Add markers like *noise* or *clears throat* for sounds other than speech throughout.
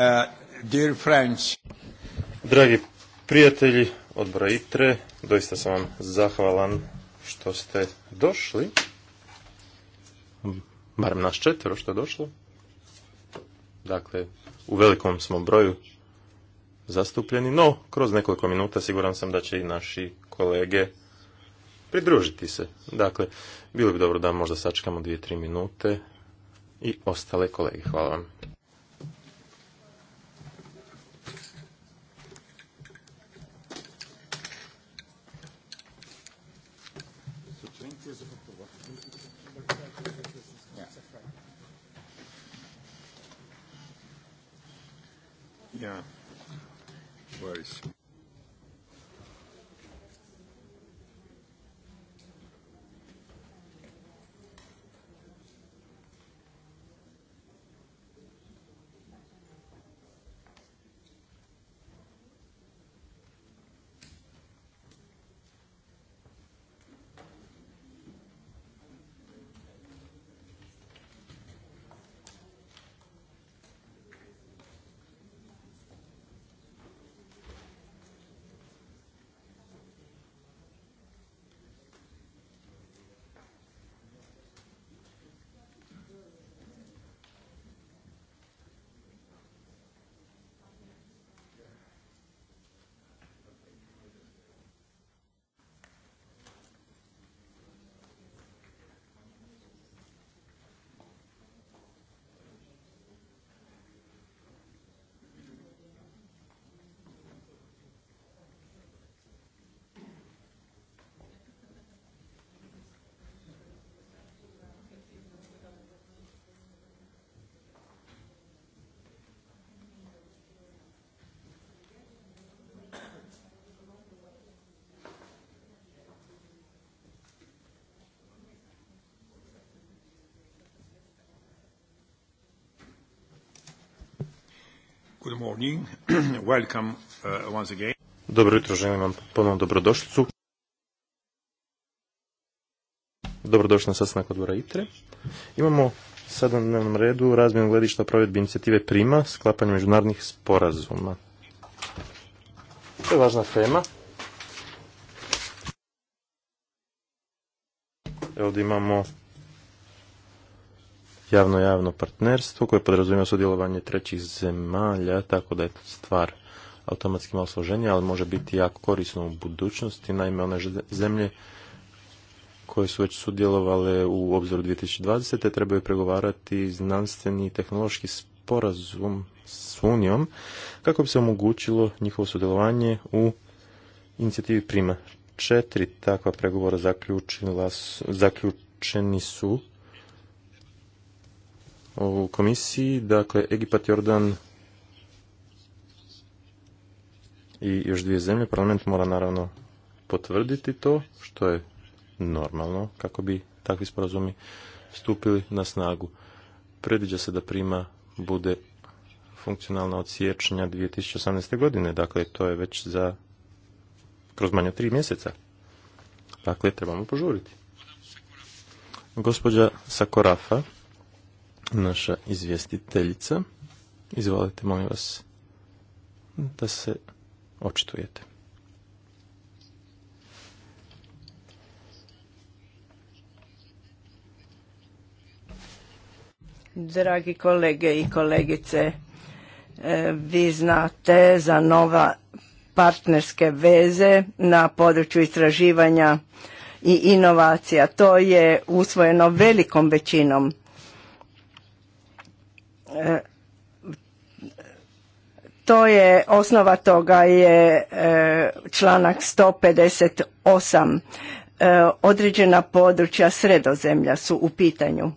Uh, Dragi prijatelji odbora ITRE, doista sam vam zahvalan što ste došli. Barem nas četvero što je došlo. Dakle, u velikom smo broju zastupljeni, no kroz nekoliko minuta siguran sam da će i naši kolege pridružiti se. Dakle, bilo bi dobro da možda sačekamo dvije, tri minute i ostale kolege. Hvala vam. Good morning. *clears throat* Welcome uh, once again. Dobro jutro, želim vam ponovno dobrodošlicu. Dobrodošli na sastanak odbora ITRE. Imamo sada na dnevnom redu razmjenu gledišta provedbi inicijative PRIMA, sklapanje međunarodnih sporazuma. To je važna tema. Ovdje imamo javno-javno partnerstvo koje podrazumijeva sudjelovanje trećih zemalja, tako da je to stvar automatski malo složenija, ali može biti jako korisno u budućnosti. Naime, one zemlje koje su već sudjelovale u obzoru 2020. trebaju pregovarati znanstveni i tehnološki sporazum s Unijom kako bi se omogućilo njihovo sudjelovanje u inicijativi Prima. Četiri takva pregovora zaključeni su u komisiji. Dakle, Egipat, Jordan i još dvije zemlje. Parlament mora naravno potvrditi to, što je normalno kako bi takvi sporazumi stupili na snagu. Predviđa se da prima bude funkcionalna od siječnja 2018. godine, dakle to je već za kroz manje tri mjeseca. Dakle, trebamo požuriti. Gospođa Sakorafa naša izvjestiteljica. Izvolite, molim vas, da se očitujete. Dragi kolege i kolegice, e, vi znate za nova partnerske veze na području istraživanja i inovacija. To je usvojeno velikom većinom to je osnova toga je e, članak 158 e, određena područja sredozemlja su u pitanju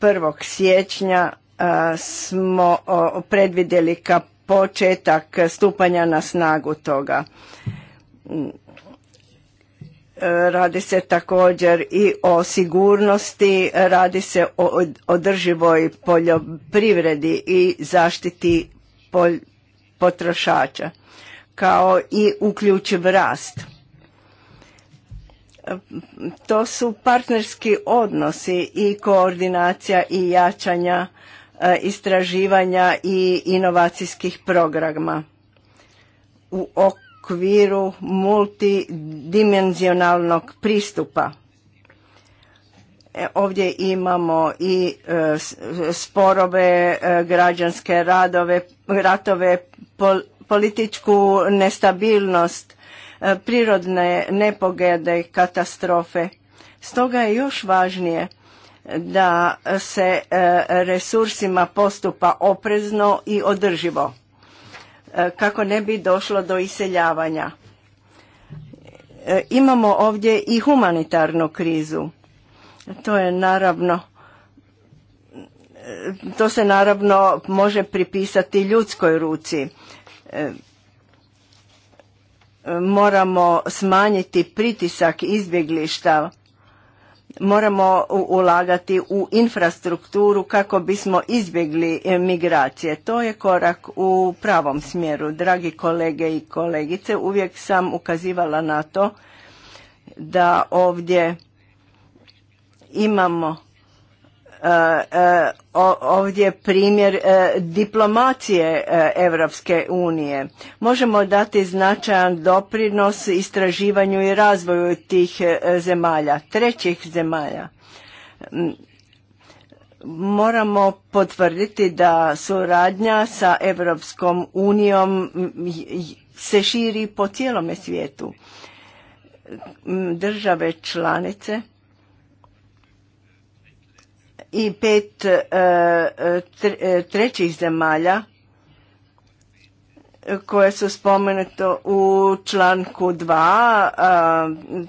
1. siječnja e, smo predvidjeli ka početak stupanja na snagu toga radi se također i o sigurnosti, radi se o održivoj poljoprivredi i zaštiti potrošača, kao i uključiv rast. To su partnerski odnosi i koordinacija i jačanja e, istraživanja i inovacijskih programa u ok okviru multidimenzionalnog pristupa. E, ovdje imamo i e, sporove, e, građanske radove, ratove, političku nestabilnost, prirodne nepogede, katastrofe. Stoga je još važnije da se resursima postupa oprezno i održivo. E, kako ne bi došlo do iseljavanja. E, imamo ovdje i humanitarnu krizu. To je naravno e, to se naravno može pripisati ljudskoj ruci. Moramo smanjiti pritisak izbjeglišta moramo ulagati u infrastrukturu kako bismo izbjegli e, migracije. To je korak u pravom smjeru. Dragi kolege i kolegice, uvijek sam ukazivala na to da ovdje imamo Eh, eh, ovdje primjer eh, diplomacije Evropske unije. Možemo dati značajan doprinos istraživanju i razvoju tih zemalja, trećih zemalja. Mm, moramo potvrditi da suradnja sa Evropskom unijom se širi po cijelome svijetu. Mm, države članice i pet e, e, e, trećih zemalja koje su spomenuto u članku 2.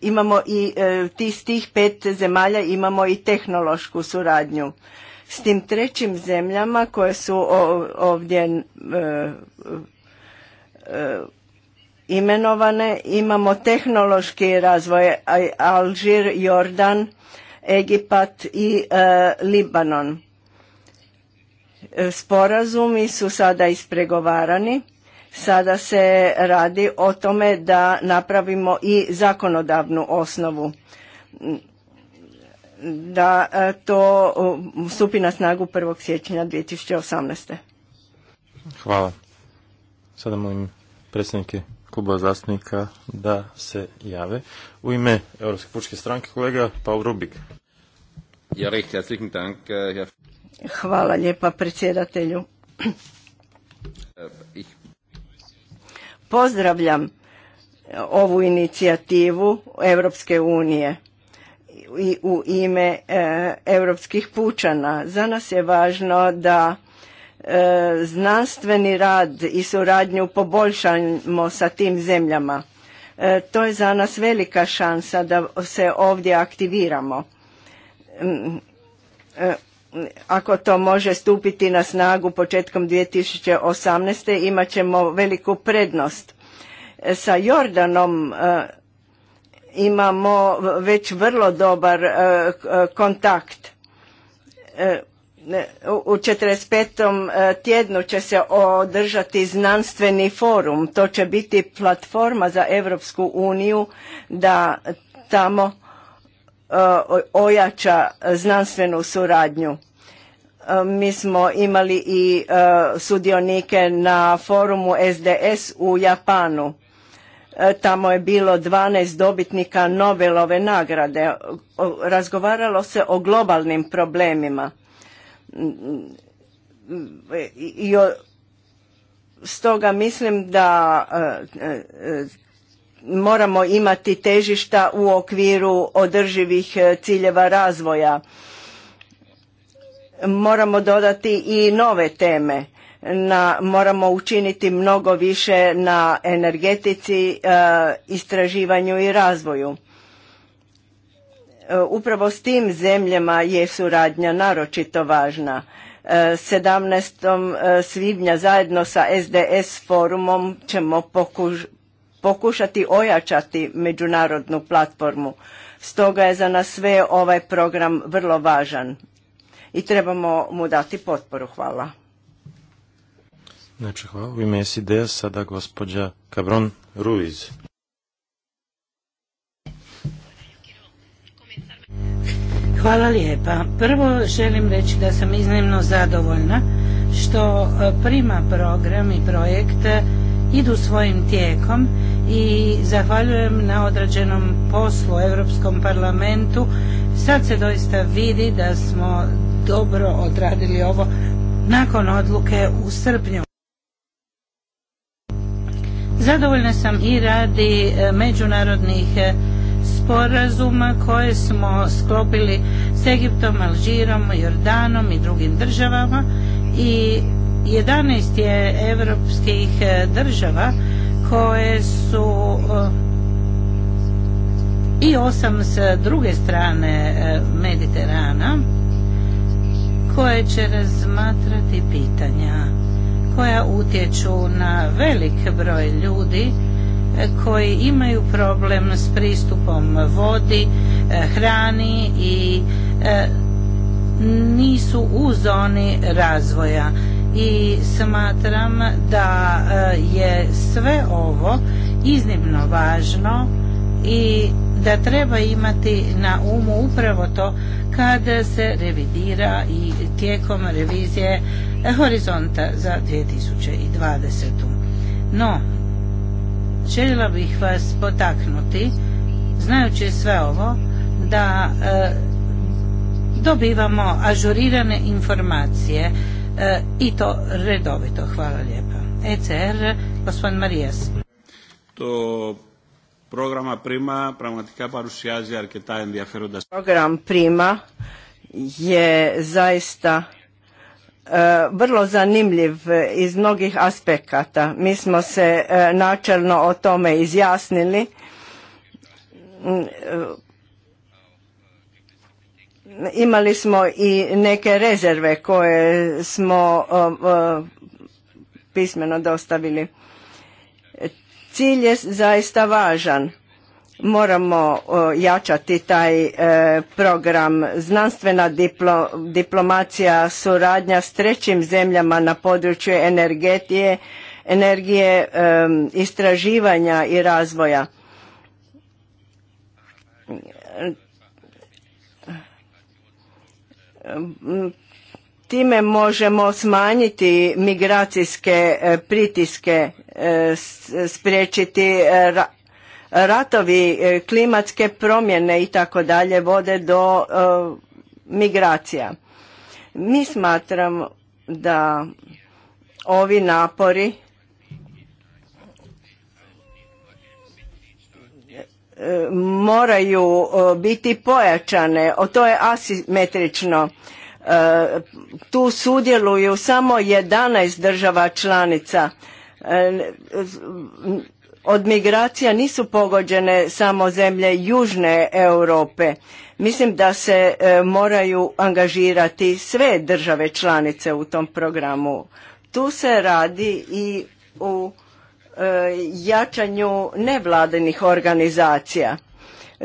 Imamo i s tih pet zemalja imamo i tehnološku suradnju. S tim trećim zemljama koje su ovdje imenovane imamo tehnološki razvoj Alžir, Jordan, Egipat i e, Libanon. E, sporazumi su sada ispregovarani. Sada se radi o tome da napravimo i zakonodavnu osnovu da e, to stupi na snagu 1. siječnja 2018. Hvala. Sada molim predstavnike kluba zastupnika da se jave. U ime Europske pučke stranke kolega Paul Rubik. Eh, Hvala lijepa predsjedatelju. Eh, Pozdravljam ovu inicijativu Europske unije i u ime eh, europskih pučana. Za nas je važno da E, znanstveni rad i suradnju poboljšamo sa tim zemljama. E, to je za nas velika šansa da se ovdje aktiviramo. Mm, e, ako to može stupiti na snagu početkom 2018. imat ćemo veliku prednost. Sa Jordanom imamo već vrlo dobar kontakt u 45. E, tjednu će se održati znanstveni forum. To će biti platforma za Europsku uniju da tamo e, ojača znanstvenu suradnju. E, mi smo imali i sudionike na forumu SDS u Japanu. Tamo je bilo 12 dobitnika Nobelove nagrade. Razgovaralo se o globalnim problemima i stoga mislim da e, e, moramo imati težišta u okviru održivih e, ciljeva razvoja moramo dodati i nove teme na, moramo učiniti mnogo više na energetici, istraživanju i razvoju. E, upravo s tim zemljama je suradnja naročito važna. 17. E, e, svibnja zajedno sa SDS forumom ćemo pokušati ojačati međunarodnu platformu. Stoga je za nas sve ovaj program vrlo važan i trebamo mu dati potporu. Hvala. hvala. U ime SID sada gospođa Cabron Ruiz. Hvala lijepa. Prvo želim reći da sam iznimno zadovoljna što e, prima program i projekt e, idu svojim tijekom i zahvaljujem na odrađenom poslu Europskom parlamentu. Sad se doista vidi da smo dobro odradili ovo nakon odluke u srpnju. Zadovoljna sam i radi e, međunarodnih sporazuma koje smo sklopili s Egiptom, Alžirom, Jordanom i drugim državama i 11 je evropskih e, država koje su e, i osam s druge strane e, Mediterana koje će razmatrati pitanja koja utječu na velik broj ljudi koji imaju problem s pristupom vodi, e, hrani i e, nisu u zoni razvoja i smatram da e, je sve ovo iznimno važno i da treba imati na umu upravo to kada se revidira i tijekom revizije horizonta za 2020. No, željela bih vas potaknuti znajući sve ovo da e, dobivamo ažurirane informacije e, i to redovito. Hvala lijepa. ECR, er, gospodin Marijas. To programa Prima pragmatika arketa arketajn Program Prima je zaista E, vrlo zanimljiv iz mnogih aspekata. Mi smo se e, načelno o tome izjasnili. E, imali smo i neke rezerve koje smo pismeno dostavili. Cilj je zaista važan moramo jačati taj e, program znanstvena diplomacija suradnja s trećim zemljama na području energetije energije e, istraživanja i razvoja time možemo smanjiti migracijske e, pritiske spriječiti Ratovi, e, klimatske promjene i tako dalje vode do e, migracija. Mi smatram da ovi napori e, moraju biti pojačane, to je asimetrično. Tu sudjeluju samo 11 država članica od migracija nisu pogođene samo zemlje južne Europe. Mislim da se e, moraju angažirati sve države članice u tom programu. Tu se radi i u e, jačanju nevladinih organizacija.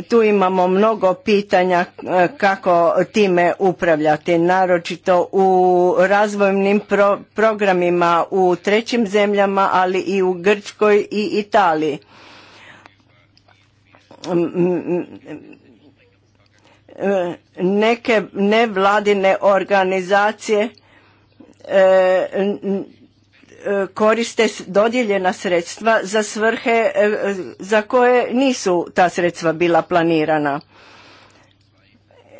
Tu imamo mnogo pitanja e, kako time upravljati, naročito u razvojnim programima u trećim zemljama, ali i u Grčkoj i Italiji. E, neke nevladine organizacije e, koriste dodijeljena sredstva za svrhe e, e, za koje nisu ta sredstva bila planirana.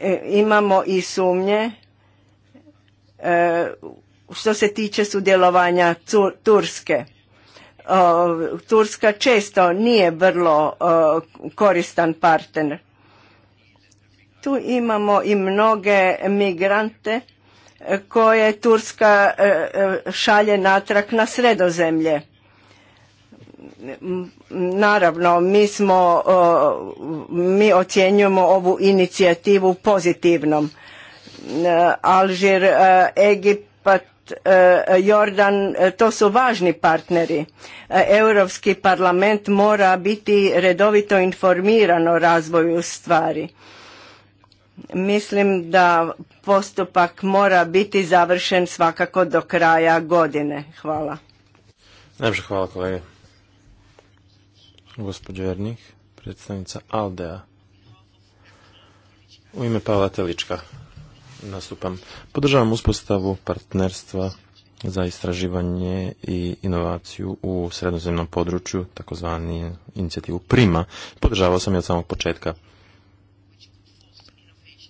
E, imamo i sumnje što se tiče sudjelovanja Turske. Turska često nije vrlo koristan partner. Tu imamo i mnoge migrante koje Turska e, e, šalje natrag na sredozemlje. Naravno, mi smo, mi ocjenjujemo ovu inicijativu pozitivnom. E, Alžir, Egipat, Jordan, to su važni partneri. Europski parlament mora biti redovito informiran o razvoju stvari Mislim da postupak mora biti završen svakako do kraja godine. Hvala. Najprej hvala kolege. Gospodin Jernih, predstavnica Aldea. U ime Pavla Telička nastupam. Podržavam uspostavu partnerstva za istraživanje i inovaciju u srednozemnom području, takozvani inicijativu Prima. Podržavao sam je od samog početka.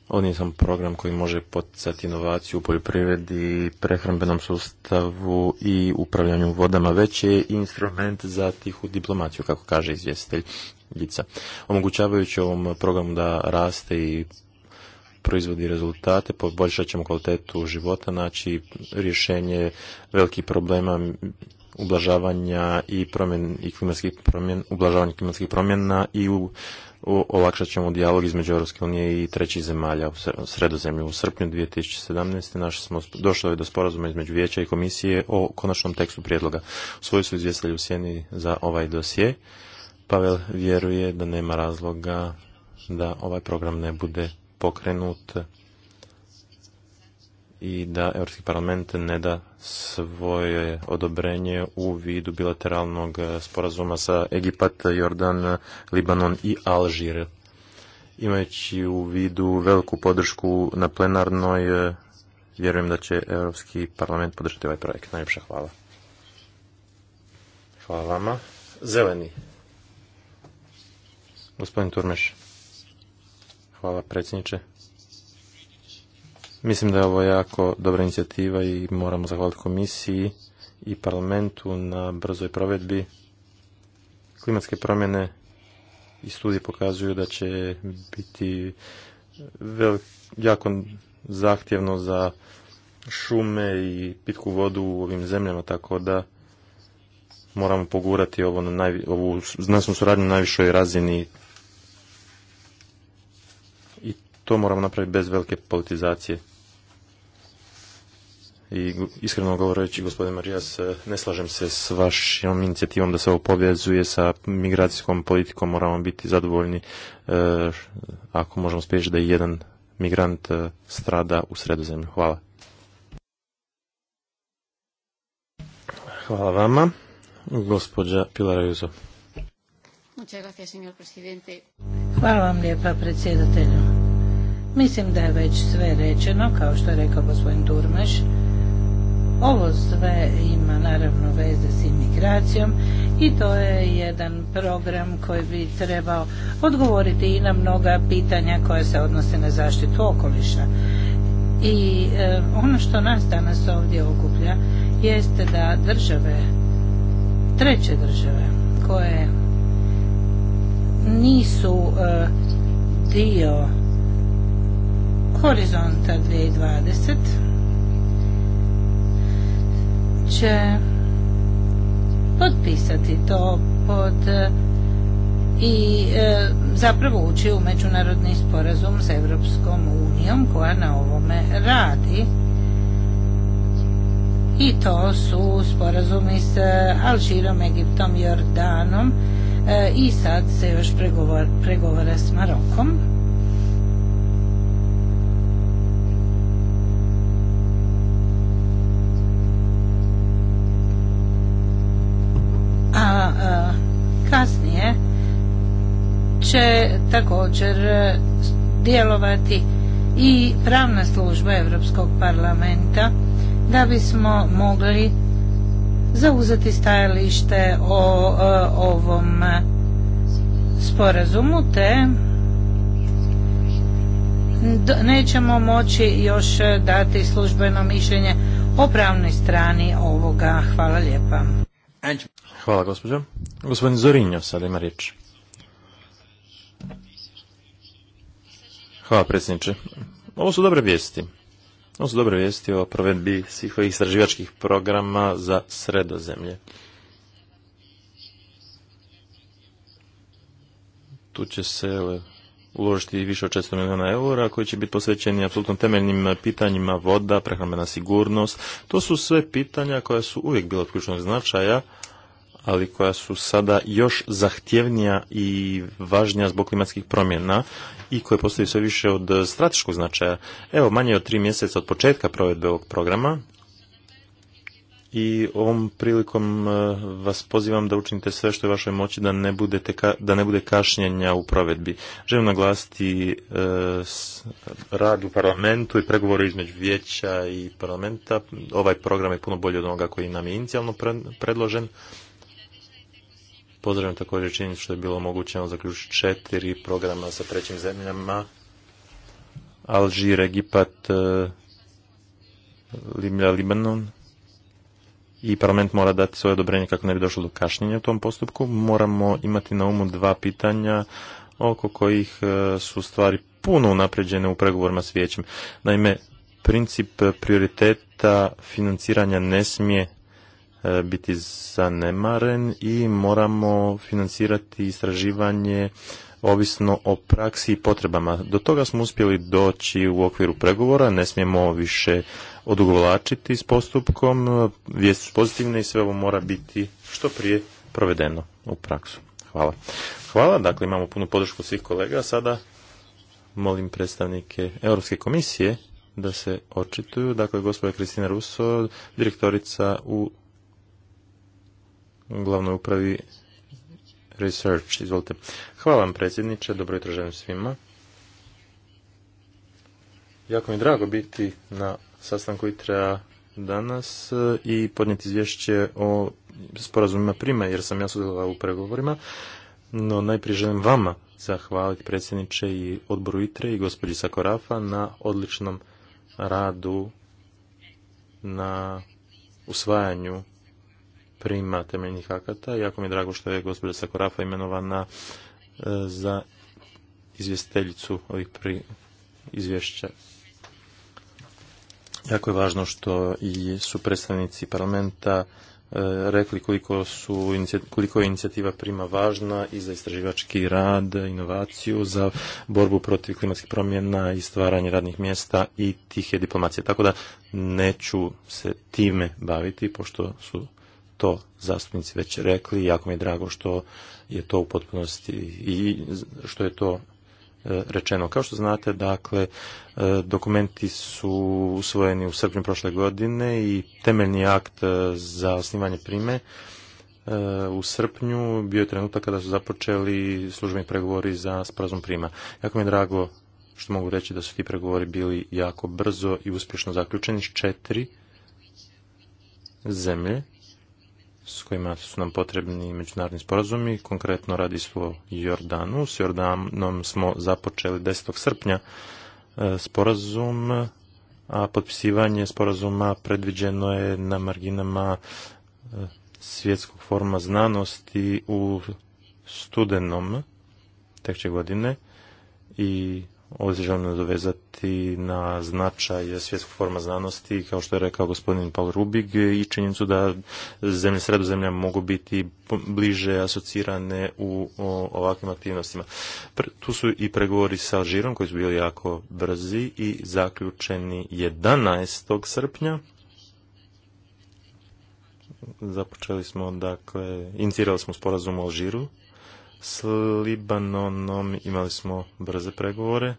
Ovo sam program koji može poticati inovaciju u poljoprivredi, prehrambenom sustavu i upravljanju vodama, već je instrument za tihu diplomaciju, kako kaže izvjestitelj ljica. Omogućavajući ovom programu da raste i proizvodi rezultate, poboljšat ćemo kvalitetu života, znači rješenje velikih problema ublažavanja i klimatskih promjena, ublažavanja klimatskih promjena i u olakšat ćemo dijalog između Europske unije i trećih zemalja u sredozemlju. U srpnju 2017. naši smo došli do sporazuma između vijeća i komisije o konačnom tekstu prijedloga. Svoji su izvjestili u sjeni za ovaj dosje. Pavel vjeruje da nema razloga da ovaj program ne bude pokrenut i da Europski parlament ne da svoje odobrenje u vidu bilateralnog e, sporazuma sa Egipat, Jordan, Libanon i Alžir. Imajući u vidu veliku podršku na plenarnoj, e, vjerujem da će Europski parlament podržati ovaj projekt. Najljepša hvala. Hvala vama. Zeleni. Gospodin Turmeš. Hvala predsjedniče. Mislim da je ovo jako dobra inicijativa i moramo zahvaliti komisiji i parlamentu na brzoj provedbi. Klimatske promjene i studije pokazuju da će biti jako zahtjevno za šume i pitku vodu u ovim zemljama, tako da moramo pogurati ovo na naj, ovu znanstvenu suradnju na najvišoj razini i to moramo napraviti bez velike politizacije i iskreno govoreći, gospodine Marijas, e, ne slažem se s vašom inicijativom da se ovo povezuje sa migracijskom politikom. Moramo biti zadovoljni e, ako možemo spriječiti da jedan migrant e, strada u sredozemlju. Hvala. Hvala vama. Gospodja Pilar Juzo. Hvala vam lijepa predsjedatelju. Mislim da je već sve rečeno, kao što je rekao gospodin Durmeš ovo sve ima naravno veze s imigracijom i to je jedan program koji bi trebao odgovoriti i na mnoga pitanja koja se odnose na zaštitu okoliša. I e, ono što nas danas ovdje okuplja jeste da države, treće države koje nisu e, dio horizonta 2020 će potpisati to pod e, i e, zapravo ući u međunarodni sporazum s Europskom unijom koja na ovome radi i to su sporazumi s e, Alžirom, Egiptom, Jordanom i sad se još pregovara s Marokom će također e, djelovati i pravna služba Europskog parlamenta da bismo mogli zauzeti stajalište o, e, ovom sporazumu te nećemo moći još dati službeno mišljenje o pravnoj strani ovoga. Hvala lijepa. Hvala gospođo. Gospodin Zorinjo sada ima riječ. Hvala predsjedniče. Ovo su dobre vijesti. Ovo su dobre vijesti o provedbi svih ovih istraživačkih programa za sredozemlje. Tu će se uložiti više od 400 milijuna eura koji će biti posvećeni apsolutno temeljnim pitanjima voda, prehrambena sigurnost. To su sve pitanja koja su uvijek bila od ključnog značaja, ali koja su sada još zahtjevnija i važnija zbog klimatskih promjena i koje postaju sve više od strateškog značaja. Evo, manje od tri mjeseca od početka provedbe ovog programa i ovom prilikom e, vas pozivam da učinite sve što je vašoj moći da ne, da ne bude kašnjenja u provedbi. Želim naglasiti e, rad u parlamentu i pregovore između vijeća i parlamenta. Ovaj program je puno bolji od onoga koji nam je inicijalno predložen Pozdravljam također činjenicu što je bilo omogućeno zaključiti četiri programa sa trećim zemljama. Alžir, Egipat, e, Limlja, e, Libanon. I parlament mora dati svoje odobrenje kako ne bi došlo do kašnjenja u tom postupku. Moramo imati na umu dva pitanja oko kojih e, su stvari puno unapređene u pregovorima s vijećem. Naime, princip prioriteta financiranja ne smije E, biti zanemaren i moramo financirati istraživanje ovisno o praksi i potrebama. Do toga smo uspjeli doći u okviru pregovora, ne smijemo više odugovlačiti s postupkom, vijest su pozitivne i sve ovo mora biti što prije provedeno u praksu. Hvala. Hvala, dakle imamo punu podršku svih kolega. Sada molim predstavnike Europske komisije da se očituju. Dakle, gospođa Kristina Ruso, direktorica u glavnoj upravi Research. Izvolite. Hvala vam predsjedniče, dobro jutro želim svima. Jako mi je drago biti na sastanku ITREA danas eh, i podnijeti izvješće o sporazumima prima jer sam ja sudjelovao u pregovorima. No najprije želim vama zahvaliti predsjedniče i odboru ITRE i gospođi Sakorafa na odličnom radu na usvajanju prima temeljnih akata. Jako mi je drago što je gospođa Sakorafa imenovana e, za izvjesteljicu ovih pri izvješća. Jako je važno što i su predstavnici parlamenta e, rekli koliko, su, koliko je inicijativa prima važna i za istraživački rad, inovaciju, za borbu protiv klimatskih promjena i stvaranje radnih mjesta i tihe diplomacije. Tako da neću se time baviti, pošto su to zastupnici već rekli jako mi je drago što je to u potpunosti i što je to e, rečeno. Kao što znate, dakle, e, dokumenti su usvojeni u srpnju prošle godine i temeljni akt e, za osnivanje prime u srpnju bio je trenutak kada su započeli službeni pregovori za sporazum prima. Jako mi je drago što mogu reći da su ti pregovori bili jako brzo i uspješno zaključeni s četiri zemlje s kojima su nam potrebni međunarodni sporazumi. Konkretno radi se Jordanu. S Jordanom smo započeli 10. srpnja e, sporazum, a potpisivanje sporazuma predviđeno je na marginama e, svjetskog forma znanosti u studenom tekće godine i ovdje želim dovezati na značaj svjetskog forma znanosti, kao što je rekao gospodin Paul Rubig, i činjenicu da zemlje sredozemlja mogu biti bliže asocirane u ovakvim aktivnostima. Tu su i pregovori sa Alžirom koji su bili jako brzi i zaključeni 11. srpnja. Započeli smo, dakle, inicirali smo sporazum o Alžiru s Libanonom imali smo brze pregovore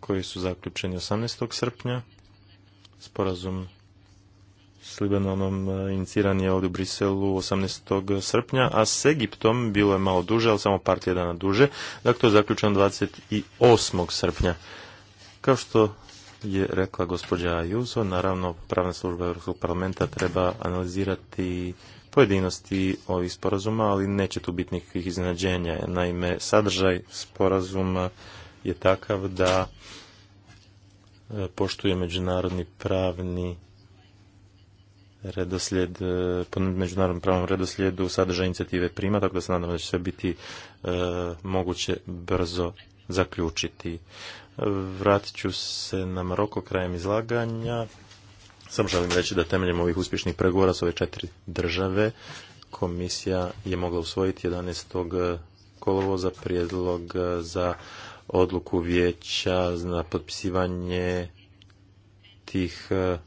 koji su zaključeni 18. srpnja. Sporazum s Libanonom e, iniciran je ovdje u Briselu 18. srpnja, a s Egiptom bilo je malo duže, ali samo par tjedana duže. Dakle, to je zaključeno 28. srpnja. Kao što je rekla gospođa Juzo, naravno pravna služba Europskog parlamenta treba analizirati pojedinosti ovih sporazuma, ali neće tu biti nikakvih iznenađenja. Naime, sadržaj sporazuma je takav da e, poštuje međunarodni pravni redoslijed, e, po međunarodnom pravnom redoslijedu sadržaj inicijative prima, tako da se nadam da će sve biti e, moguće brzo zaključiti. Vratit ću se na Maroko krajem izlaganja. Samo želim reći da temeljem ovih uspješnih pregovora s ove četiri države komisija je mogla usvojiti 11. Eh, kolovoza prijedlog eh, za odluku vijeća za potpisivanje tih eh,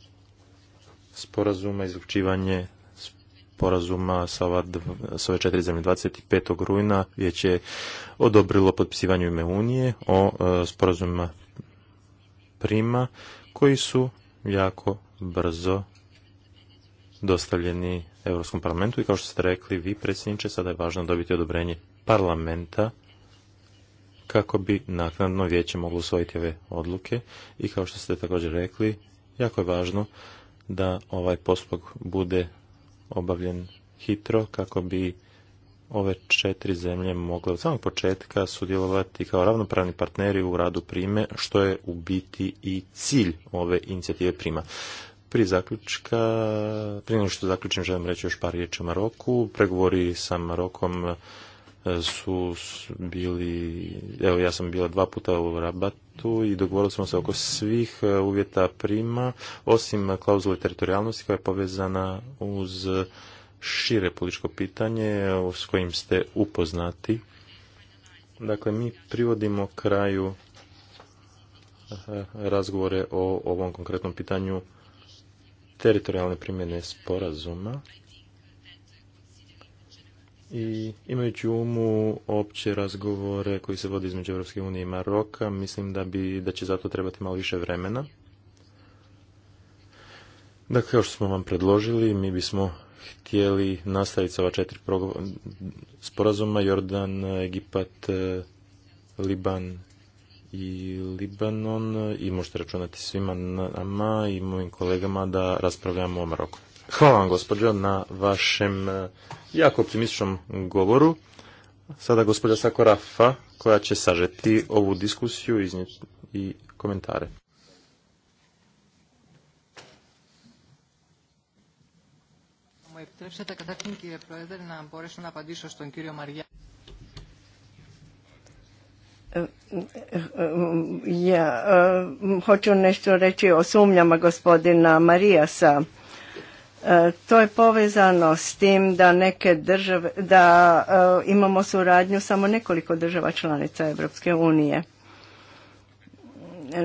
sporazuma, izlučivanje sporazuma sa, ove četiri zemlje 25. rujna vijeće je odobrilo potpisivanje ime Unije o sporazumima prima koji su jako brzo dostavljeni Europskom parlamentu i kao što ste rekli vi predsjedniče, sada je važno dobiti odobrenje parlamenta kako bi naknadno vijeće moglo usvojiti ove odluke i kao što ste također rekli, jako je važno da ovaj postupak bude obavljen hitro kako bi ove četiri zemlje mogle od samog početka sudjelovati kao ravnopravni partneri u radu prime, što je u biti i cilj ove inicijative prima. Pri zaključka, prije nego što zaključim, želim reći još par riječi o Maroku. Pregovori sa Marokom e, su bili, evo ja sam bila dva puta u Rabatu i dogovorili smo se oko svih e, uvjeta prima, osim klauzule teritorijalnosti koja je povezana uz šire političko pitanje s kojim ste upoznati. Dakle, mi privodimo kraju eh, razgovore o ovom konkretnom pitanju teritorijalne primjene sporazuma i imajući u umu opće razgovore koji se vode između Europske unije i Maroka, mislim da, bi, da će zato trebati malo više vremena. Dakle, kao što smo vam predložili, mi bismo htjeli nastaviti sa ova četiri sporazuma, Jordan, Egipat, e, Liban i Libanon i možete računati svima nama i mojim kolegama da raspravljamo o Maroku. Hvala vam gospođo na vašem e, jako optimističnom govoru. Sada gospođa Sakorafa koja će sažeti ovu diskusiju i komentare. Μου επιτρέψετε καταρχήν Ja e, hoću nešto reći o sumnjama gospodina Marijasa. E, to je povezano s tim da neke države, da e, imamo suradnju samo nekoliko država članica Europske unije.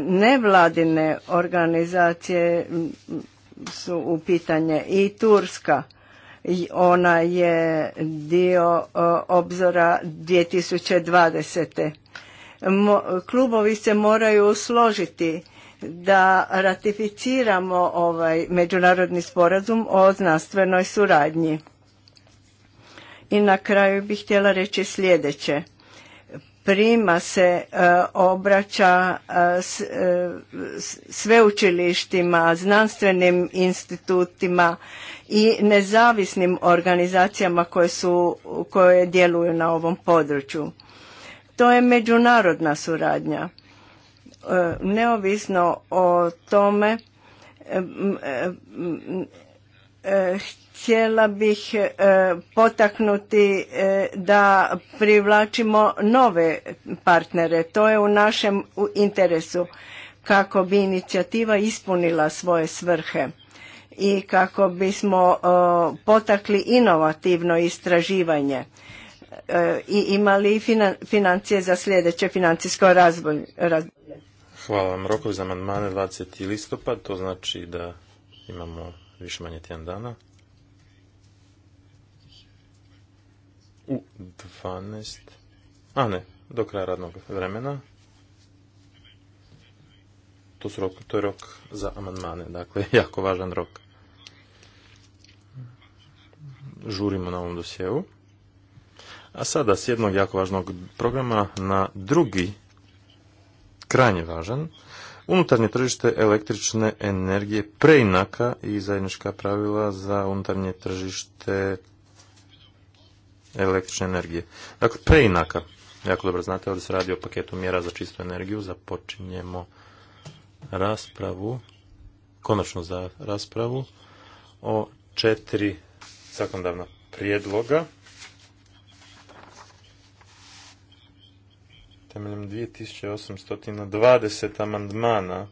Nevladine organizacije su u pitanje i Turska ona je dio obzora 2020. klubovi se moraju složiti da ratificiramo ovaj međunarodni sporazum o znanstvenoj suradnji. I na kraju bih htjela reći sljedeće prima se e, obraća e, e, sveučilištima, znanstvenim institutima i nezavisnim organizacijama koje, su, koje djeluju na ovom području. To je međunarodna suradnja. Neovisno o tome Htjela bih e, potaknuti e, da privlačimo nove partnere. To je u našem interesu kako bi inicijativa ispunila svoje svrhe i kako bismo e, potakli inovativno istraživanje i imali financije za sljedeće financijsko razdoblje. Hvala vam. Rokovi za amandmane 20. listopad, to znači da imamo više manje tjedan dana. u 12. A ne, do kraja radnog vremena. To, je rok za amandmane, dakle, *laughs* jako važan rok. Žurimo na ovom dosjevu. A sada s jednog jako važnog programa na drugi, krajnje važan, unutarnje tržište električne energije preinaka i zajednička pravila za unutarnje tržište električne energije. Dakle, preinaka. Jako dobro znate, ovdje se radi o paketu mjera za čistu energiju. Započinjemo raspravu, konačno za raspravu, o četiri zakonodavna prijedloga. Temeljem 2820 amandmana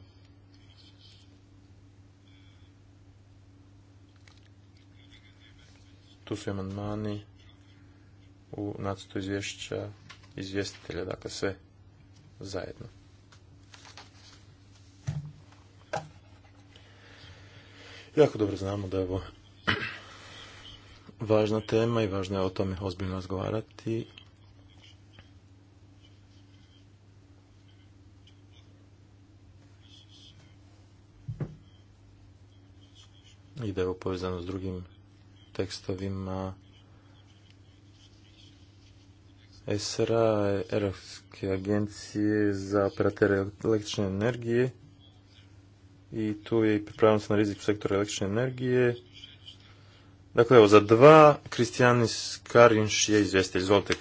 tu su amandmani u nacrtu izvješća izvjestitelja, dakle sve zajedno. Jako dobro znamo da je ovo *clears throat* važna tema i važno je o tome ozbiljno razgovarati. I da je ovo povezano s drugim tekstovima sra Europske agencije za operatere električne energije i tu je i pripravnost na rizik sektora električne energije. Dakle, evo, za dva, Kristijanis Karinš je izvjestitelj. Izvolite,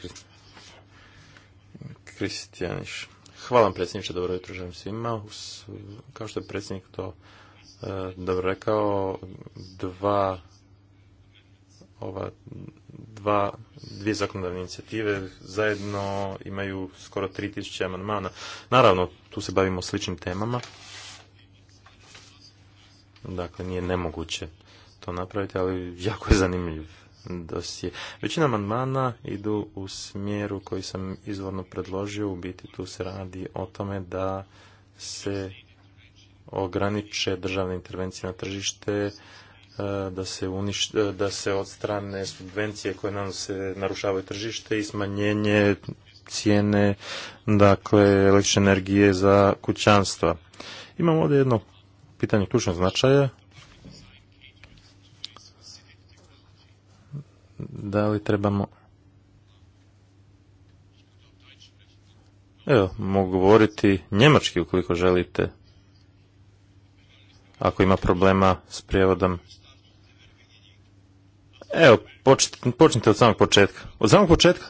Kristijaniš. Hvala vam, predsjedniče, dobro jutro želim svima. Kao što je predsjednik to e, dobro rekao, dva ova dva, dvije zakonodavne inicijative zajedno imaju skoro 3000 amandmana. Naravno, tu se bavimo sličnim temama. Dakle, nije nemoguće to napraviti, ali jako je zanimljiv dosje. Većina amandmana idu u smjeru koji sam izvorno predložio, u biti tu se radi o tome da se ograniče državne intervencije na tržište, E, da se, uniš, e, da se odstrane subvencije koje nam se narušavaju tržište i smanjenje cijene dakle, električne energije za kućanstva. Imamo ovdje jedno pitanje ključnog značaja. Da li trebamo... Evo, mogu govoriti njemački ukoliko želite. Ako ima problema s prijevodom Evo, počnite, počnite od samog početka. Od samog početka?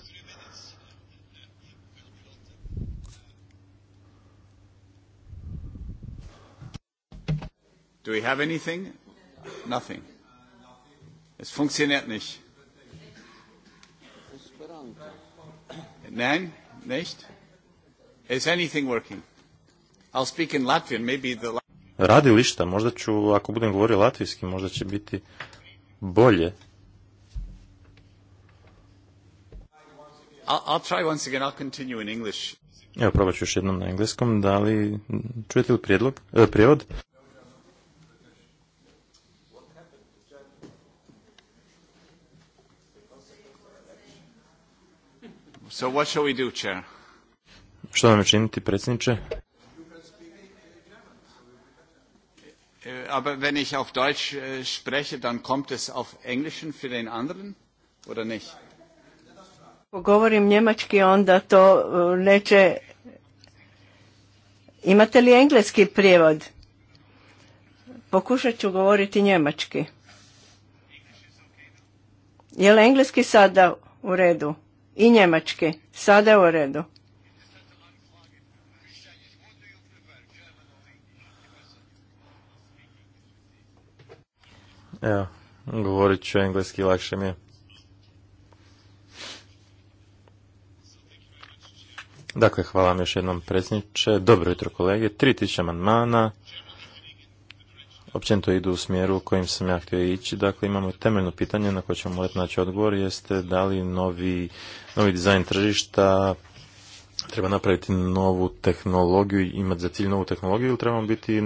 Do we have anything? Nothing. Es funktioniert nicht. Nein, nicht? Is anything working? I'll speak in Latvian, maybe the... Radi lišta, možda ću, ako budem govorio latvijski, možda će biti bolje. I'll try once again, I'll continue in English. Evo, probat ću još jednom na engleskom. Da li, čujete li prijedlog, e, prijevod? So what shall we do, chair? Što nam je činiti, predsjedniče? E, aber wenn ich auf Deutsch äh, spreche, dann kommt es auf Englischen für den anderen, oder nicht? Ako govorim njemački, onda to e, neće... Imate li engleski prijevod? Pokušat ću govoriti njemački. Je li engleski sada u redu? I njemački. Sada je u redu. Evo, govorit ću engleski, lakše mi je. Dakle, hvala vam još jednom predsjedniče. Dobro jutro kolege. 3000 amandmana. Općenito idu u smjeru u kojim sam ja htio ići. Dakle, imamo temeljno pitanje na koje ćemo morati naći odgovor. Jeste da li novi, novi dizajn tržišta treba napraviti novu tehnologiju i imati za cilj novu tehnologiju ili trebamo biti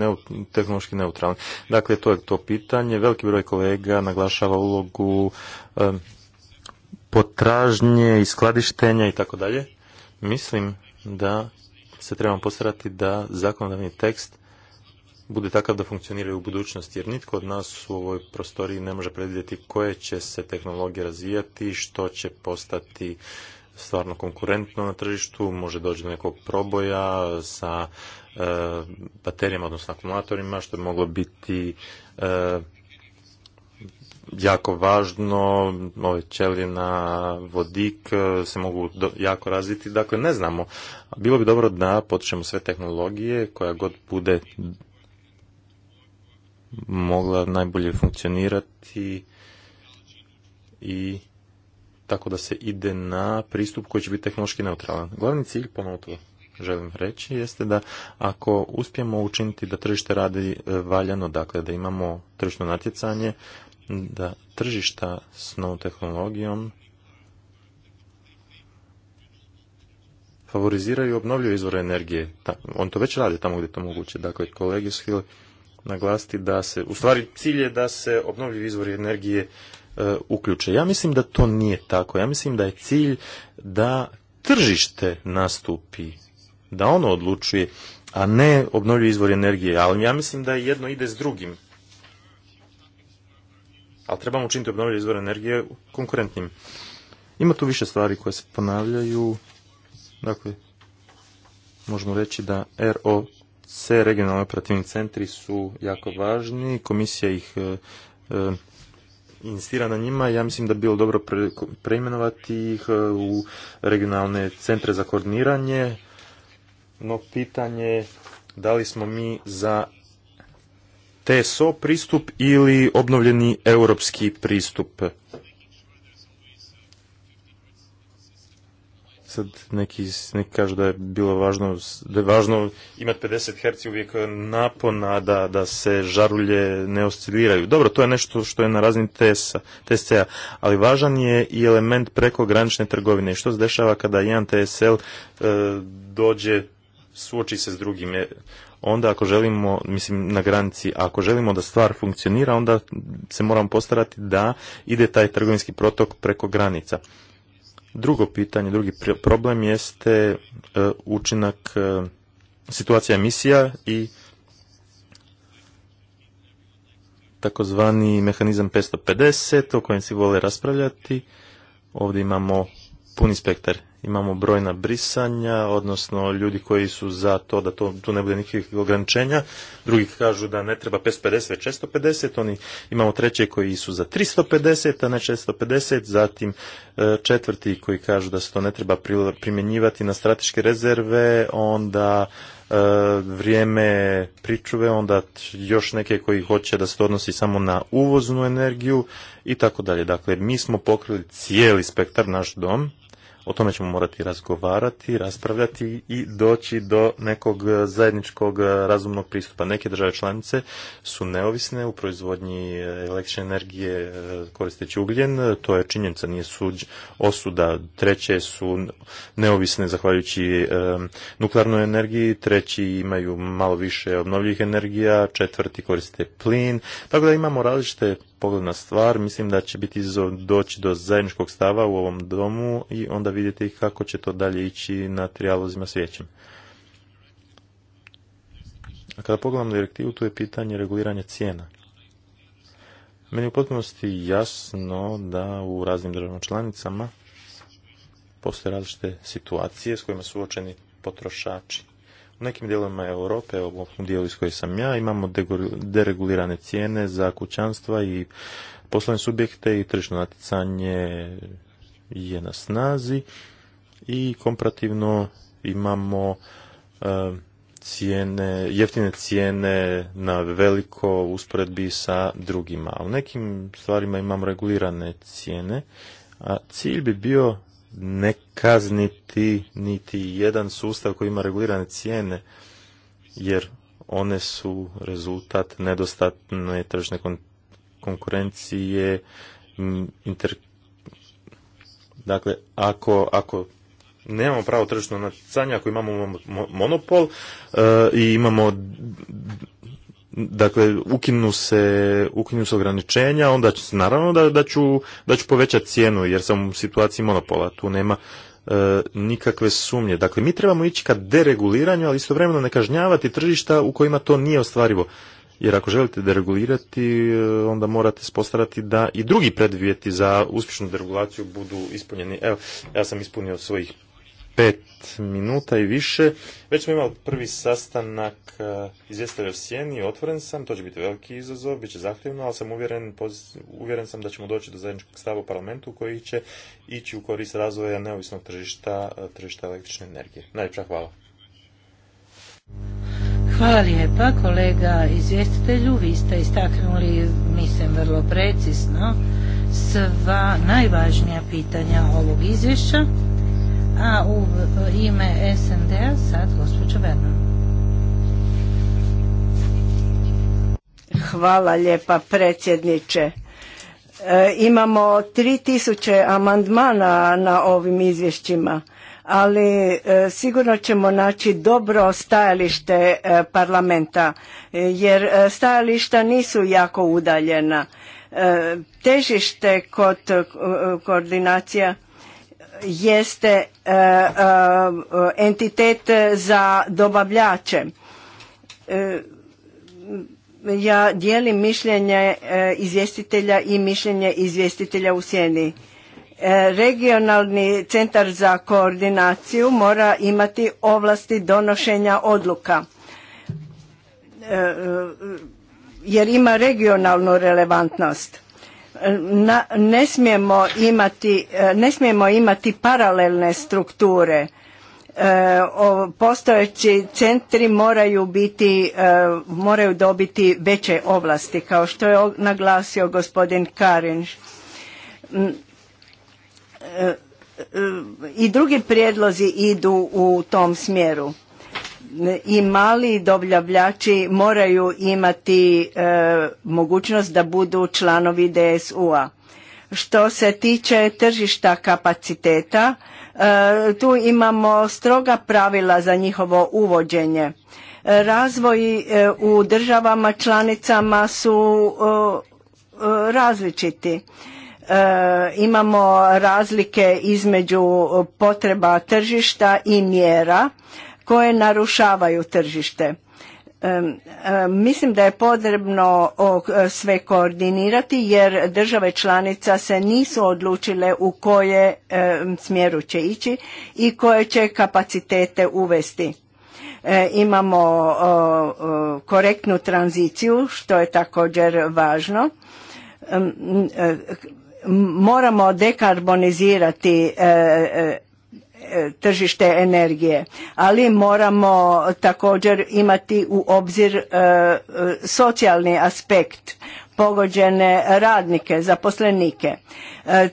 tehnološki neutralni. Dakle, to je to pitanje. Veliki broj kolega naglašava ulogu potražnje i skladištenja i tako dalje. Mislim da se trebamo postarati da zakonodavni tekst bude takav da funkcionira u budućnosti, jer nitko od nas u ovoj prostoriji ne može predvidjeti koje će se tehnologije razvijati, što će postati stvarno konkurentno na tržištu, može doći do nekog proboja sa e, baterijama, odnosno akumulatorima, što bi moglo biti e, jako važno, ove ćelije na vodik e, se mogu jako razviti, dakle ne znamo. Bilo bi dobro da potičemo sve tehnologije koja god bude mogla najbolje funkcionirati i tako da se ide na pristup koji će biti tehnološki neutralan. Glavni cilj, ponovno to želim reći, jeste da ako uspijemo učiniti da tržište radi e, valjano, dakle da imamo tržišno natjecanje, da tržišta s novom tehnologijom favoriziraju obnovljive izvore energije. On to već radi tamo gdje to moguće. Dakle, kolege su htjeli naglasiti da se, u stvari cilj je da se obnovljivi izvori energije e, uključe. Ja mislim da to nije tako. Ja mislim da je cilj da tržište nastupi, da ono odlučuje, a ne obnovljivi izvori energije. Ali ja mislim da jedno ide s drugim ali trebamo učiniti obnovljive izvore energije konkurentnim. Ima tu više stvari koje se ponavljaju. Dakle, možemo reći da ROC, regionalni operativni centri, su jako važni. Komisija ih e, e na njima. Ja mislim da bi bilo dobro preimenovati ih e, u regionalne centre za koordiniranje. No, pitanje da li smo mi za TSO pristup ili obnovljeni europski pristup? Sad neki, neki kažu da je bilo važno, da je važno imati 50 Hz uvijek napona da, da se žarulje ne osciliraju. Dobro, to je nešto što je na razini TSC-a, ali važan je i element prekogranične trgovine. Što se dešava kada jedan TSL e, dođe, suoči se s drugim? E, onda ako želimo, mislim na granici, ako želimo da stvar funkcionira, onda se moramo postarati da ide taj trgovinski protok preko granica. Drugo pitanje, drugi problem jeste e, učinak e, situacija emisija i takozvani mehanizam 550 o kojem se vole raspravljati. Ovdje imamo puni spektar imamo brojna brisanja, odnosno ljudi koji su za to da to, tu ne bude nikakvih ograničenja, drugi kažu da ne treba 550 već 650, oni imamo treće koji su za 350, a ne 650, zatim e, četvrti koji kažu da se to ne treba primjenjivati na strateške rezerve, onda e, vrijeme pričuve, onda još neke koji hoće da se to odnosi samo na uvoznu energiju i tako dalje. Dakle, mi smo pokrili cijeli spektar, naš dom, o tome ćemo morati razgovarati, raspravljati i doći do nekog zajedničkog razumnog pristupa. Neke države članice su neovisne u proizvodnji električne energije e, koristeći ugljen. To je činjenica, nije suđ osuda. Treće su neovisne zahvaljujući e, nuklearnoj energiji, treći imaju malo više obnovljivih energija, četvrti koriste plin. Tako da imamo različite na stvar. Mislim da će biti izazov doći do zajedničkog stava u ovom domu i onda vidjeti kako će to dalje ići na trijalozima s A kada pogledam direktivu, tu je pitanje reguliranja cijena. Meni je u potpunosti jasno da u raznim državnom članicama postoje različite situacije s kojima su uočeni potrošači. U nekim dijelovima Europe, u dijelu iz koje sam ja, imamo deregulirane cijene za kućanstva i poslovne subjekte i tržišno natjecanje je na snazi i komparativno imamo e, cijene, jeftine cijene na veliko usporedbi sa drugima. u nekim stvarima imamo regulirane cijene, a cilj bi bio ne kazniti niti jedan sustav koji ima regulirane cijene, jer one su rezultat nedostatne tržne konkurencije, dakle, ako, ako nemamo pravo tržišno natjecanje, ako imamo monopol e, i imamo dakle ukinu se, ukinu se ograničenja, onda ću, naravno da, da, ću, da povećati cijenu jer sam u situaciji monopola, tu nema e, nikakve sumnje. Dakle, mi trebamo ići ka dereguliranju, ali istovremeno ne kažnjavati tržišta u kojima to nije ostvarivo. Jer ako želite deregulirati, e, onda morate spostarati da i drugi predvijeti za uspješnu deregulaciju budu ispunjeni. Evo, ja sam ispunio svojih pet minuta i više. Već smo imali prvi sastanak e, izvjestelja u Sjeni, otvoren sam, to će biti veliki izazov, bit će zahtjevno, ali sam uvjeren, uvjeren sam da ćemo doći do zajedničkog stava u parlamentu koji će ići u korist razvoja neovisnog tržišta, e, tržišta električne energije. Najljepša hvala. Hvala lijepa kolega izvjestitelju, vi ste istaknuli, mislim, vrlo precisno sva najvažnija pitanja ovog izvješća. A u ime snd sad gospođa Hvala lijepa predsjedniče. E, imamo imamo 3000 amandmana na ovim izvješćima, ali e, sigurno ćemo naći dobro stajalište e, parlamenta, jer stajališta nisu jako udaljena. Težište kod koordinacija jeste e, e, entitet za dobavljače. E, ja dijelim mišljenje izvjestitelja i mišljenje izvjestitelja u sjeni. Regionalni centar za koordinaciju mora imati ovlasti donošenja odluka jer ima regionalnu relevantnost ne smijemo imati e, ne smijemo imati paralelne strukture e, postojeći centri moraju biti e, moraju dobiti veće ovlasti kao što je naglasio gospodin Karin mm, i drugi prijedlozi idu u tom smjeru i mali dobavljači moraju imati e, mogućnost da budu članovi DSU-a. Što se tiče tržišta kapaciteta, e, tu imamo stroga pravila za njihovo uvođenje. Razvoj e, u državama članicama su različiti. imamo razlike između potreba tržišta i mjera koje narušavaju tržište. Mislim da je potrebno sve koordinirati jer države članica se nisu odlučile u koje smjeru će ići i koje će kapacitete uvesti. E, imamo korektnu tranziciju što je također važno. E, moramo dekarbonizirati e, E, tržište energije, ali moramo također imati u obzir e, e, socijalni aspekt pogođene radnike, zaposlenike.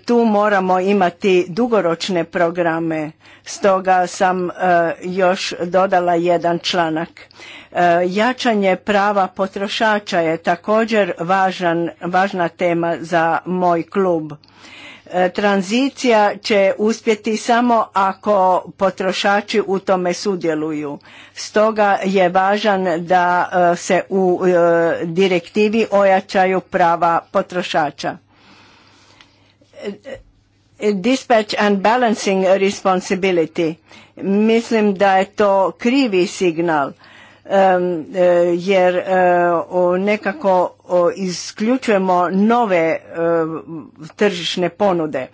Tu moramo imati dugoročne programe, stoga sam još dodala jedan članak. Jačanje prava potrošača je također važna tema za moj klub. E, tranzicija će uspjeti samo ako potrošači u tome sudjeluju. Stoga je važan da e, se u e, direktivi ojačaju prava potrošača. Dispatch and balancing responsibility. Mislim da je to krivi signal E, jer e, nekako isključujemo nove e, tržišne ponude.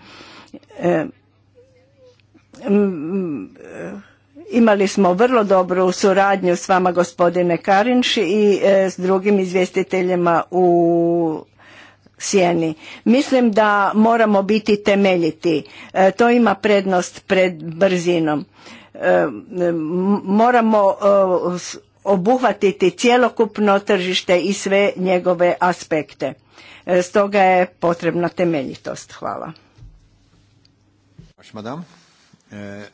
Imali smo vrlo dobru suradnju s vama gospodine Karinš i s drugim izvjestiteljima u sjeni. Mislim da moramo biti temeljiti. To ima prednost pred brzinom moramo obuhvatiti cjelokupno tržište i sve njegove aspekte. E, stoga je potrebna temeljitost. Hvala. E,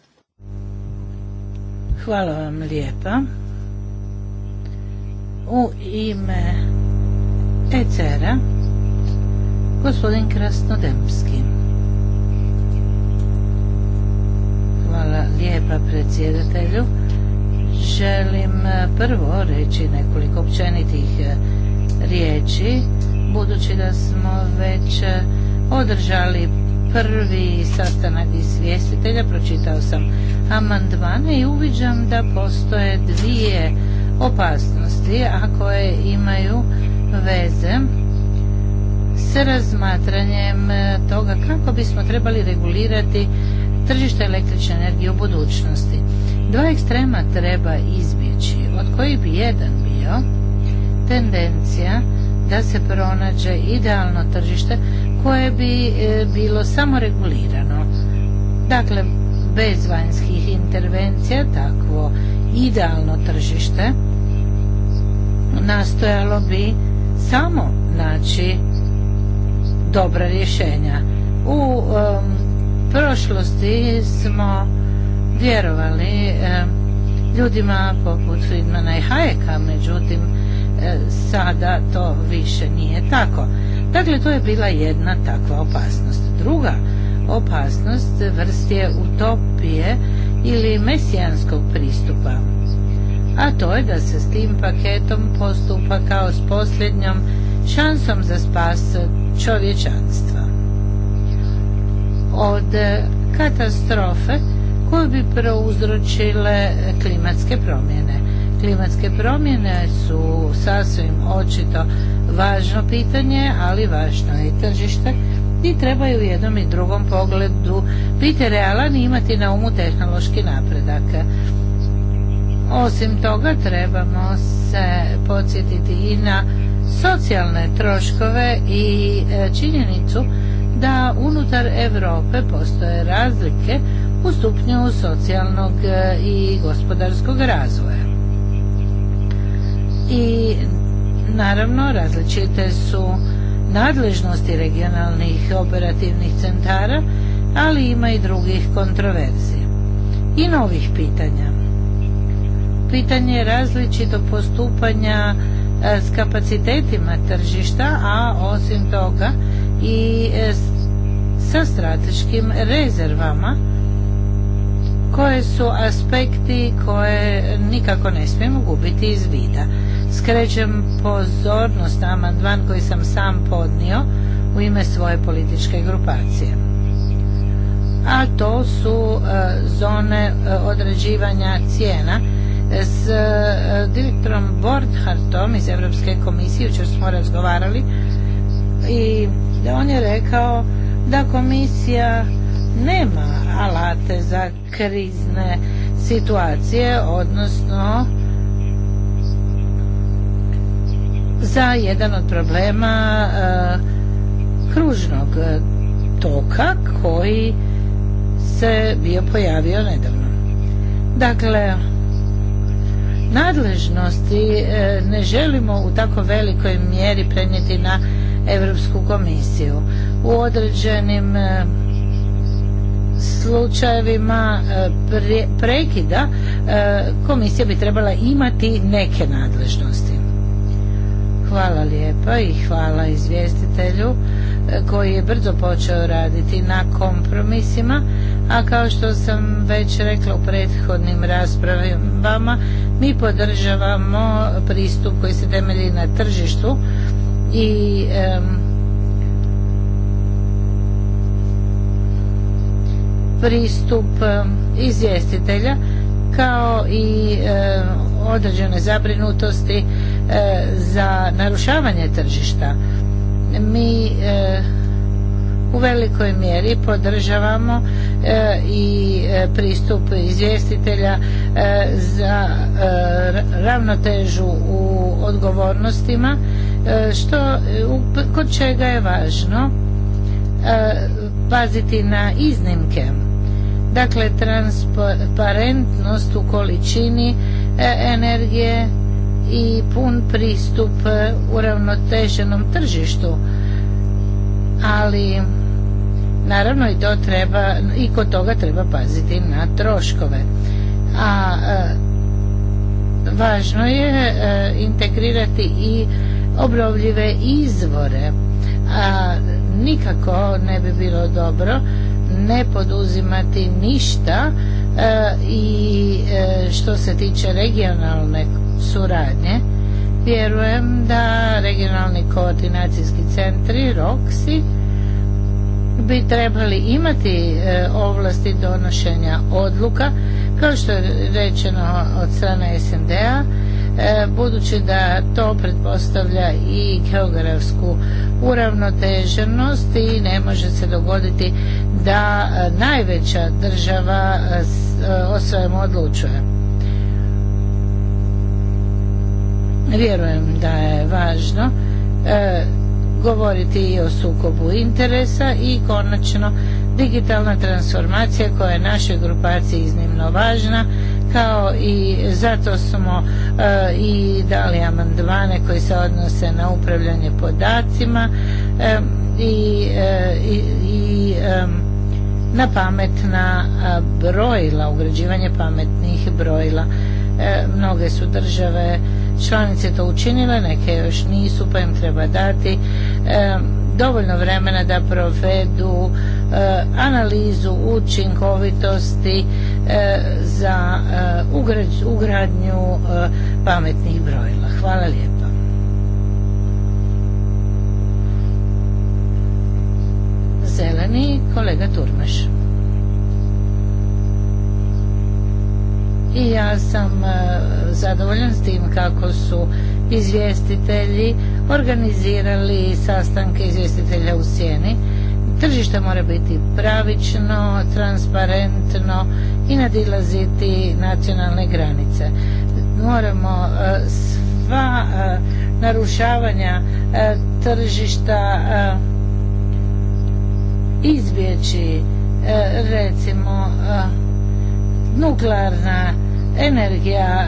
Hvala vam lijepa. U ime ECR-a gospodin Krasnodemski. Hvala lijepa predsjedatelju želim e, prvo reći nekoliko općenitih e, riječi, budući da smo već e, održali prvi sastanak izvjestitelja, pročitao sam amandmane i uviđam da postoje dvije opasnosti, a koje imaju veze s razmatranjem toga kako bismo trebali regulirati tržište električne energije u budućnosti. Dva ekstrema treba izbjeći, od kojih bi jedan bio tendencija da se pronađe idealno tržište koje bi e, bilo samoregulirano. Dakle, bez vanjskih intervencija takvo idealno tržište nastojalo bi samo naći dobra rješenja. U prošlosti smo vjerovali e, ljudima poput Friedmana i Hayeka, međutim e, sada to više nije tako. Dakle, to je bila jedna takva opasnost. Druga opasnost vrst je utopije ili mesijanskog pristupa. A to je da se s tim paketom postupa kao s posljednjom šansom za spas čovječanstva od e, katastrofe koje bi prouzročile klimatske promjene. Klimatske promjene su sasvim očito važno pitanje, ali važno je i tržište i trebaju u jednom i drugom pogledu biti realan i imati na umu tehnološki napredak. Osim toga trebamo se podsjetiti i na socijalne troškove i e, činjenicu da unutar Europe postoje razlike u stupnju socijalnog e, i gospodarskog razvoja. I naravno različite su nadležnosti regionalnih operativnih centara, ali ima i drugih kontroverzija i novih pitanja. Pitanje različito postupanja e, s kapacitetima tržišta, a osim toga i e, s sa strateškim rezervama koje su aspekti koje nikako ne smijemo gubiti iz vida. Skrećem pozornost na amandman koji sam sam podnio u ime svoje političke grupacije. A to su e, zone e, određivanja cijena. S e, direktorom Bordhartom iz Europske komisije, jučer smo razgovarali i on je rekao da komisija nema alate za krizne situacije, odnosno za jedan od problema e, kružnog toka koji se bio pojavio nedavno. Dakle, nadležnosti e, ne želimo u tako velikoj mjeri prenijeti na Europsku komisiju u određenim e, slučajevima e, prekida e, komisija bi trebala imati neke nadležnosti. Hvala lijepa i hvala izvjestitelju koji je brzo počeo raditi na kompromisima, a kao što sam već rekla u prethodnim raspravama, mi podržavamo pristup koji se temelji na tržištu i pristup um, izvjestitelja kao i um, određene zabrinutosti uh, za narušavanje tržišta. Mi uh, u velikoj mjeri podržavamo uh, i pristup izvjestitelja za ravnotežu u odgovornostima što kod čega je važno paziti na iznimke Dakle, transparentnost u količini e, energije i pun pristup e, uravnoteženom tržištu. Ali naravno i to treba i kod toga treba paziti na troškove. A e, važno je integrirati i obnovljive izvore. A nikako ne bi bilo dobro ne poduzimati ništa e, i e, što se tiče regionalne suradnje vjerujem da regionalni koordinacijski centri ROKSI bi trebali imati e, ovlasti donošenja odluka kao što je rečeno od strane SND-a E, budući da to pretpostavlja i geografsku uravnoteženost i ne može se dogoditi da e, najveća država e, o svemu odlučuje. Vjerujem da je važno govoriti i o sukobu interesa i konačno digitalna transformacija koja je našoj grupaciji iznimno važna kao i zato smo eh, i dali amandmane koji se odnose na upravljanje podacima eh, i, eh, na pametna brojila, ugrađivanje pametnih brojila. Mnoge su države članice to učinile, neke još nisu, pa im treba dati dovoljno vremena da provedu analizu učinkovitosti E, za e, ugradnju e, pametnih brojila. Hvala lijepa. Zeleni kolega Turmeš. I ja sam zadovoljan s tim kako su izvjestitelji organizirali sastanke izvjestitelja u sjeni Tržište mora biti pravično, transparentno i nadilaziti nacionalne granice. Moramo e, sva e, narušavanja e, tržišta izbjeći recimo nuklearna energija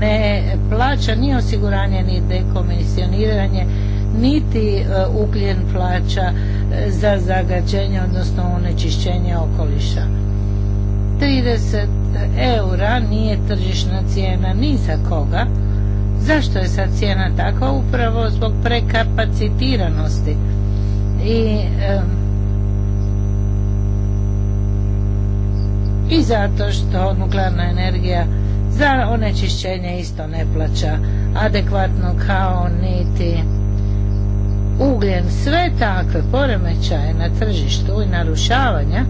ne plaća ni osiguranje ni dekomisioniranje niti e, ugljen plaća e, za zagađenje, odnosno onečišćenje okoliša. 30 eura nije tržišna cijena ni za koga. Zašto je sad cijena takva? Upravo zbog prekapacitiranosti. I i zato što nuklearna energija za onečišćenje isto ne plaća adekvatno kao niti ugljen, sve takve poremećaje na tržištu i narušavanja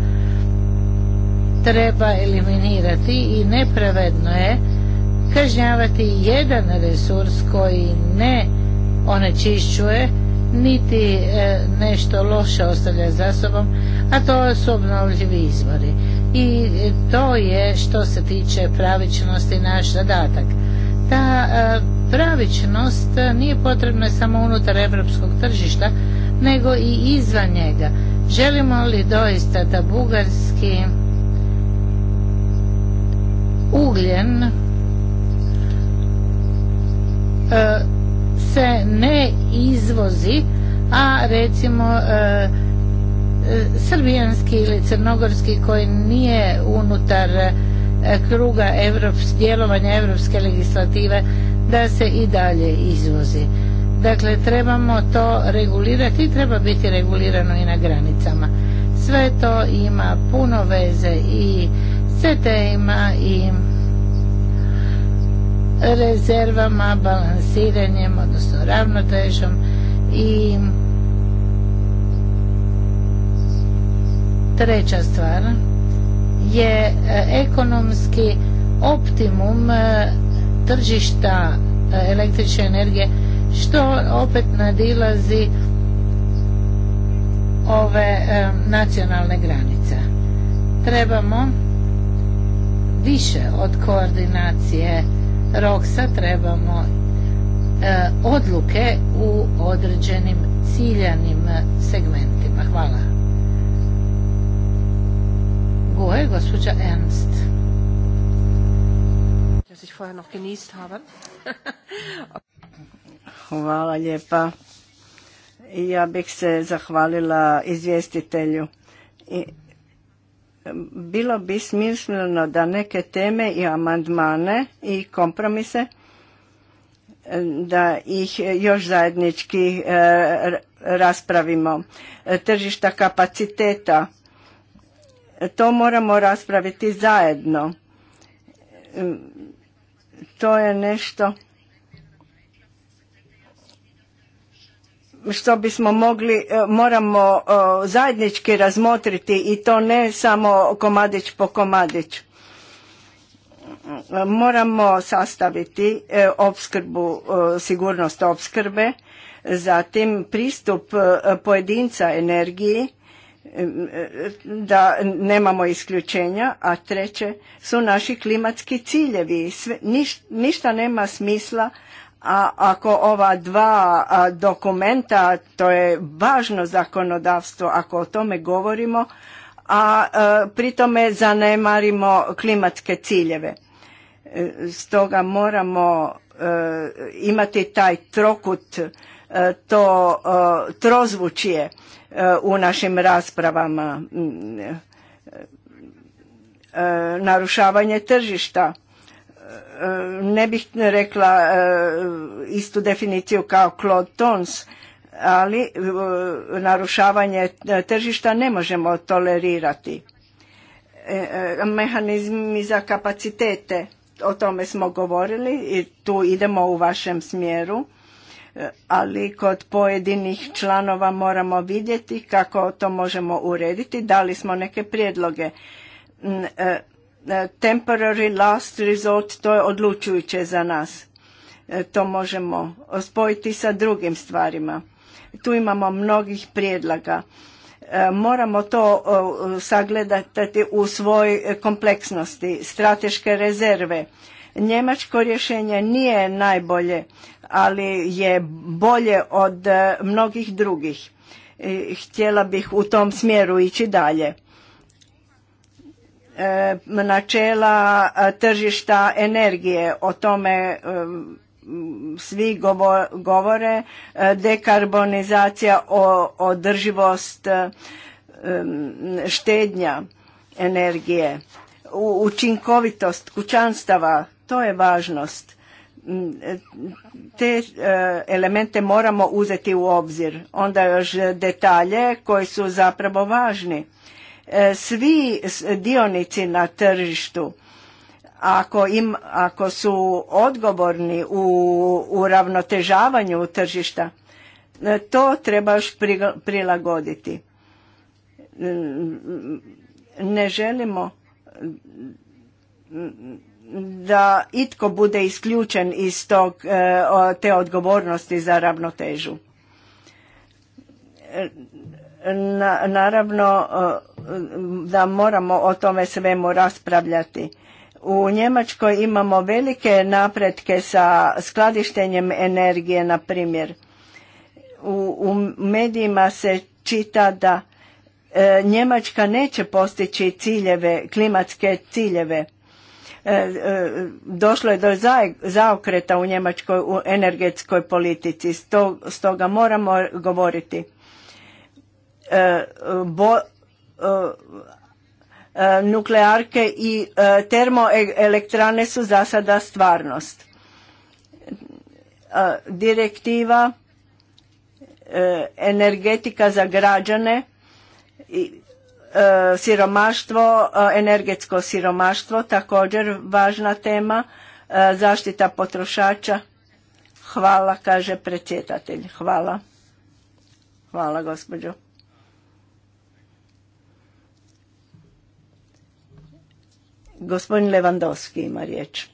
treba eliminirati i nepravedno je kažnjavati jedan resurs koji ne onečišćuje niti e, nešto loše ostavlja za sobom, a to su obnovljivi izvori. I to je što se tiče pravičnosti naš zadatak ta e, pravičnost nije potrebna samo unutar europskog tržišta nego i izvan njega želimo li doista da bugarski ugljen e, se ne izvozi a recimo e, srbijanski ili crnogorski koji nije unutar kruga djelovanja europske legislative da se i dalje izvozi. Dakle, trebamo to regulirati i treba biti regulirano i na granicama. Sve to ima puno veze i s ima i rezervama, balansiranjem, odnosno ravnotežom i treća stvar je e, ekonomski optimum e, tržišta e, električne energije što opet nadilazi ove nacionalne granice. Trebamo više od koordinacije roksa, trebamo odluke u određenim ciljanim segmentima. Hvala. *laughs* Hvala lijepa. Ja bih se zahvalila izvjestitelju. I bilo bi smisleno da neke teme i amandmane i kompromise da ih još zajednički e, raspravimo. E, tržišta kapaciteta to moramo raspraviti zajedno. E, to je nešto što bismo mogli, e, moramo e, zajednički razmotriti i to ne samo komadić po komadić. Moramo sastaviti opskrbu, sigurnost opskrbe, zatim pristup pojedinca energiji, da nemamo isključenja, a treće su naši klimatski ciljevi. Sve, ništa nema smisla a ako ova dva dokumenta, to je važno zakonodavstvo, ako o tome govorimo, a e, pri tome zanemarimo klimatske ciljeve. E, stoga moramo e, imati taj trokut, to trozvučije u našim raspravama. E, e, narušavanje tržišta. E, ne bih rekla istu definiciju kao Claude Tons, ali narušavanje tržišta ne možemo tolerirati. Mehanizmi za kapacitete, o tome smo govorili i tu idemo u vašem smjeru ali kod pojedinih članova moramo vidjeti kako to možemo urediti. Dali smo neke prijedloge. Mm, e, e, temporary last resort, to je odlučujuće za nas. E, to možemo spojiti sa drugim stvarima. Tu imamo mnogih prijedloga. Moramo to sagledati u svoj kompleksnosti. Strateške rezerve Njemačko rješenje nije najbolje, ali je bolje od e, mnogih drugih. E, htjela bih u tom smjeru ići dalje. E, načela tržišta energije, o tome svi govore, dekarbonizacija, održivost, štednja energije, učinkovitost kućanstava, to je važnost. Mm, e, te e, elemente moramo uzeti u obzir. Onda još detalje koji su zapravo važni. E, svi dionici na tržištu ako, im, ako su odgovorni u ravnotežavanju tržišta, to treba još prilagoditi. Mm, mm, ne želimo da itko bude isključen iz tog, e, te odgovornosti za ravnotežu. E, naravno e, da moramo o tome svemu raspravljati. U Njemačkoj imamo velike napretke sa skladištenjem energije, na primjer. U, medijima se čita da Njemačka neće postići ciljeve, klimatske ciljeve. E, e, došlo je do zaokreta u njemačkoj u energetskoj politici, stoga moramo govoriti. E, bo, nuklearke i termoelektrane su za sada stvarnost. Direktiva energetika za građane i E, siromaštvo, e, energetsko siromaštvo također važna tema, e, zaštita potrošača. Hvala, kaže predsjedatelj. Hvala. Hvala, gospođo. Gospodin Levandovski ima riječ.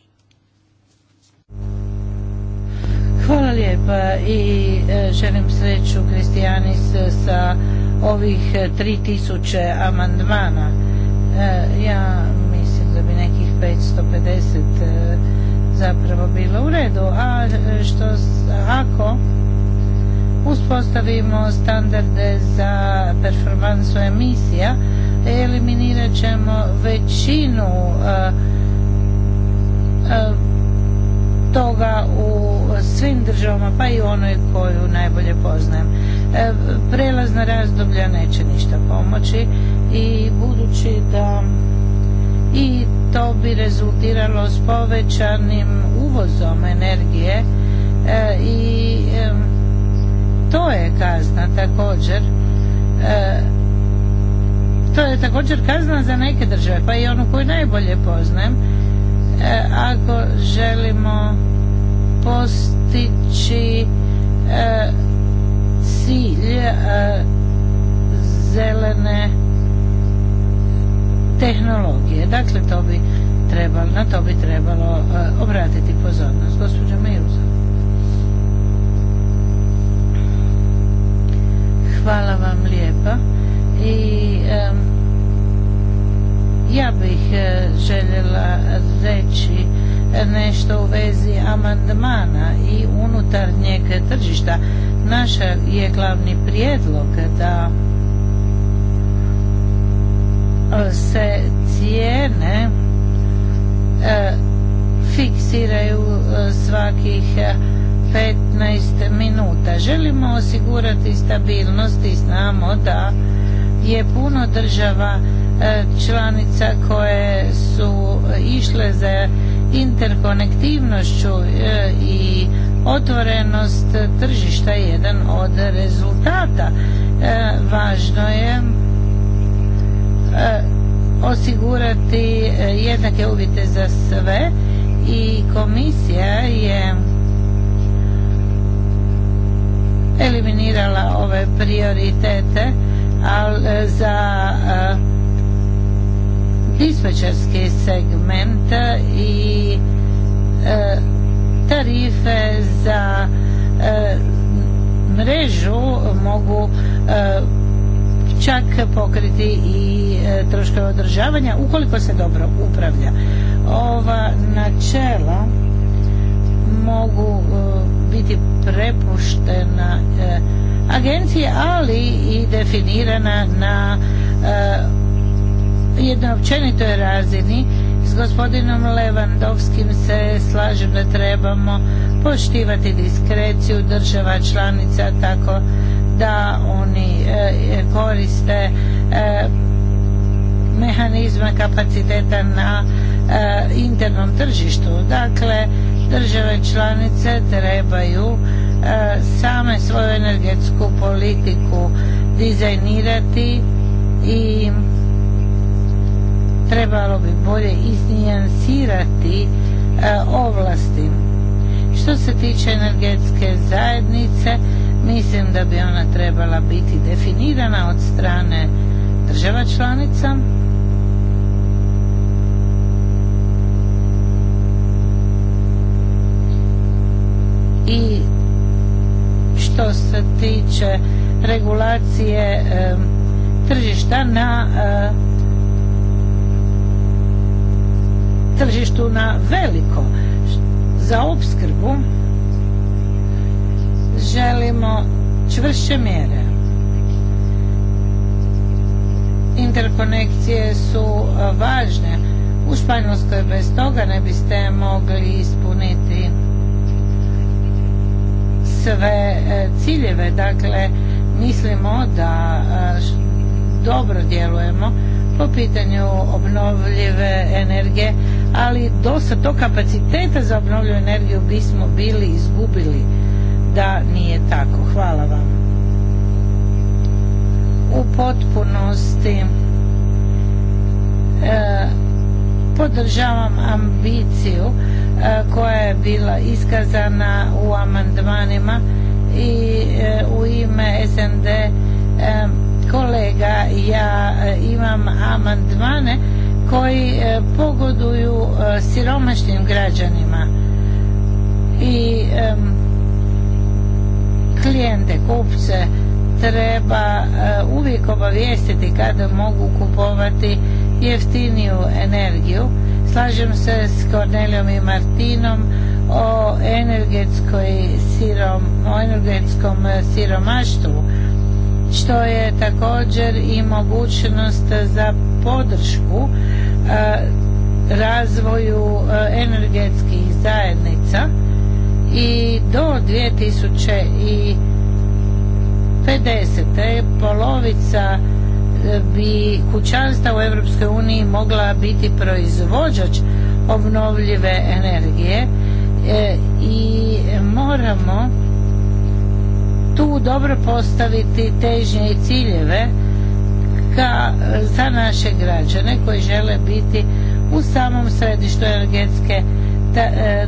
Hvala lijepa i e, želim sreću Kristijanis e, sa ovih 3000 e, amandmana. Ja mislim da bi nekih 550 zapravo bilo u redu. A što ako uspostavimo standarde za performansu emisija, eliminirat ćemo većinu toga u svim državama, pa i onoj koju najbolje poznajem. E, prelazna razdoblja neće ništa pomoći i budući da i to bi rezultiralo s povećanim uvozom energije e, i e, to je kazna također to je također kazna za neke države pa i onu koju najbolje poznajem E, ako želimo postići e, cilj e, zelene tehnologije. Dakle, to bi na to bi trebalo obratiti pozornost. Gospođa Miruza. Hvala vam lijepa i ja bih e, željela reći e, nešto u vezi amandmana i unutarnjeg tržišta. Naš je glavni prijedlog da e, se cijene fiksiraju svakih 15 minuta. Želimo osigurati stabilnost i znamo da je puno država E, članica koje su išle za interkonektivnošću e, i otvorenost tržišta je jedan od rezultata. E, važno je osigurati jednake uvjete za sve i komisija je eliminirala ove prioritete al, za dispečerski segment i e, tarife za e, mrežu mogu e, čak pokriti i troškove održavanja ukoliko se dobro upravlja. Ova načela mogu biti prepuštena agencije, ali i definirana na jednoj općenitoj razini s gospodinom Levandovskim se slažem da trebamo poštivati diskreciju država članica tako da oni e, e, koriste e, mehanizme kapaciteta na internom tržištu. Dakle, države članice trebaju same svoju energetsku politiku dizajnirati i trebalo bi bolje iznijansirati eh, ovlasti. Što se tiče energetske zajednice, mislim da bi ona trebala biti definirana od strane država članica. I što se tiče regulacije eh, tržišta na eh, tržištu na veliko za opskrbu želimo čvršće mjere interkonekcije su važne u Španjolskoj bez toga ne biste mogli ispuniti sve e, ciljeve dakle mislimo da dobro djelujemo po pitanju obnovljive energije ali dosta to kapaciteta za obnovljivu energiju bismo bili izgubili da nije tako. Hvala vam. U potpunosti e, podržavam ambiciju e, koja je bila iskazana u amandmanima i e, u ime SND kolega ja imam amandmane koji e, pogoduju e, siromašnim građanima i klijente, kupce treba e, uvijek obavijestiti kada mogu kupovati jeftiniju energiju. Slažem se s Kornelijom i Martinom o, energetskoj sirom, o energetskom siromaštvu, što je također i mogućnost za podršku e, razvoju e, energetskih zajednica i do 2050. polovica e, bi kućanstva u EU mogla biti proizvođač obnovljive energije i moramo tu dobro postaviti težnje i ciljeve E, za naše građane koji žele biti u samom središtu energetske e,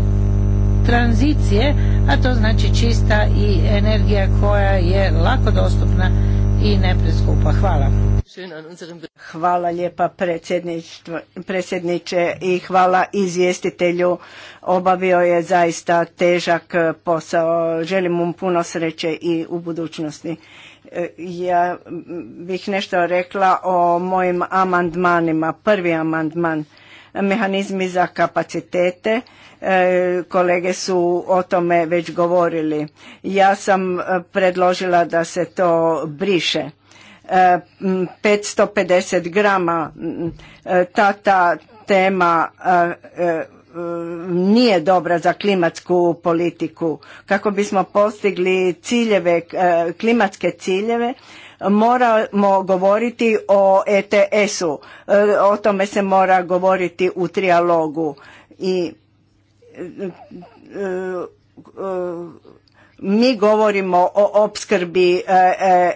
tranzicije, a to znači čista i energija koja je lako dostupna i ne Hvala. Hvala lijepa predsjedniče i hvala izvjestitelju. Obavio je zaista težak e, posao. Želim mu puno sreće i u budućnosti. Ja bih nešto rekla o mojim amandmanima. Prvi amandman, mehanizmi za kapacitete, e, kolege su o tome već govorili. Ja sam e, predložila da se to briše. 550 e, grama, ta, ta tema nije dobra za klimatsku politiku. Kako bismo postigli ciljeve, e, klimatske ciljeve, moramo govoriti o ETS-u. E, o tome se mora govoriti u trialogu. I e, mi govorimo o opskrbi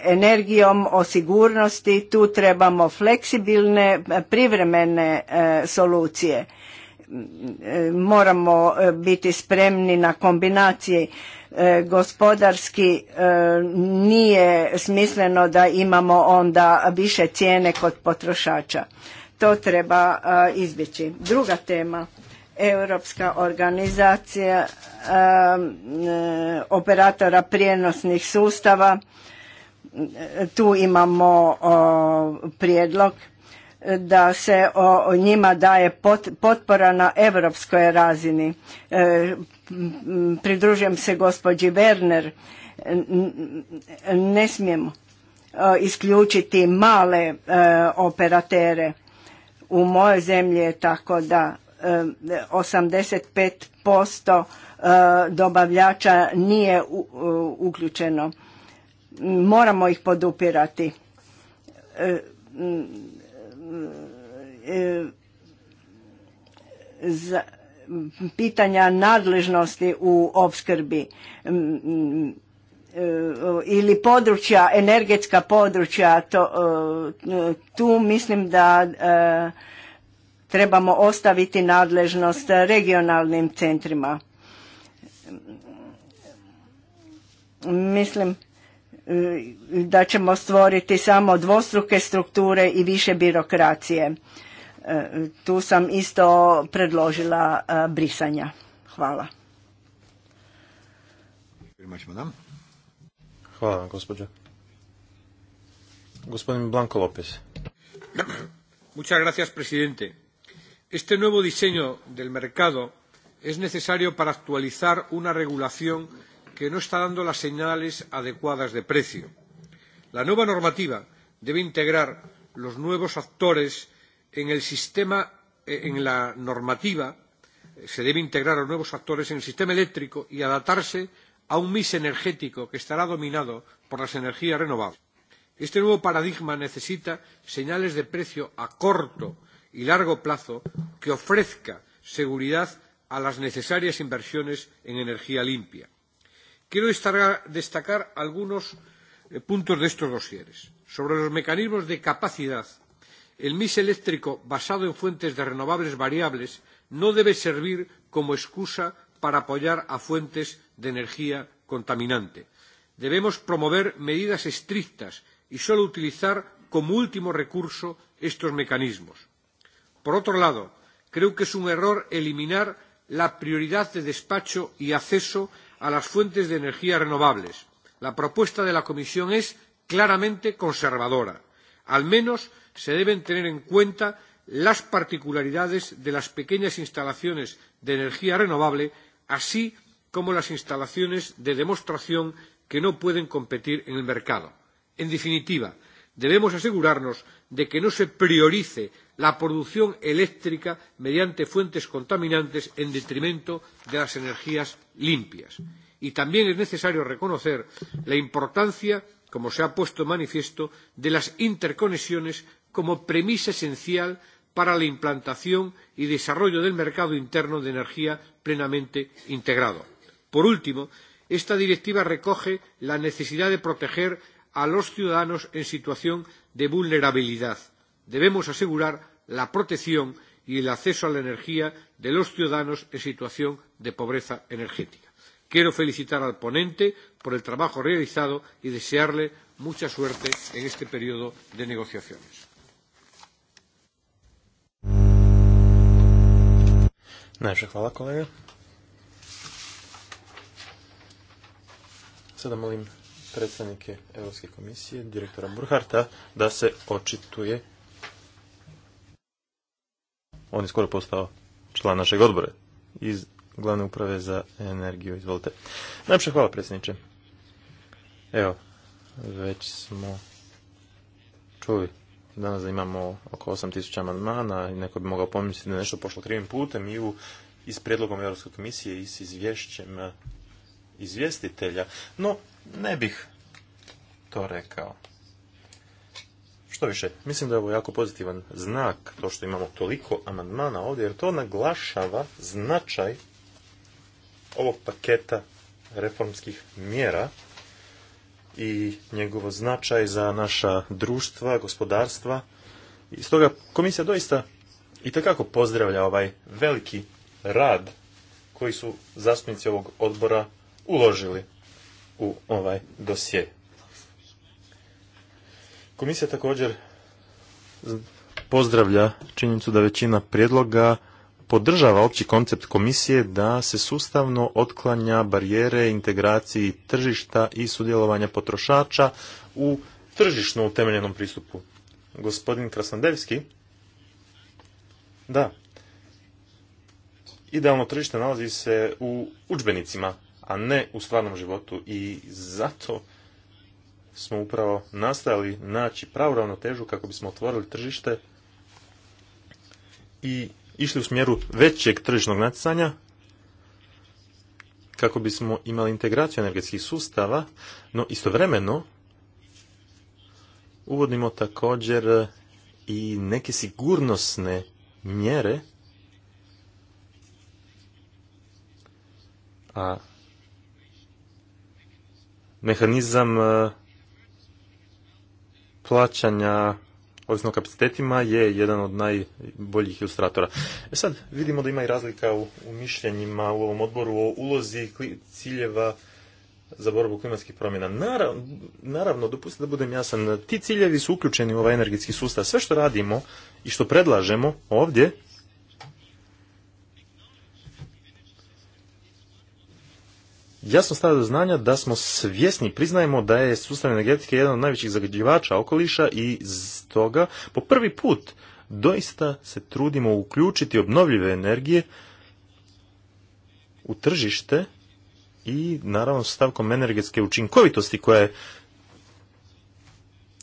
energijom, o sigurnosti, tu trebamo fleksibilne privremene solucije moramo e, biti spremni na kombinacije e, gospodarski e, nije smisleno da imamo onda više cijene kod potrošača. To treba izbjeći. Druga tema, Europska organizacija operatora prijenosnih sustava. Tu imamo prijedlog da se o njima daje potpora na europskoj razini. E, pridružujem se gospođi Werner. Ne smijem e, isključiti male e, operatere. U mojoj zemlji je tako da 85% dobavljača nije uključeno. Moramo ih podupirati E, za pitanja nadležnosti u opskrbi e, ili područja, energetska područja, to, e, tu mislim da trebamo ostaviti nadležnost regionalnim centrima. Mislim E, da ćemo stvoriti samo dvostruke strukture i više birokracije. E, tu sam isto predložila e, brisanja. Hvala. Hvala vam, gospođo. Gospodin Blanko Lopez. Muchas gracias, presidente. Este nuevo diseño del mercado es necesario para actualizar una regulación que no está dando las señales adecuadas de precio. La nueva normativa debe integrar los nuevos actores en el sistema eh, en la normativa eh, se debe integrar a los nuevos actores en el sistema eléctrico y adaptarse a un mix energético que estará dominado por las energías renovables. Este nuevo paradigma necesita señales de precio a corto y largo plazo que ofrezca seguridad a las necesarias inversiones en energía limpia. Quiero destacar algunos eh, puntos de estos dosieres. Sobre los mecanismos de capacidad, el mix eléctrico basado en fuentes de renovables variables no debe servir como excusa para apoyar a fuentes de energía contaminante. Debemos promover medidas estrictas y solo utilizar como último recurso estos mecanismos. Por otro lado, creo que es un error eliminar la prioridad de despacho y acceso a las fuentes de energía renovables. La propuesta de la Comisión es claramente conservadora. Al menos se deben tener en cuenta las particularidades de las pequeñas instalaciones de energía renovable, así como las instalaciones de demostración que no pueden competir en el mercado. En definitiva, debemos asegurarnos de que no se priorice la producción eléctrica mediante fuentes contaminantes en detrimento de las energías limpias. Y también es necesario reconocer la importancia, como se ha puesto de manifiesto, de las interconexiones como premisa esencial para la implantación y desarrollo del mercado interno de energía plenamente integrado. Por último, esta directiva recoge la necesidad de proteger a los ciudadanos en situación de vulnerabilidad. Debemos asegurar la protección y el acceso a la energía de los ciudadanos en situación de pobreza energética. Quiero felicitar al ponente por el trabajo realizado y desearle mucha suerte en este periodo de negociaciones. Najviše Sada predstavnike Europske komisije, direktora Burharta, da se očituje. On je skoro postao član našeg odbora iz glavne uprave za energiju. Izvolite. Najpše hvala predsjedniče. Evo, već smo čuli danas da imamo oko 8000 amandmana i neko bi mogao pomisliti da nešto pošlo krivim putem i u, i s prijedlogom Europske komisije i s izvješćem e, izvjestitelja. No, ne bih to rekao. Što više, mislim da je ovo jako pozitivan znak, to što imamo toliko amandmana ovdje, jer to naglašava značaj ovog paketa reformskih mjera i njegovo značaj za naša društva, gospodarstva. I stoga komisija doista i takako pozdravlja ovaj veliki rad koji su zastupnici ovog odbora uložili u ovaj dosje. Komisija također pozdravlja činjenicu da većina prijedloga podržava opći koncept komisije da se sustavno otklanja barijere integraciji tržišta i sudjelovanja potrošača u tržišno utemeljenom pristupu. Gospodin Krasnodevski, da, idealno tržište nalazi se u učbenicima a ne u stvarnom životu. I zato smo upravo nastali naći pravu težu kako bismo otvorili tržište i išli u smjeru većeg tržišnog natjecanja kako bismo imali integraciju energetskih sustava, no istovremeno uvodimo također i neke sigurnosne mjere, a mehanizam e, plaćanja ovisno kapacitetima je jedan od najboljih ilustratora. E sad vidimo da ima i razlika u, u mišljenjima u ovom odboru o ulozi ciljeva za borbu klimatskih promjena. Naravno, naravno dopustite da budem jasan, ti ciljevi su uključeni u ovaj energetski sustav. Sve što radimo i što predlažemo ovdje jasno stavio do znanja da smo svjesni, priznajemo da je sustav energetike jedan od najvećih zagađivača okoliša i stoga po prvi put doista se trudimo uključiti obnovljive energije u tržište i naravno stavkom energetske učinkovitosti koja je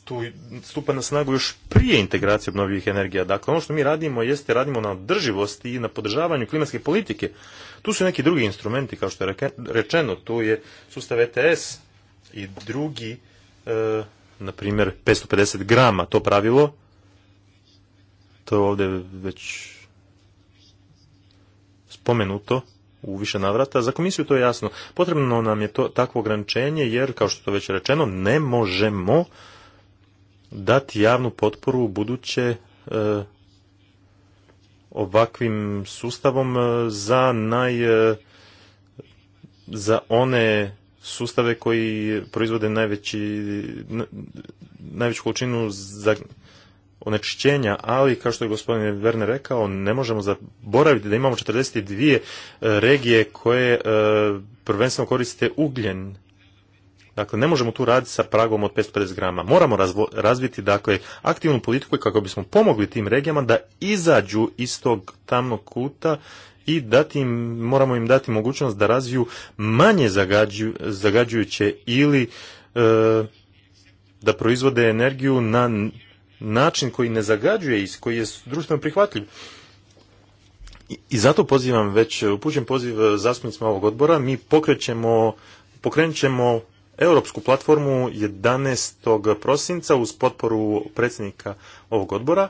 tu stupa na snagu još prije integracije obnovljivih energija. Dakle, ono što mi radimo jeste radimo na održivosti i na podržavanju klimatske politike. Tu su neki drugi instrumenti, kao što je rečeno, tu je sustav ETS i drugi, e, na primjer, 550 grama, to pravilo, to je ovdje već spomenuto u više navrata. Za komisiju to je jasno. Potrebno nam je to takvo ograničenje jer, kao što je to već rečeno, ne možemo dati javnu potporu u buduće e, ovakvim sustavom e, za naj e, za one sustave koji proizvode najveći, najveću količinu za onečišćenja, ali kao što je gospodin Werner rekao, ne možemo zaboraviti da imamo 42 regije koje prvenstveno koriste ugljen Dakle, ne možemo tu raditi sa pragom od 550 grama. Moramo razviti dakle, aktivnu politiku kako bismo pomogli tim regijama da izađu iz tog tamnog kuta i dati im, moramo im dati mogućnost da razviju manje zagađujuće ili e, da proizvode energiju na način koji ne zagađuje i koji je društveno prihvatljiv. I, zato pozivam već, upućen poziv e, zastupnicima ovog odbora, mi pokrećemo, pokrenut ćemo europsku platformu 11. prosinca uz potporu predsjednika ovog odbora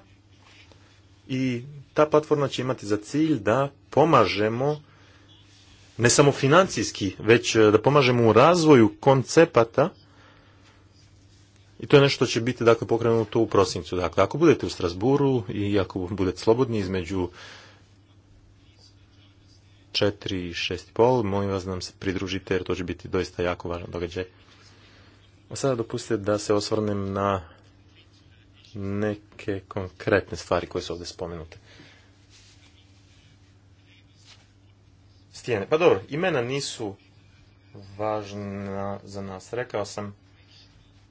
i ta platforma će imati za cilj da pomažemo ne samo financijski, već e, da pomažemo u razvoju koncepata i to je nešto što će biti dakle, pokrenuto u prosincu. Dakle, ako budete u Strasburu i ako budete slobodni između 4 i 6,5, pol, molim vas da nam se pridružite jer to će biti doista jako važan događaj. A sada dopustite da se osvrnem na neke konkretne stvari koje su ovdje spomenute. Stijene. Pa dobro, imena nisu važna za nas. Rekao sam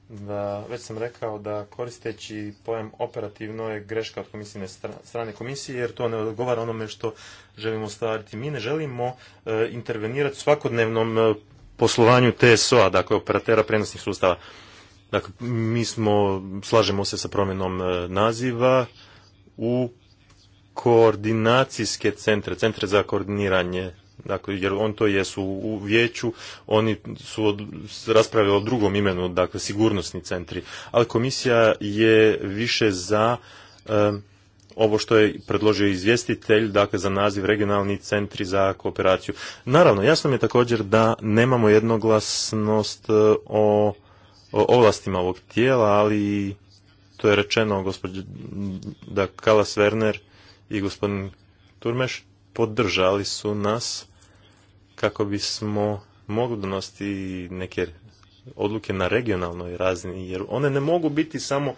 da, već sam rekao da koristeći pojam operativno je greška od komisijne strane komisije jer to ne odgovara onome što želimo ostvariti. Mi ne želimo e, intervenirati svakodnevnom e, poslovanju TSO-a, dakle operatera prenosnih sustava. Dakle, mi smo, slažemo se sa promjenom e, naziva u koordinacijske centre, centre za koordiniranje dakle, jer on to jesu u vijeću, oni su od, raspravili o drugom imenu, dakle, sigurnosni centri, ali komisija je više za e, ovo što je predložio izvjestitelj, dakle za naziv regionalni centri za kooperaciju. Naravno, jasno mi je također da nemamo jednoglasnost e, o ovlastima ovog tijela, ali to je rečeno da Kalas Werner i gospodin Turmeš podržali su nas kako bismo mogli donositi neke odluke na regionalnoj razini, jer one ne mogu biti samo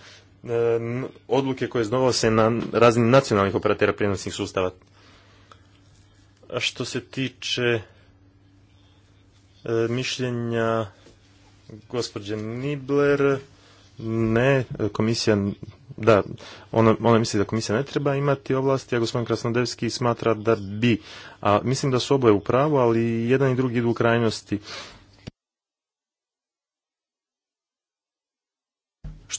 odluke koje znovo se na raznim nacionalnih operatera prijenosnih sustava. A što se tiče e, mišljenja gospođe Nibler, ne, komisija, da, ona, misli da komisija ne treba imati ovlasti, a gospodin Krasnodevski smatra da bi. A mislim da su oboje u pravu, ali jedan i drugi idu u krajnosti.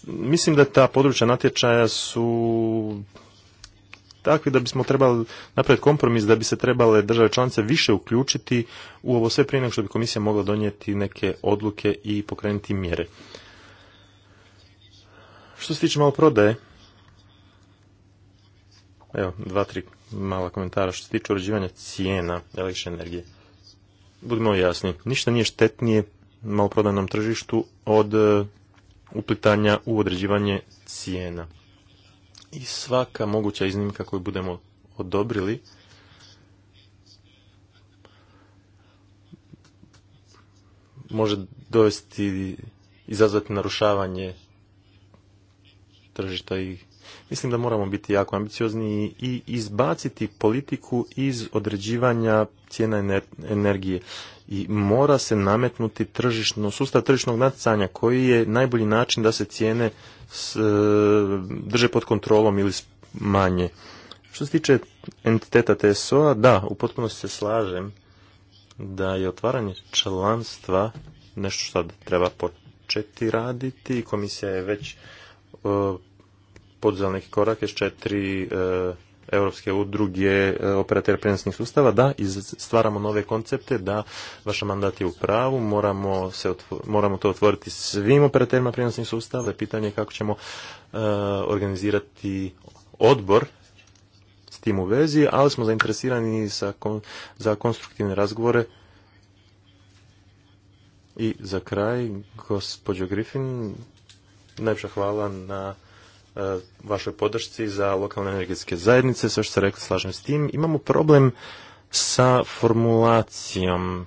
Mislim da ta područja natječaja su takvi da bismo trebali napraviti kompromis da bi se trebale države članice više uključiti u ovo sve prije nego što bi komisija mogla donijeti neke odluke i pokrenuti mjere. Što se tiče malo evo, dva, tri mala komentara što se tiče uređivanja cijena električne energije. Budimo jasni, ništa nije štetnije maloprodajnom tržištu od uplitanja u određivanje cijena. I svaka moguća iznimka koju budemo odobrili može dovesti izazvati narušavanje tržišta i mislim da moramo biti jako ambiciozni i izbaciti politiku iz određivanja cijena energije i mora se nametnuti tržišno, sustav tržišnog natjecanja koji je najbolji način da se cijene s, e, drže pod kontrolom ili manje. Što se tiče entiteta TSO-a, da, u potpunosti se slažem da je otvaranje članstva nešto što treba početi raditi. Komisija je već uh, poduzela neke korake s četiri e, Europske udruge operatera prenosnih sustava, da stvaramo nove koncepte, da vaša mandat je u pravu, moramo, to otvoriti svim operaterima prenosnih sustava. Pitanje je kako ćemo e, organizirati odbor s tim u vezi, ali smo zainteresirani za, za konstruktivne razgovore i za kraj, gospođo Griffin, najpša hvala na E, vašoj podršci za lokalne energetske zajednice, sve što ste rekli slažem s tim. Imamo problem sa formulacijom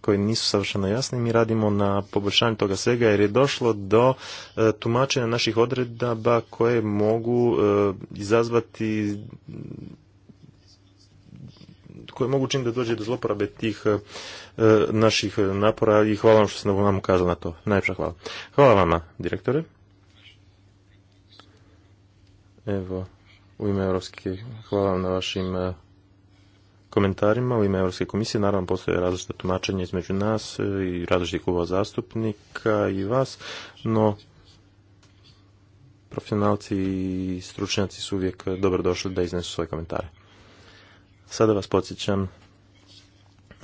koje nisu savršeno jasne. Mi radimo na poboljšanju toga svega jer je došlo do e, tumačenja naših odredaba koje mogu e, izazvati koje mogu učiniti da dođe do zloporabe tih naših napora i hvala vam što ste nam ukazali na to. Najpša hvala. Hvala vama, direktore. Evo, u ime Europske, hvala vam na vašim e, komentarima. U ime Europske komisije naravno postoje različite tumačenje između nas e, i različitih kluba zastupnika i vas, no profesionalci i stručnjaci su uvijek dobro došli da iznesu svoje komentare. Sada vas podsjećam,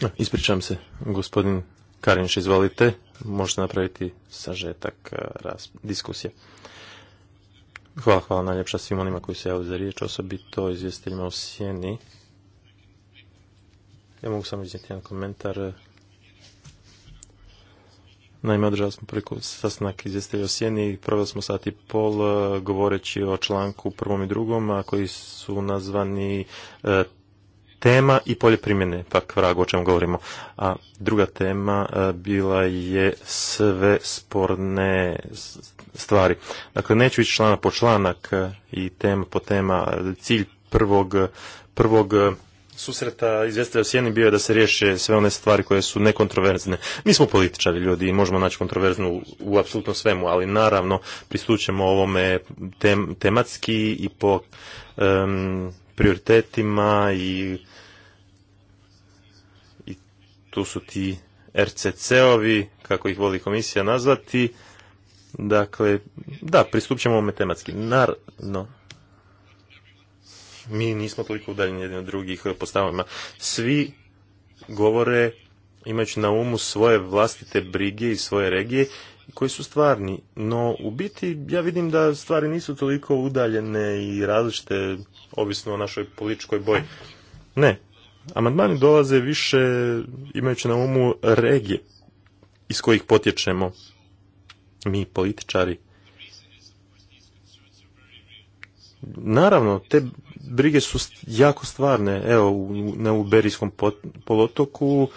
e, ispričam se, gospodin Karinš, izvolite, možete napraviti sažetak diskusije. Hvala, hvala najljepša svim onima koji se javili za riječ, osobito izvjestiteljima u Sjeni. Ja mogu samo iznijeti jedan komentar. Naime, održali smo prvi sastanak Izvjestitelja o Sjeni i smo sat i pol eh, govoreći o članku prvom i drugom, a koji su nazvani eh, tema i polje primjene, pa vrago, o čemu govorimo. A druga tema e, bila je sve sporne stvari. Dakle, neću ići člana po članak e, i tema po tema. Cilj prvog, prvog e, susreta izvjestitelja Sjeni bio je da se riješe sve one stvari koje su nekontroverzne. Mi smo političari ljudi i možemo naći kontroverznu u, u apsolutno svemu, ali naravno pristućemo ovome tematski i po prioritetima i, i tu su ti RCC-ovi, kako ih voli komisija nazvati. Dakle, da, pristup ćemo ovome tematski. Naravno, mi nismo toliko udaljeni jedni od drugih postavama. Svi govore imajući na umu svoje vlastite brige i svoje regije koji su stvarni, no u biti ja vidim da stvari nisu toliko udaljene i različite, ovisno o našoj političkoj boji. Ne, amandmani dolaze više imajući na umu regije iz kojih potječemo mi političari. Naravno, te brige su jako stvarne. Evo, u Uberijskom polotoku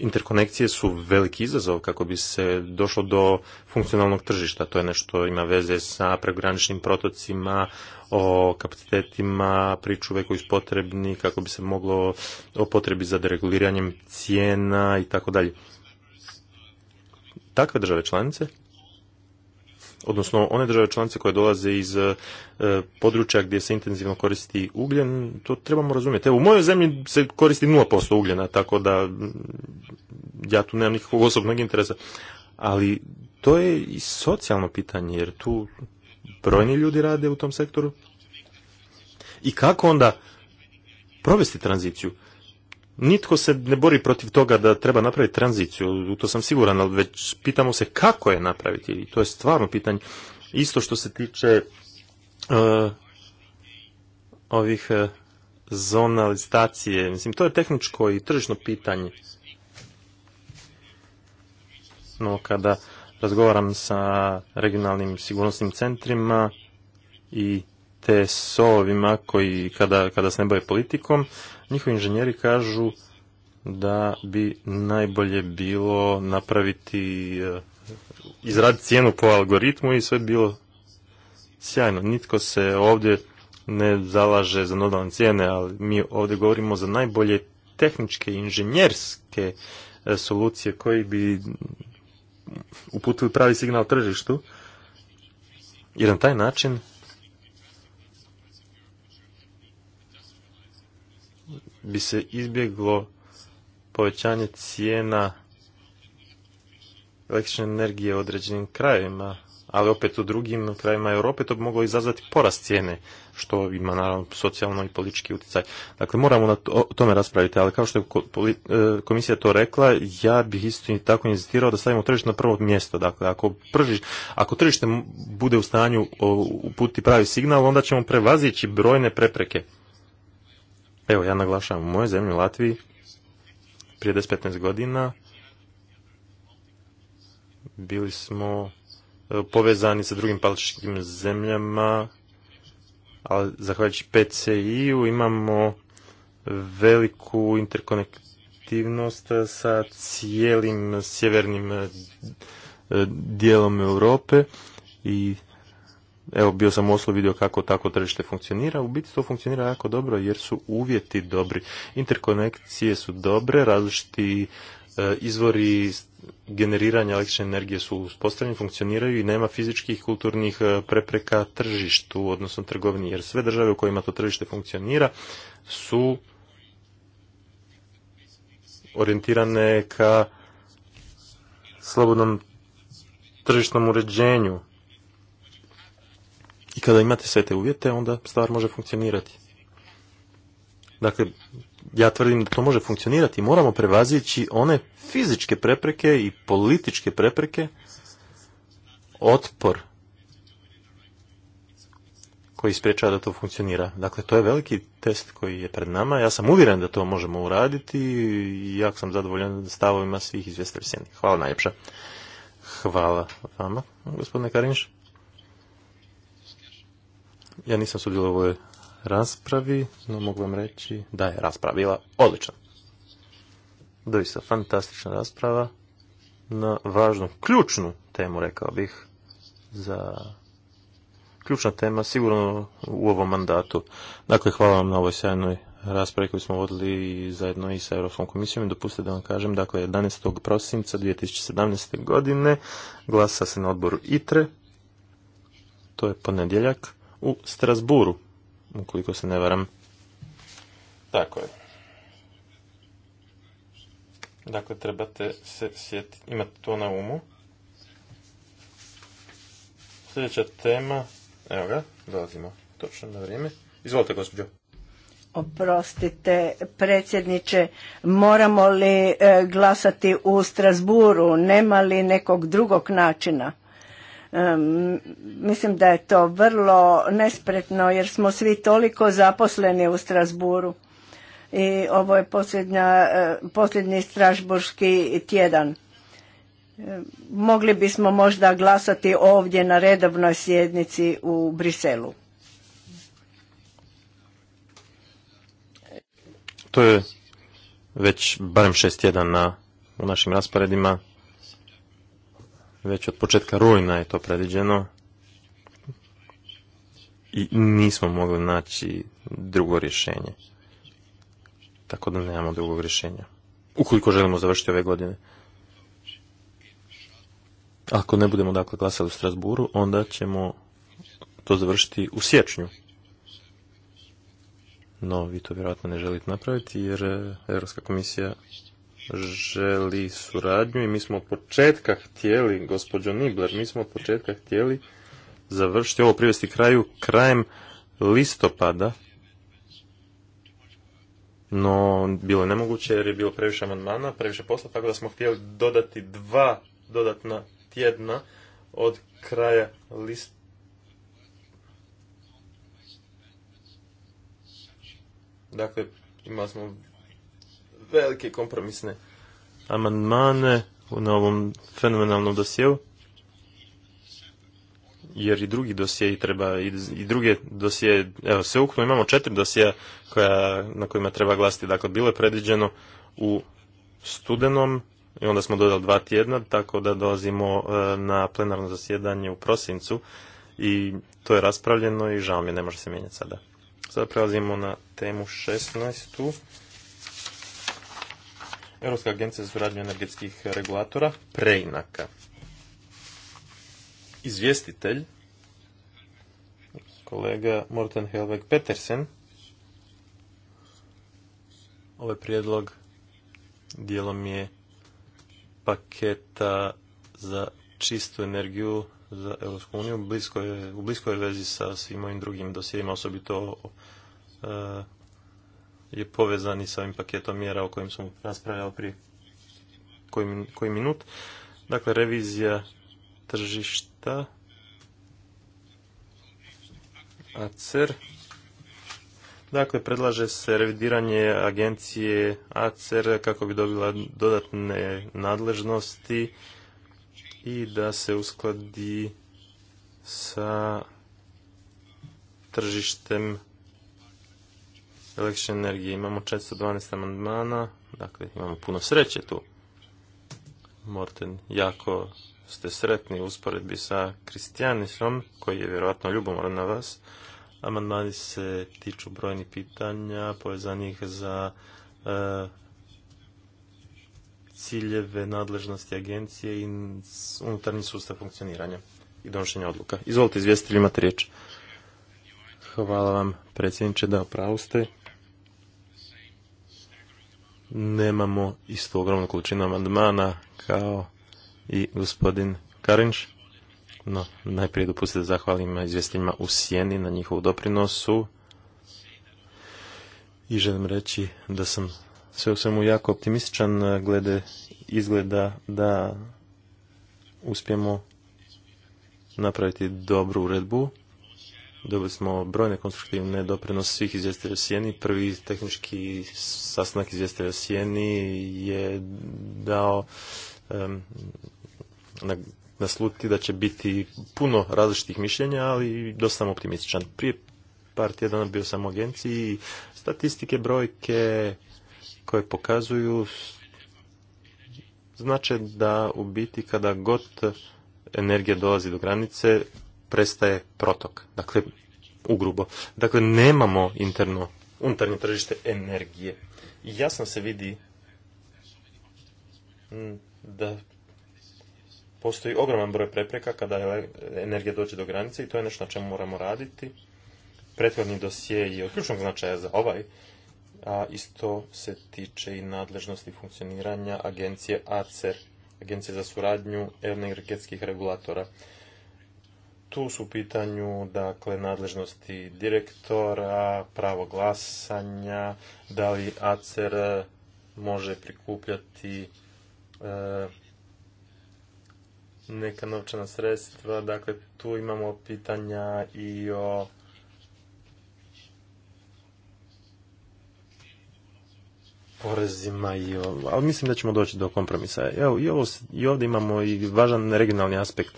interkonekcije su veliki izazov kako bi se došlo do funkcionalnog tržišta. To je nešto ima veze sa prekograničnim protocima, o kapacitetima pričuve koji su potrebni, kako bi se moglo o potrebi za dereguliranjem cijena i tako dalje. Takve države članice odnosno one države članice koje dolaze iz e, područja gdje se intenzivno koristi ugljen, to trebamo razumjeti. Evo, u mojoj zemlji se koristi 0% ugljena, tako da ja tu nemam nikakvog osobnog interesa. Ali to je i socijalno pitanje, jer tu brojni ljudi rade u tom sektoru. I kako onda provesti tranziciju? Nitko se ne bori protiv toga da treba napraviti tranziciju, u to sam siguran, ali već pitamo se kako je napraviti i to je stvarno pitanje. Isto što se tiče e, ovih uh, mislim, to je tehničko i tržišno pitanje. No, kada razgovaram sa regionalnim sigurnosnim centrima i te ovima koji kada, kada se ne bave politikom, Njihovi inženjeri kažu da bi najbolje bilo napraviti, e, izraditi cijenu po algoritmu i sve bi bilo sjajno. Nitko se ovdje ne zalaže za nodalne cijene, ali mi ovdje govorimo za najbolje tehničke, inženjerske e, solucije koji bi uputili pravi signal tržištu. Jer na taj način bi se izbjeglo povećanje cijena električne energije u određenim krajevima, ali opet u drugim krajevima Europe to bi moglo izazvati porast cijene, što ima naravno socijalno i politički utjecaj. Dakle, moramo na o tome raspraviti, ali kao što je e, komisija to rekla, ja bih isto i tako inzistirao da stavimo tržište na prvo mjesto. Dakle, ako, pržiš, ako tržište bude u stanju uputiti pravi signal, onda ćemo prevazići brojne prepreke. Evo, ja naglašavam, u mojoj zemlji, u Latviji, prije 10-15 godina bili smo e, povezani sa drugim političkim zemljama, ali zahvaljujući PCI-u imamo veliku interkonektivnost sa cijelim sjevernim e, dijelom Europe i evo bio sam u Oslo vidio kako tako tržište funkcionira, u biti to funkcionira jako dobro jer su uvjeti dobri. Interkonekcije su dobre, različiti e, izvori generiranja električne energije su uspostavljeni, funkcioniraju i nema fizičkih kulturnih e, prepreka tržištu, odnosno trgovini, jer sve države u kojima to tržište funkcionira su orijentirane ka slobodnom tržišnom uređenju kada imate sve te uvjete, onda stvar može funkcionirati. Dakle, ja tvrdim da to može funkcionirati. Moramo prevazići one fizičke prepreke i političke prepreke, otpor koji sprječava da to funkcionira. Dakle, to je veliki test koji je pred nama. Ja sam uvjeren da to možemo uraditi i jako sam zadovoljan stavovima svih izvjestelj Hvala najljepša. Hvala vama, gospodine Karinš ja nisam sudjelovao u ovoj raspravi, no mogu vam reći da je rasprava bila odlična. Doista fantastična rasprava na važnu, ključnu temu, rekao bih, za ključna tema sigurno u ovom mandatu. Dakle, hvala vam na ovoj sjajnoj raspravi koju smo vodili zajedno i sa Europskom komisijom i dopustite da vam kažem, dakle, 11. prosinca 2017. godine glasa se na odboru ITRE, to je ponedjeljak, u Strasburu, ukoliko se ne varam. Tako je. Dakle, trebate se sjetiti, imati to na umu. Sljedeća tema, evo ga, dolazimo točno na vrijeme. Izvolite, gospođo. Oprostite, predsjedniče, moramo li e, glasati u Strasburu, nema li nekog drugog načina? mislim da je to vrlo nespretno jer smo svi toliko zaposleni u Strasburu i ovo je posljednja, e, posljednji stražburski tjedan. Mogli bismo možda glasati ovdje na redovnoj sjednici u Briselu. To je već barem šest tjedana u našim rasporedima već od početka rujna je to predviđeno i nismo mogli naći drugo rješenje. Tako da nemamo drugog rješenja. Ukoliko želimo završiti ove godine. Ako ne budemo dakle glasali u Strasburu, onda ćemo to završiti u siječnju. No, vi to vjerojatno ne želite napraviti jer eh, Europska komisija želi suradnju i mi smo od početka htjeli, gospođo Nibler, mi smo od početka htjeli završiti ovo privesti kraju krajem listopada, no bilo je nemoguće jer je bilo previše amandmana, previše posla, tako da smo htjeli dodati dva dodatna tjedna od kraja list Dakle, imali smo velike kompromisne amandmane na ovom fenomenalnom dosjeu jer i drugi dosije treba i, druge dosije, evo sve ukupno imamo četiri dosije koja, na kojima treba glasiti. Dakle, bilo je predviđeno u studenom i onda smo dodali dva tjedna, tako da dolazimo e, na plenarno zasjedanje u prosincu i to je raspravljeno i žao mi je, ne može se mijenjati sada. Sada prelazimo na temu 16. Europska agencija za suradnju energetskih regulatora, preinaka. Izvjestitelj, kolega Morten Helveg Petersen, ovaj prijedlog dijelom je paketa za čistu energiju za Europsku uniju u bliskoj vezi sa svim ovim drugim dosjedima, osobito e, je povezan i sa ovim paketom mjera o kojim sam raspravljao prije koji, koji minut. Dakle, revizija tržišta ACER. Dakle, predlaže se revidiranje agencije ACER kako bi dobila dodatne nadležnosti i da se uskladi sa tržištem električne energije. Imamo 412 amandmana, dakle imamo puno sreće tu. Morten, jako ste sretni u usporedbi sa Kristijanisom, koji je vjerojatno ljubomoran na vas. Amandmani se tiču brojnih pitanja povezanih za e, ciljeve nadležnosti agencije i unutarnji sustav funkcioniranja i donošenja odluka. Izvolite, izvjestitelj, imate riječ. Hvala vam, predsjedniče, da pravu ste nemamo isto ogromnu količinu amandmana kao i gospodin Karinč. No, najprije dopustite da zahvalim izvjestima u Sjeni na njihovu doprinosu. I želim reći da sam sve u svemu jako optimističan eh, glede izgleda da uspijemo napraviti dobru uredbu Dobili smo brojne konstruktivne doprinose svih izvjestitelja Sijeni. Prvi tehnički sastanak izvjestitelja Sijeni je dao na, nasluti da će biti puno različitih mišljenja, ali dosta sam optimističan. Prije par tjedana bio sam u agenciji statistike, brojke koje pokazuju znače da u biti kada god energija dolazi do granice, prestaje protok. Dakle, ugrubo. Dakle, nemamo interno, unutarnje tržište energije. jasno se vidi mm, da postoji ogroman broj prepreka kada energija dođe do granice i to je nešto na čemu moramo raditi. Prethodni dosije je od ključnog značaja za ovaj, a isto se tiče i nadležnosti funkcioniranja agencije ACER, agencije za suradnju energetskih regulatora tu su u pitanju dakle nadležnosti direktora, pravo glasanja, da li ACER može prikupljati e, neka novčana sredstva, dakle tu imamo pitanja i o porezima i ali mislim da ćemo doći do kompromisa. Evo, i, i ovdje imamo i važan regionalni aspekt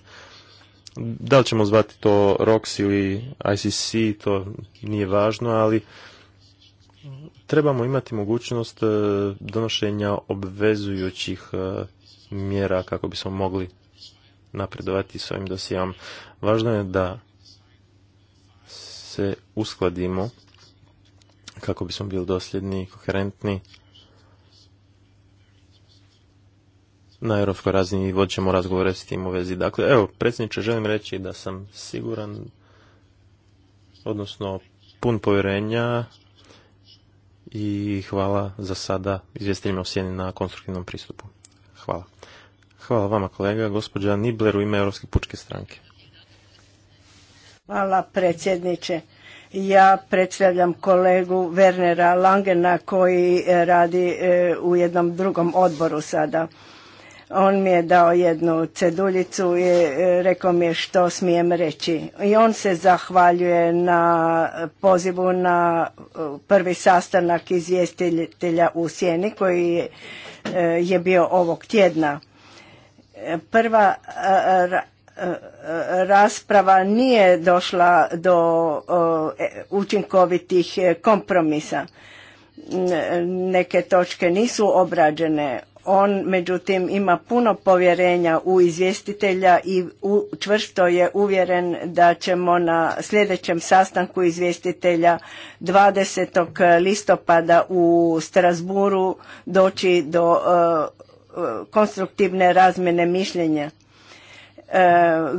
da li ćemo zvati to ROX ili ICC, to nije važno, ali trebamo imati mogućnost e, donošenja obvezujućih e, mjera kako bismo mogli napredovati s ovim dosijom. Važno je da se uskladimo kako bismo bili dosljedni i koherentni na europskoj razini i vodit ćemo razgovore s tim u vezi. Dakle, evo, predsjedniče, želim reći da sam siguran, odnosno pun povjerenja i hvala za sada izvjestiteljima o sjeni na konstruktivnom pristupu. Hvala. Hvala vama kolega, gospođa Nibler u ime Europske pučke stranke. Hvala predsjedniče. Ja predstavljam kolegu Wernera Langena koji radi e, u jednom drugom odboru sada. On mi je dao jednu ceduljicu i e, rekao mi je što smijem reći. I on se zahvaljuje na pozivu na e, prvi sastanak izvjestitelja u Sjeni koji je e, bio ovog tjedna. Prva rasprava nije došla do učinkovitih kompromisa. Neke točke nisu obrađene. On međutim ima puno povjerenja u izvjestitelja i čvrsto je uvjeren da ćemo na sljedećem sastanku izvjestitelja 20. listopada u Strasburu doći do e, konstruktivne razmjene mišljenja. E,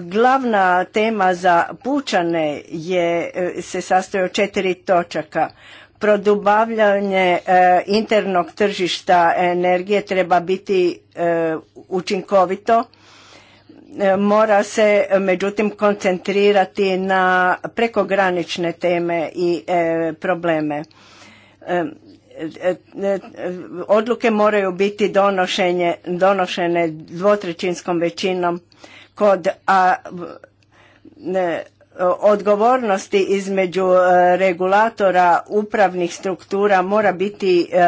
glavna tema za pučane je, e, se sastoji od četiri točaka produbavljanje e, internog tržišta energije treba biti e, učinkovito e, mora se međutim koncentrirati na prekogranične teme i probleme odluke moraju biti donošenje, donošene dvotrećinskom većinom kod a odgovornosti između e, regulatora upravnih struktura mora biti e,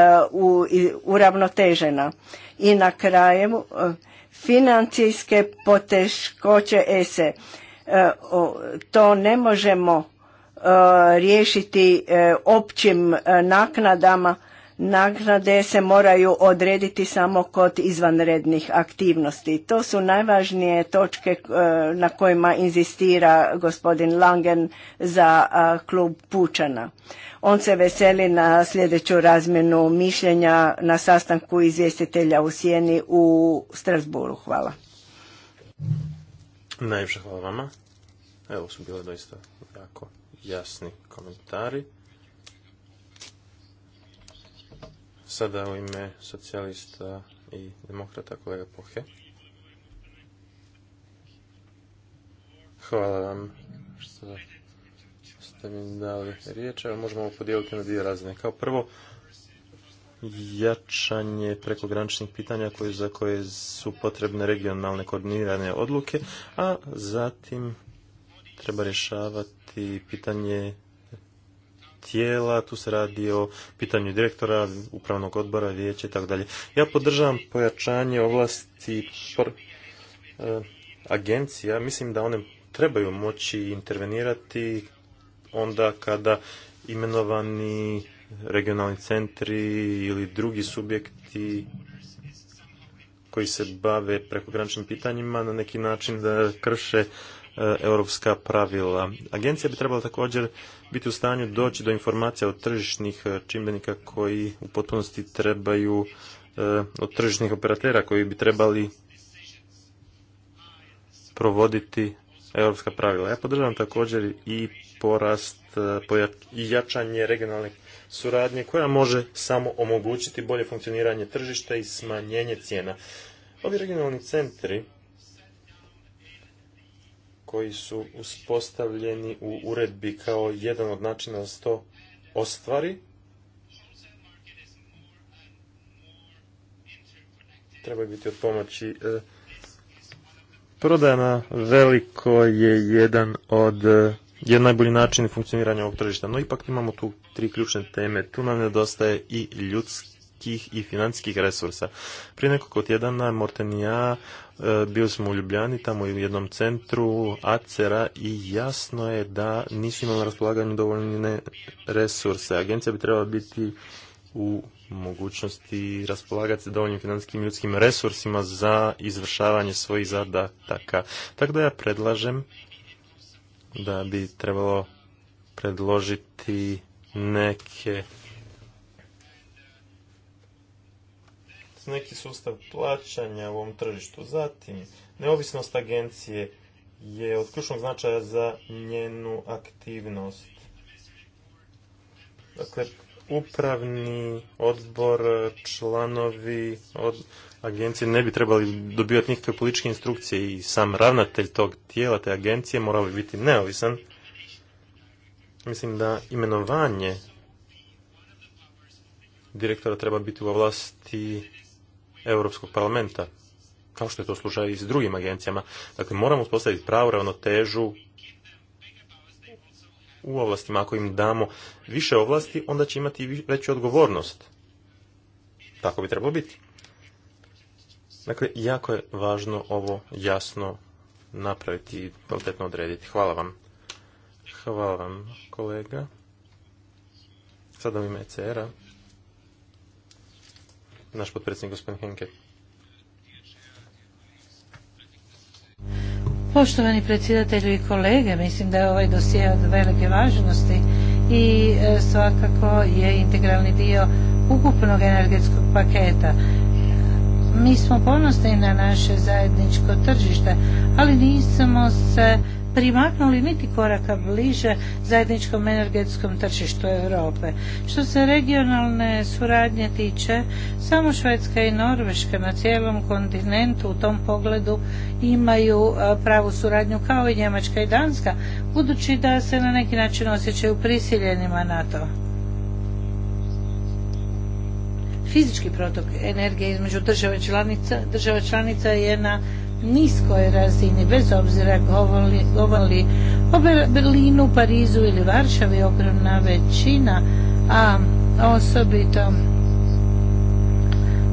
uravnotežena. I na kraju e, financijske poteškoće ESE. To ne možemo riješiti općim naknadama Nagrade se moraju odrediti samo kod izvanrednih aktivnosti. To su najvažnije točke eh, na kojima inzistira gospodin Langen za eh, klub Pučana. On se veseli na sljedeću razmjenu mišljenja na sastanku izvjestitelja u Sjeni u Strasburu. Hvala. Najviše hvala vama. Evo su bile doista jako jasni komentari. Sada u ime socijalista i demokrata kolega Pohe. Hvala vam što ste mi dali riječ. ali možemo ovo podijeliti na dvije razine. Kao prvo, jačanje prekograničnih pitanja koje, za koje su potrebne regionalne koordinirane odluke, a zatim treba rješavati pitanje tijela, tu se radi o pitanju direktora, upravnog odbora, vijeća i tako dalje. Ja podržavam pojačanje ovlasti eh, agencija, mislim da one trebaju moći intervenirati onda kada imenovani regionalni centri ili drugi subjekti koji se bave prekograničnim pitanjima na neki način da krše E, europska pravila. Agencija bi trebala također biti u stanju doći do informacija od tržišnih e, čimbenika koji u potpunosti trebaju, e, od tržišnih operatera koji bi trebali provoditi europska pravila. Ja podržavam također i porast i jačanje regionalne suradnje koja može samo omogućiti bolje funkcioniranje tržišta i smanjenje cijena. Ovi regionalni centri koji su uspostavljeni u uredbi kao jedan od načina da se to ostvari. Treba biti od pomoći. E, Prodaja na veliko je jedan od e, jedan najbolji način funkcioniranja ovog tržišta. No ipak imamo tu tri ključne teme. Tu nam nedostaje i ljudski i financijskih resursa. Prije nekog tjedana Morten i ja e, bili smo u Ljubljani, tamo u jednom centru ACERA i jasno je da nisu imali na raspolaganju dovoljne resurse. Agencija bi trebala biti u mogućnosti raspolagati se dovoljnim financijskim i ljudskim resursima za izvršavanje svojih zadataka. Tako da ja predlažem da bi trebalo predložiti neke neki sustav plaćanja u ovom tržištu. Zatim, neovisnost agencije je od ključnog značaja za njenu aktivnost. Dakle, upravni odbor, članovi od agencije ne bi trebali dobivati nikakve političke instrukcije i sam ravnatelj tog tijela, te agencije, morao bi biti neovisan. Mislim da imenovanje direktora treba biti u ovlasti Europskog parlamenta, kao što je to slučaj i s drugim agencijama. Dakle, moramo uspostaviti pravu ravnotežu u ovlastima. Ako im damo više ovlasti, onda će imati veću odgovornost. Tako bi trebalo biti. Dakle, jako je važno ovo jasno napraviti i kvalitetno odrediti. Hvala vam. Hvala vam, kolega. Sada u ime ECR-a naš potpredsjednik gospodin Henke. Poštovani predsjedatelju i kolege, mislim da je ovaj dosije od velike važnosti i e, svakako je integralni dio ukupnog energetskog paketa. Mi smo ponosni na naše zajedničko tržište, ali nismo se primaknuli niti koraka bliže zajedničkom energetskom tržištu Europe. Što se regionalne suradnje tiče, samo Švedska i Norveška na cijelom kontinentu u tom pogledu imaju e, pravu suradnju kao i Njemačka i Danska, budući da se na neki način osjećaju prisiljenima na to. Fizički protok energije između država članica, država članica je na niskoj razini, bez obzira govorili o Berlinu, Parizu ili Varšavi, ogromna većina, a osobito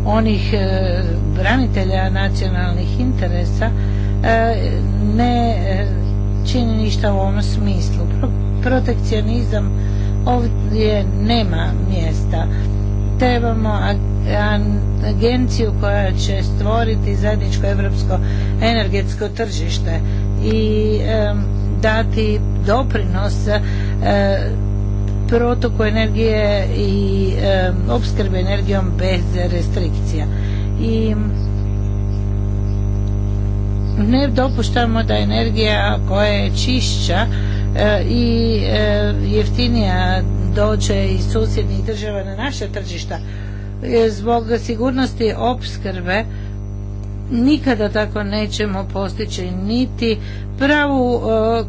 onih e, branitelja nacionalnih interesa e, ne e, čini ništa u ovom smislu. protekcionizam ovdje nema mjesta trebamo agenciju koja će stvoriti zajedničko europsko energetsko tržište i dati doprinos e, protoku energije i opskrbe energijom bez restrikcija i ne dopuštamo da energija koja je čišća e, i e, jeftinija dođe iz susjednih država na naše tržišta e, zbog sigurnosti opskrbe nikada tako nećemo postići niti pravu e,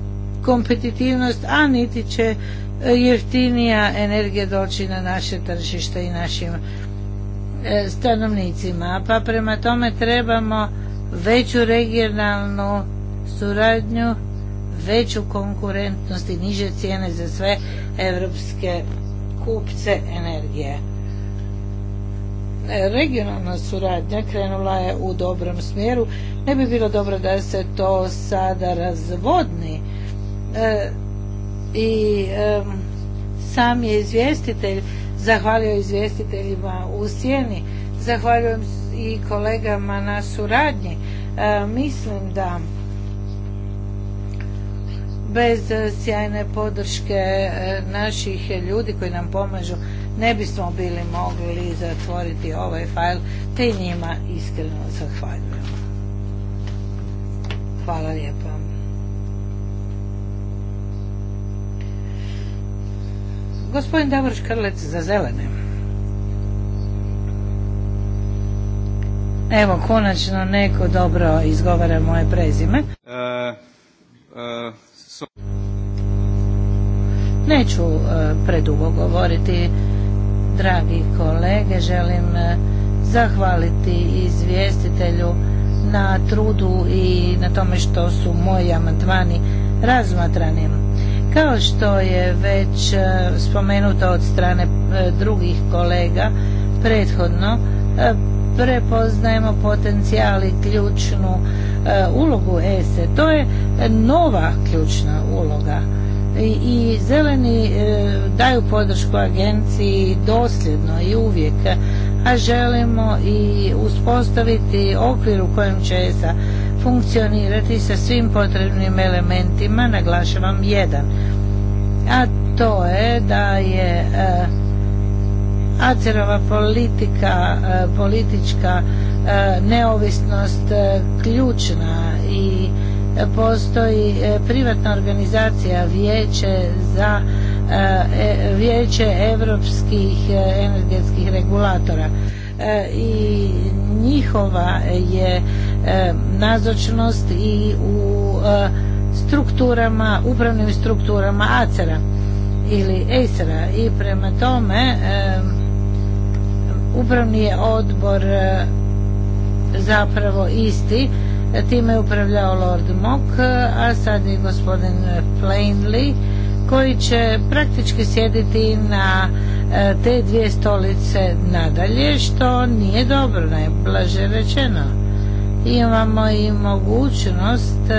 kompetitivnost a niti će e, jeftinija energija doći na naše tržište i našim stanovnicima pa prema tome trebamo veću regionalnu suradnju veću konkurentnost i niže cijene za sve evropske kupce energije. E, regionalna suradnja krenula je u dobrom smjeru. Ne bi bilo dobro da se to sada razvodni e, i sam je izvjestitelj zahvalio izvjestiteljima u sjeni. Zahvaljujem i kolegama na suradnji. E, mislim da bez e, sjajne podrške e, naših ljudi koji nam pomažu ne bismo bili mogli zatvoriti ovaj fajl te njima iskreno zahvaljujem. Hvala lijepo. Gospodin Davor Škrlec za zelene. Evo, konačno neko dobro izgovara moje prezime. E, Neću e, predugo govoriti, dragi kolege, želim e, zahvaliti izvjestitelju na trudu i na tome što su moji amandmani razmatrani. Kao što je već e, spomenuto od strane drugih kolega prethodno, prepoznajemo potencijal i ključnu e, ulogu ESE. E. To je nova ključna uloga i, zeleni e, daju podršku agenciji dosljedno i uvijek, a želimo i uspostaviti okvir u kojem će ESA funkcionirati sa svim potrebnim elementima, naglašavam jedan. A to je da je Acerova politika, e, politička e, neovisnost e, ključna i postoji privatna organizacija Vijeće za Vijeće europskih energetskih regulatora i njihova je nazočnost i u strukturama, upravnim strukturama acera ili ACERA i prema tome upravni je odbor e, zapravo isti e, time je upravljao Lord Mock e, a sad je gospodin Plainley koji će praktički sjediti na te dvije stolice nadalje što nije dobro najblaže rečeno imamo i mogućnost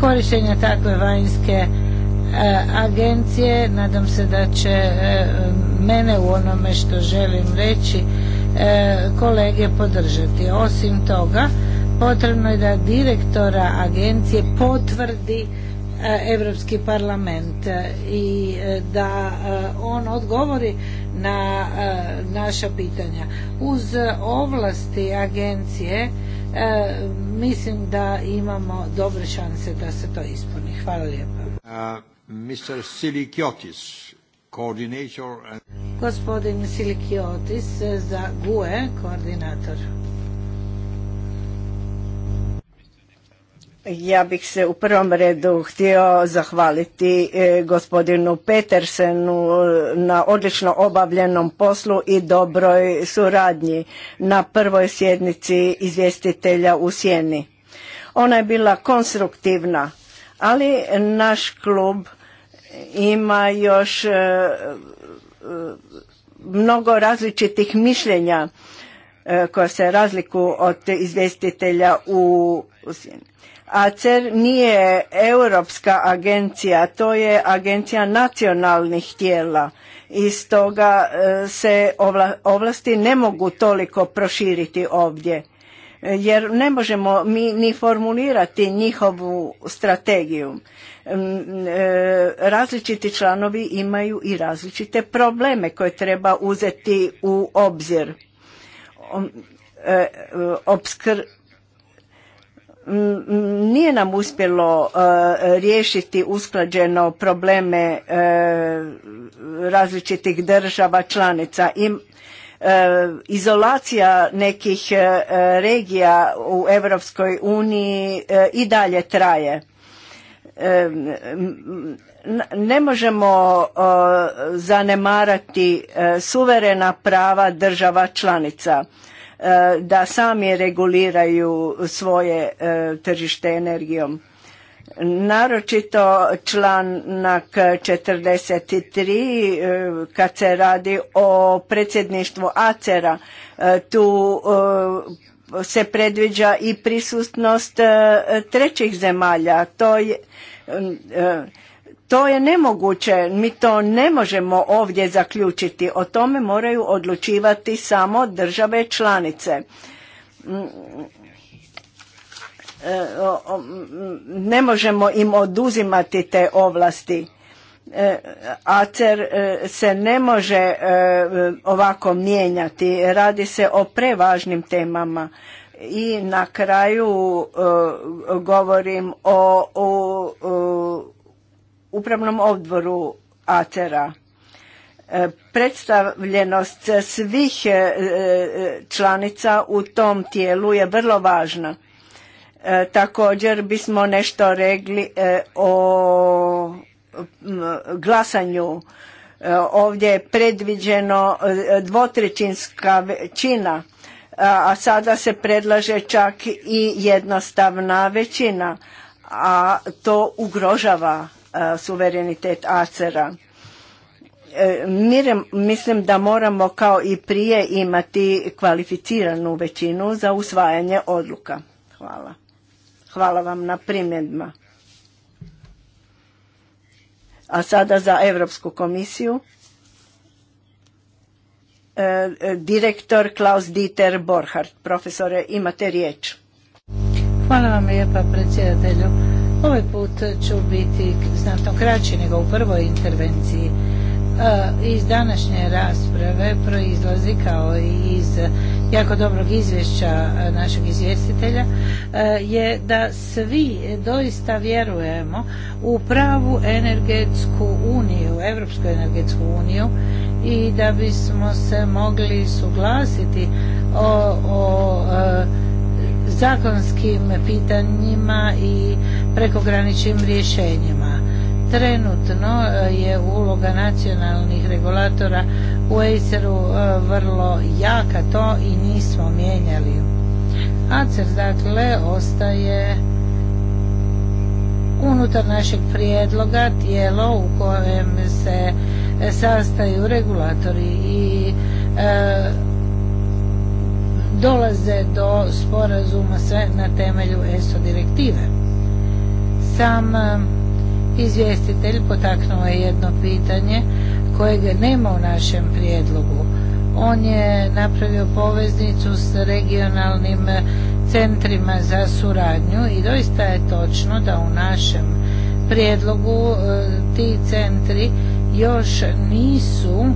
korištenja takve vanjske E, agencije. Nadam se da će e, mene u onome što želim reći e, kolege podržati. Osim toga, potrebno je da direktora agencije potvrdi Europski parlament i da on odgovori na naša pitanja. Uz ovlasti agencije mislim da imamo dobre šanse da se to ispuni. Hvala lijepa. Mr. Silikiotis, coordinator Gospodin Silikiotis za GUE, koordinator. Ja bih se u prvom redu htio zahvaliti e, gospodinu Petersenu e, na odlično obavljenom poslu i dobroj suradnji na prvoj sjednici izvjestitelja u Sjeni. Ona je bila konstruktivna, ali naš klub ima još e, e, mnogo različitih mišljenja e, koja se razliku od izvjestitelja u ACER nije europska agencija, to je agencija nacionalnih tijela i stoga se ovlasti ne mogu toliko proširiti ovdje jer ne možemo mi ni formulirati njihovu strategiju. E, različiti članovi imaju i različite probleme koje treba uzeti u obzir. E, obskr... Nije nam uspjelo e, riješiti usklađeno probleme različitih država članica i izolacija nekih regija u Europskoj uniji i dalje traje ne možemo zanemarati e, suverena prava država članica e, da sami reguliraju svoje e, tržište energijom. Naročito članak 43 kad se radi o predsjedništvu acera tu se predviđa i prisutnost trećih zemalja. To je to je nemoguće, mi to ne možemo ovdje zaključiti, o tome moraju odlučivati samo države članice. Ne možemo im oduzimati te ovlasti. ACER se ne može e, ovako mijenjati, radi se o prevažnim temama. I na kraju e, govorim o, o, upravnom odboru ACERA e, predstavljenost svih e, članica u tom tijelu je vrlo važna. Također bismo nešto regli o glasanju. Ovdje je predviđeno dvotrećinska većina a sada se predlaže čak i jednostavna većina, a to ugrožava suverenitet ACER-a. E, mislim da moramo kao i prije imati kvalificiranu većinu za usvajanje odluka. Hvala. Hvala vam na primjedbama. A sada za Europsku komisiju. E, e, direktor Klaus Dieter Borhardt. Profesore, imate riječ. Hvala vam lijepa predsjedatelju. Ovaj put ću biti znatno kraći nego u prvoj intervenciji iz današnje rasprave proizlazi kao i iz jako dobrog izvješća našeg izvjestitelja je da svi doista vjerujemo u pravu energetsku uniju, Europsku energetsku uniju i da bismo se mogli suglasiti o, o zakonskim pitanjima i prekograničnim rješenjima Trenutno e, je uloga nacionalnih regulatora u Aceru e, vrlo jaka to i nismo mijenjali. ACER dakle ostaje unutar našeg prijedloga tijelo u kojem se sastaju regulatori i e, dolaze do sporazuma sve na temelju ESO direktive. Sam Izvjestitelj potaknuo je jedno pitanje kojeg nema u našem prijedlogu. On je napravio poveznicu s regionalnim centrima za suradnju i doista je točno da u našem prijedlogu e, ti centri još nisu e,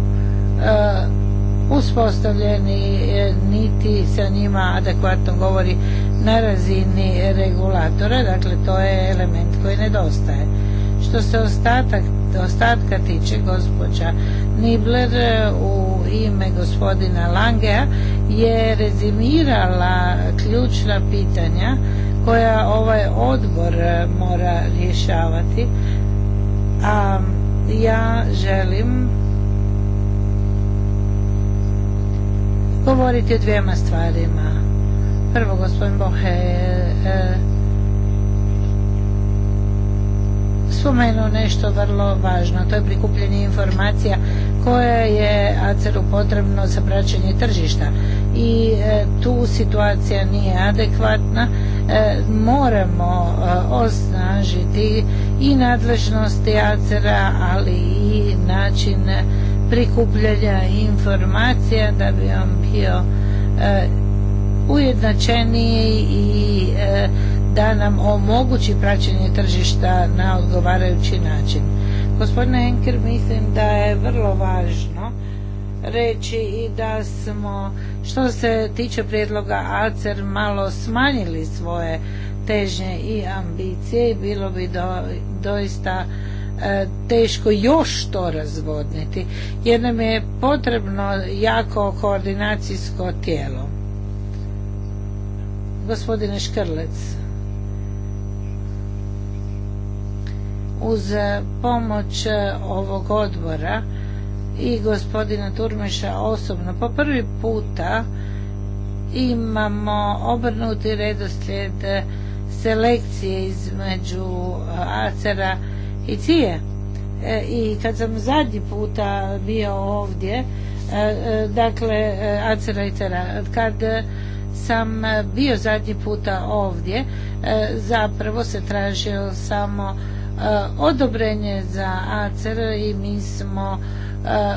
uspostavljeni e, niti sa njima adekvatno govori na razini regulatora, dakle to je element koji nedostaje što se ostatka tiče gospođa Nibler e, u ime gospodina Langea je rezimirala ključna pitanja koja ovaj odbor e, mora rješavati a ja želim govoriti o dvijema stvarima prvo gospodin Bohe e, spomenuo nešto vrlo važno, to je prikupljanje informacija koje je ACER-u potrebno za praćenje tržišta i e, tu situacija nije adekvatna. E, moramo e, osnažiti i nadležnosti ACER-a, ali i način prikupljanja informacija da bi on bio ujednačeniji i da nam omogući praćenje tržišta na odgovarajući način. Gospodine Enker, mislim da je vrlo važno reći i da smo što se tiče prijedloga ACER malo smanjili svoje težnje i ambicije i bilo bi doista e, teško još to razvodniti jer nam je potrebno jako koordinacijsko tijelo. Gospodine Škrlec. uz e, pomoć e, ovog odbora i gospodina Turmeša osobno po prvi puta imamo obrnuti redoslijed e, selekcije između Acera i Cije i kad sam zadnji puta bio ovdje dakle Acera i Tera kad sam bio zadnji puta ovdje zapravo se tražio samo Eh, odobrenje za ACR i mi smo eh,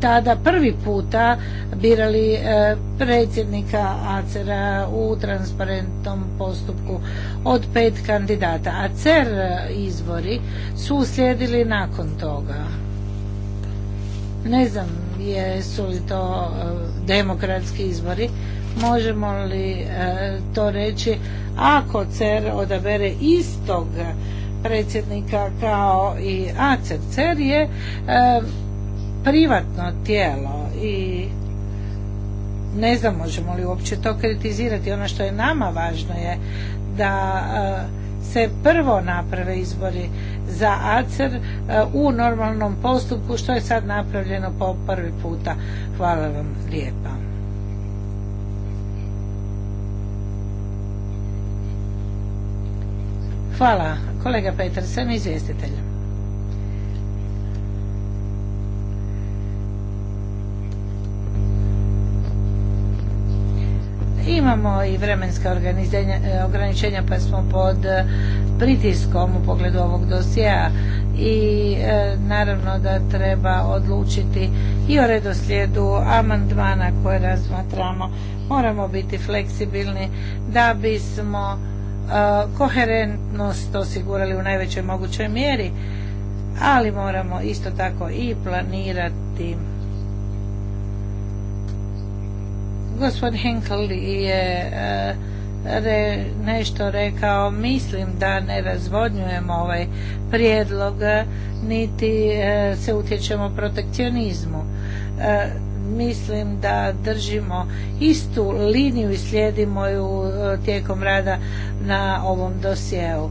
tada prvi puta birali eh, predsjednika acr u transparentnom postupku od pet kandidata. ACR izvori su uslijedili nakon toga. Ne znam jesu li to demokratski izbori, možemo li to reći ako CER odabere istog predsjednika kao i ACCR je e, privatno tijelo i ne znam možemo li uopće to kritizirati. Ono što je nama važno je da e, se prvo naprave izbori za ACER u normalnom postupku što je sad napravljeno po prvi puta. Hvala vam lijepa. Hvala, kolega Petersen, izvjestitelj. Imamo i vremenska e, ograničenja pa smo pod e, pritiskom u pogledu ovog dosija i e, naravno da treba odlučiti i o redoslijedu amandmana koje razmatramo. Moramo biti fleksibilni da bismo E, koherentnost osigurali u najvećoj mogućoj mjeri, ali moramo isto tako i planirati. gospod Henkel je e, re, nešto rekao, mislim da ne razvodnjujemo ovaj prijedlog, niti e, se utječemo protekcionizmu mislim da držimo istu liniju i slijedimo ju e, tijekom rada na ovom dosjeu. E,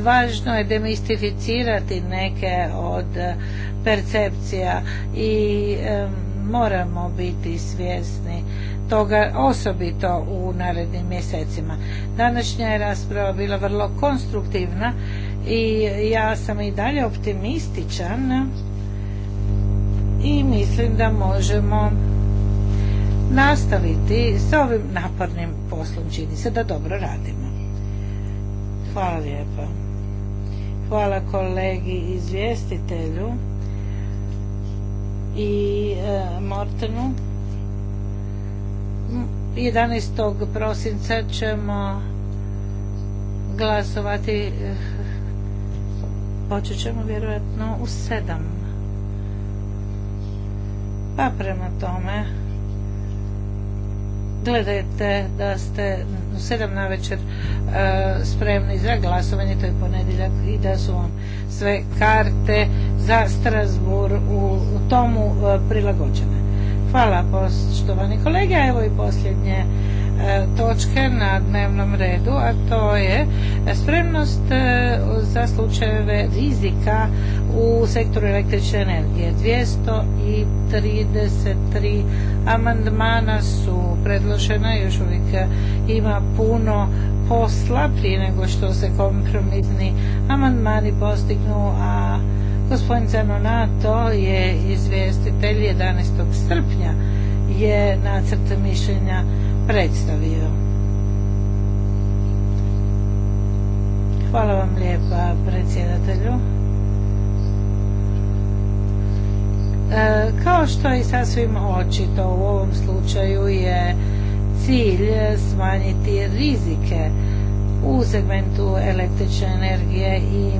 važno je demistificirati neke od e, percepcija i moramo biti svjesni toga osobito u narednim mjesecima. Današnja je rasprava bila vrlo konstruktivna i ja sam i dalje optimističan i mislim da možemo nastaviti s ovim napornim poslom. Čini se da dobro radimo. Hvala lijepa. Hvala kolegi izvjestitelju i e, Mortenu. 11. prosinca ćemo glasovati počet ćemo vjerojatno u sedam pa prema tome, gledajte da ste u sedam na večer e, spremni za glasovanje, to je ponedjeljak i da su vam sve karte za Strasbur u tomu e, prilagođene. Hvala poštovani kolege, evo i posljednje E, točke na dnevnom redu, a to je spremnost e, za slučajeve rizika u sektoru električne energije. 233 amandmana su predložena, još uvijek ima puno posla prije nego što se kompromisni amandmani postignu, a gospodin Zanonato je izvjestitelj 11. srpnja je nacrt mišljenja predstavio. Hvala vam lijepa predsjedatelju. E, kao što je sasvim očito u ovom slučaju je cilj smanjiti rizike u segmentu električne energije i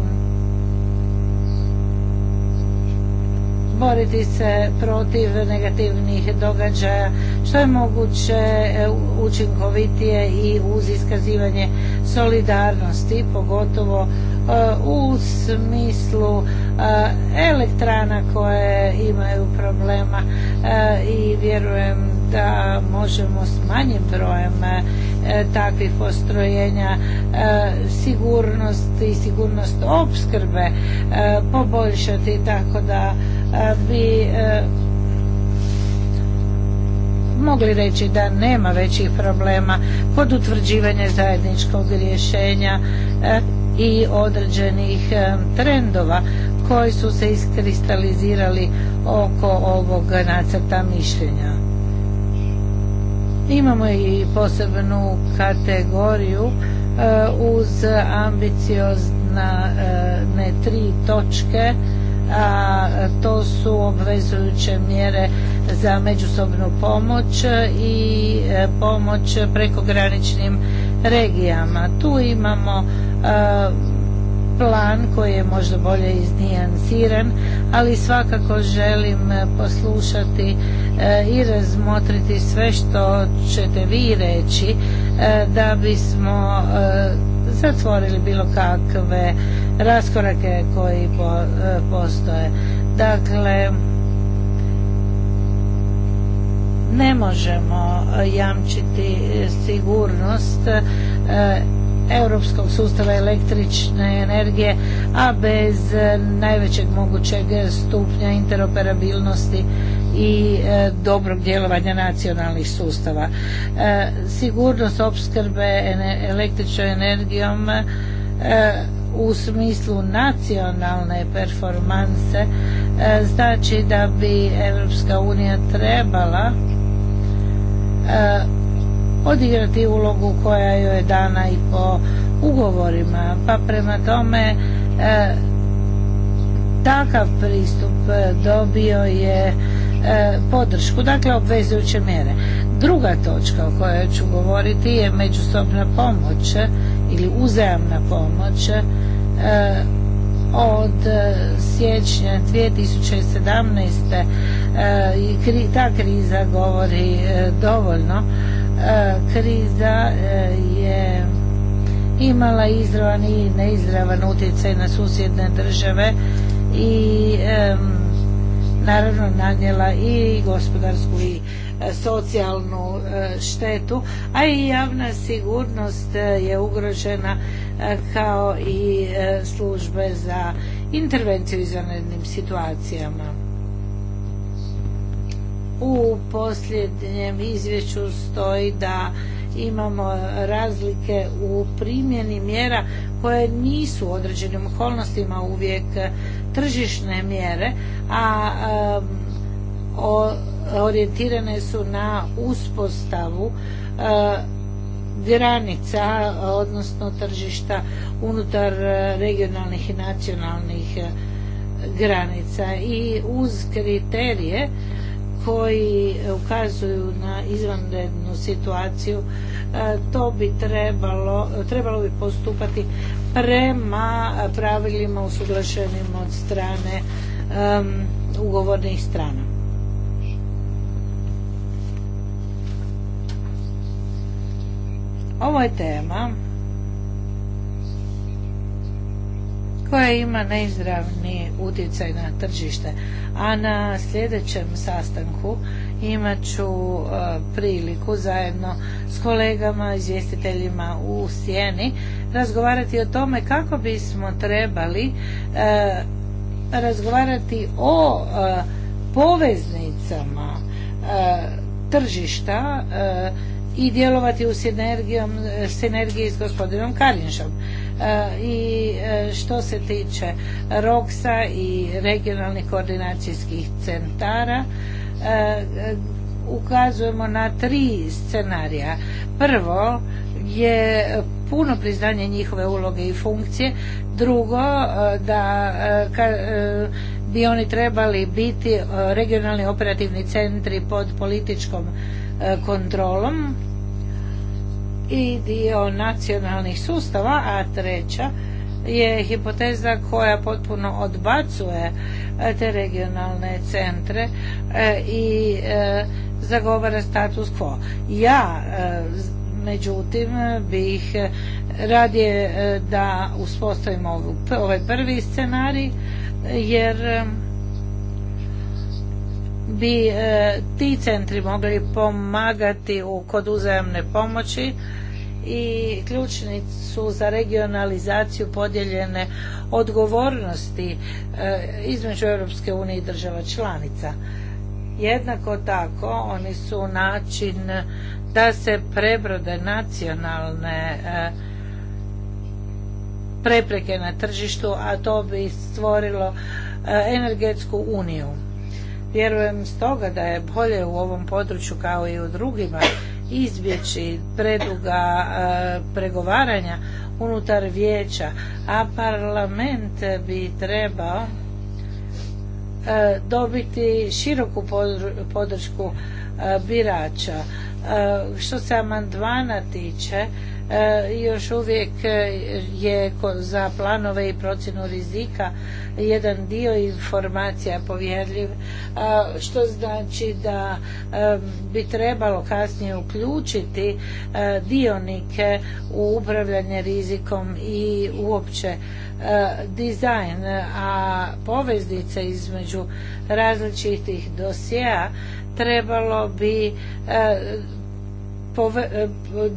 boriti se protiv negativnih događaja što je moguće e, učinkovitije i uz iskazivanje solidarnosti, pogotovo e, u smislu e, elektrana koje imaju problema i vjerujem da možemo s manjim brojem takvih postrojenja sigurnost i sigurnost opskrbe poboljšati tako da E, bi e, mogli reći da nema većih problema kod utvrđivanja zajedničkog rješenja e, i određenih trendova koji su se iskristalizirali oko ovog nacrta mišljenja. Imamo i posebnu kategoriju uz ambiciozne tri točke a to su obvezujuće mjere za međusobnu pomoć i e, pomoć prekograničnim regijama. Tu imamo plan koji je možda bolje iznijansiran, ali svakako želim poslušati e, i razmotriti sve što ćete vi reći e, da bismo zatvorili bilo kakve raskorake koji e, postoje. Dakle, ne možemo jamčiti sigurnost e, europskog sustava električne energije, a bez e, najvećeg mogućeg stupnja interoperabilnosti i e, dobrog djelovanja nacionalnih sustava. E, sigurnost opskrbe električnom energijom u smislu nacionalne performanse znači da bi Europska unija trebala odigrati ulogu koja joj je dana i po ugovorima. Pa prema tome e, takav pristup dobio je e, podršku, dakle obvezujuće mjere. Druga točka o kojoj ću govoriti je međusobna pomoć ili uzajamna pomoć e, od siječnja 2017. i ta kriza govori dovoljno E, kriza e, je imala izravan i neizravan utjecaj na susjedne države i naravno nanijela i gospodarsku i e, socijalnu štetu, a i javna sigurnost je ugrožena kao i službe za intervenciju u izvanrednim situacijama. U posljednjem izvješću stoji da imamo razlike u primjeni mjera koje nisu u određenim okolnostima uvijek tržišne mjere, a orijentirane su na uspostavu e, granica, odnosno tržišta unutar regionalnih i nacionalnih e, granica i uz kriterije koji ukazuju na izvanrednu situaciju e, to bi trebalo trebalo bi postupati prema pravilima usuglašenim od strane ugovornih strana ovo je tema koja ima neizravni utjecaj na tržište. A na sljedećem sastanku imat ću e, priliku zajedno s kolegama, izvjestiteljima u sjeni razgovarati o tome kako bismo trebali e, razgovarati o e, poveznicama tržišta i djelovati u sinergiji s gospodinom Karinšom. E, i e, što se tiče ROKSA i regionalnih koordinacijskih centara e, ukazujemo na tri scenarija. Prvo je puno priznanje njihove uloge i funkcije. Drugo, da bi oni trebali biti regionalni operativni centri pod političkom kontrolom i dio nacionalnih sustava, a treća je hipoteza koja potpuno odbacuje e, te regionalne centre e, i e, zagovara status quo. Ja međutim bih radije da uspostavimo ovaj prvi scenarij jer bi ti centri mogli pomagati u, kod uzajamne pomoći i ključni su za regionalizaciju podijeljene odgovornosti e, između Europske unije i država članica. Jednako tako oni su način da se prebrode nacionalne e, prepreke na tržištu, a to bi stvorilo e, energetsku uniju. Vjerujem stoga da je bolje u ovom području kao i u drugima izbjeći preduga eh, pregovaranja unutar vijeća, a parlament bi trebao eh, dobiti široku podršku eh, birača. Što se amandmana tiče, E, još uvijek e, je za planove i procjenu rizika jedan dio informacija povjerljiv što znači da e, bi trebalo kasnije uključiti dionike u upravljanje rizikom i uopće dizajn a poveznice između različitih dosjea trebalo bi E,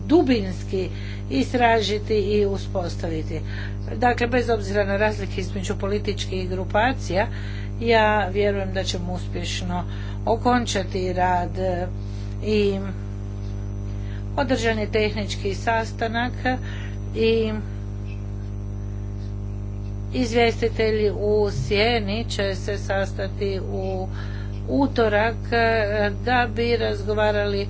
dubinski istražiti i uspostaviti. Dakle, bez obzira na razlike između političkih grupacija, ja vjerujem da ćemo uspješno okončati rad e, i održan je tehnički sastanak i izvjestitelji u Sjeni će se sastati u utorak e, da bi razgovarali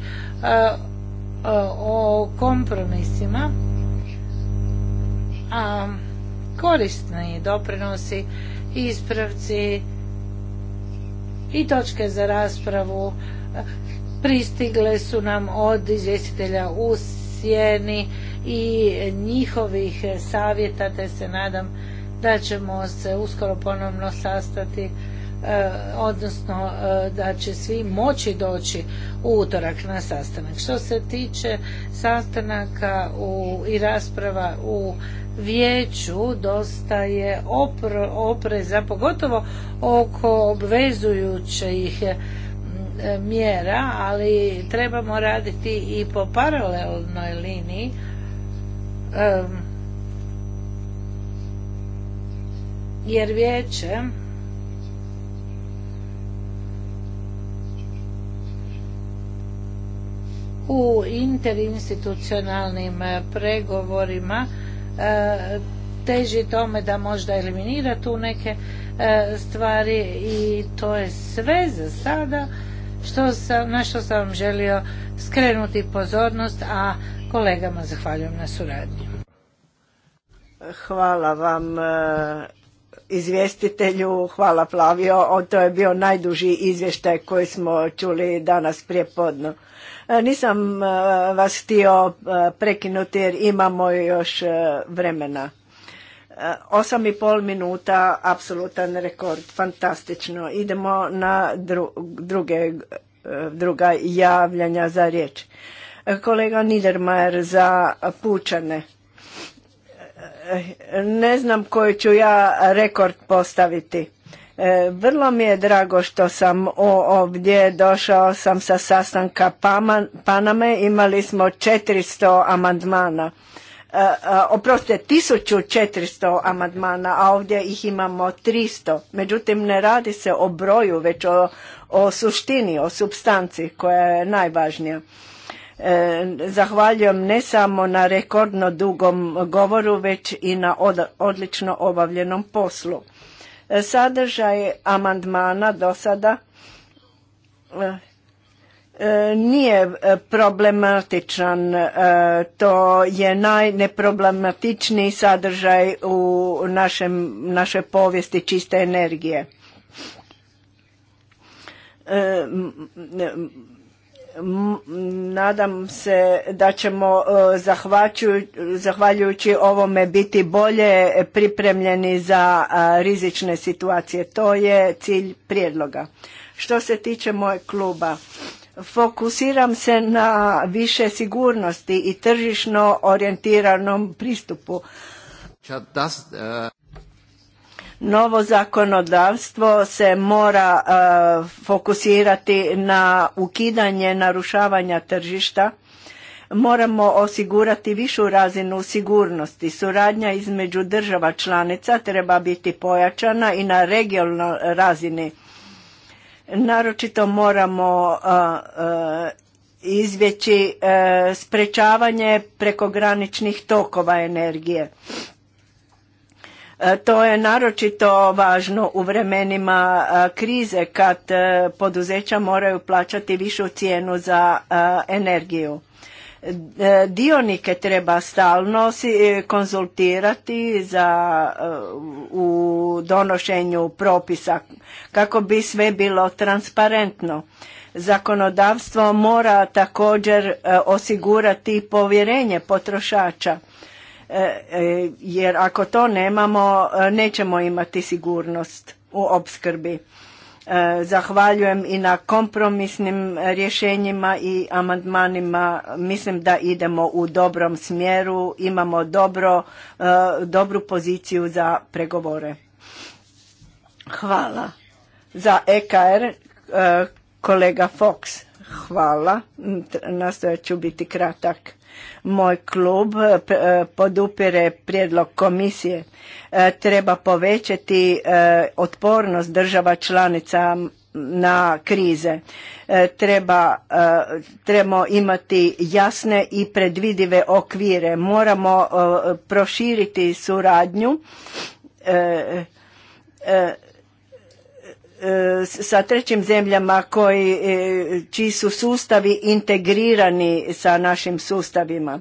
E, o kompromisima, a korisni doprinosi, ispravci i točke za raspravu e, pristigle su nam od izvjestitelja u sjeni i njihovih savjeta te se nadam da ćemo se uskoro ponovno sastati E, odnosno e, da će svi moći doći u utorak na sastanak. Što se tiče sastanaka u, i rasprava u vijeću dosta je opreza, pogotovo oko obvezujućih e, mjera, ali trebamo raditi i po paralelnoj liniji. jer vijeće u interinstitucionalnim e, pregovorima e, teži tome da možda eliminira tu neke e, stvari i to je sve za sada što sam, na što sam vam želio skrenuti pozornost, a kolegama zahvaljujem na suradnju. Hvala vam izvjestitelju, hvala Plavio, to je bio najduži izvještaj koji smo čuli danas prije E, nisam e, vas htio e, prekinuti jer imamo još vremena. Osam i pol minuta, apsolutan rekord, fantastično. Idemo na druge, druga javljanja za riječ. Kolega Niedermayer za pučane. Ne znam koji ću ja rekord postaviti E, vrlo mi je drago što sam ovdje, došao sam sa sastanka Paname, imali smo 400 amandmana. E, oprostite, 1400 amandmana, a ovdje ih imamo 300. Međutim, ne radi se o broju, već o, suštini, o substanci koja je najvažnija. E, zahvaljujem ne samo na rekordno dugom govoru, već i na odlično obavljenom poslu. E, sadržaj amandmana do sada e, e, nije problematičan, to je najneproblematičniji sadržaj u našem, našoj povijesti čiste energije nadam se da ćemo e, zahvaljujući ovome biti bolje pripremljeni za e, rizične situacije. To je cilj prijedloga. Što se tiče mojeg kluba, fokusiram se na više sigurnosti i tržišno orijentiranom pristupu. E, Novo zakonodavstvo se mora e, fokusirati na ukidanje narušavanja tržišta. Moramo osigurati višu razinu sigurnosti. Suradnja između država članica treba biti pojačana i na regionalnoj razini. Naročito moramo e, e, izbjeći sprečavanje prekograničnih tokova energije. E, to je naročito važno u vremenima e, krize kad e, poduzeća moraju plaćati višu cijenu za energiju. Dionike treba stalno konzultirati za, u donošenju propisa kako bi sve bilo transparentno. Zakonodavstvo mora također osigurati povjerenje potrošača E, e, jer ako to nemamo e, nećemo imati sigurnost u opskrbi. Zahvaljujem i na kompromisnim rješenjima i amandmanima. Mislim da idemo u dobrom smjeru, imamo dobro, dobru poziciju za pregovore. Hvala. Za EKR kolega Fox, hvala. Nastojat ću biti kratak. Moj klub eh, eh, podupire prijedlog komisije eh, treba povećati otpornost država članica na krize. Treba, trebamo imati jasne i predvidive okvire. Moramo proširiti suradnju E, sa trećim zemljama koji, e, čiji su sustavi integrirani sa našim sustavima.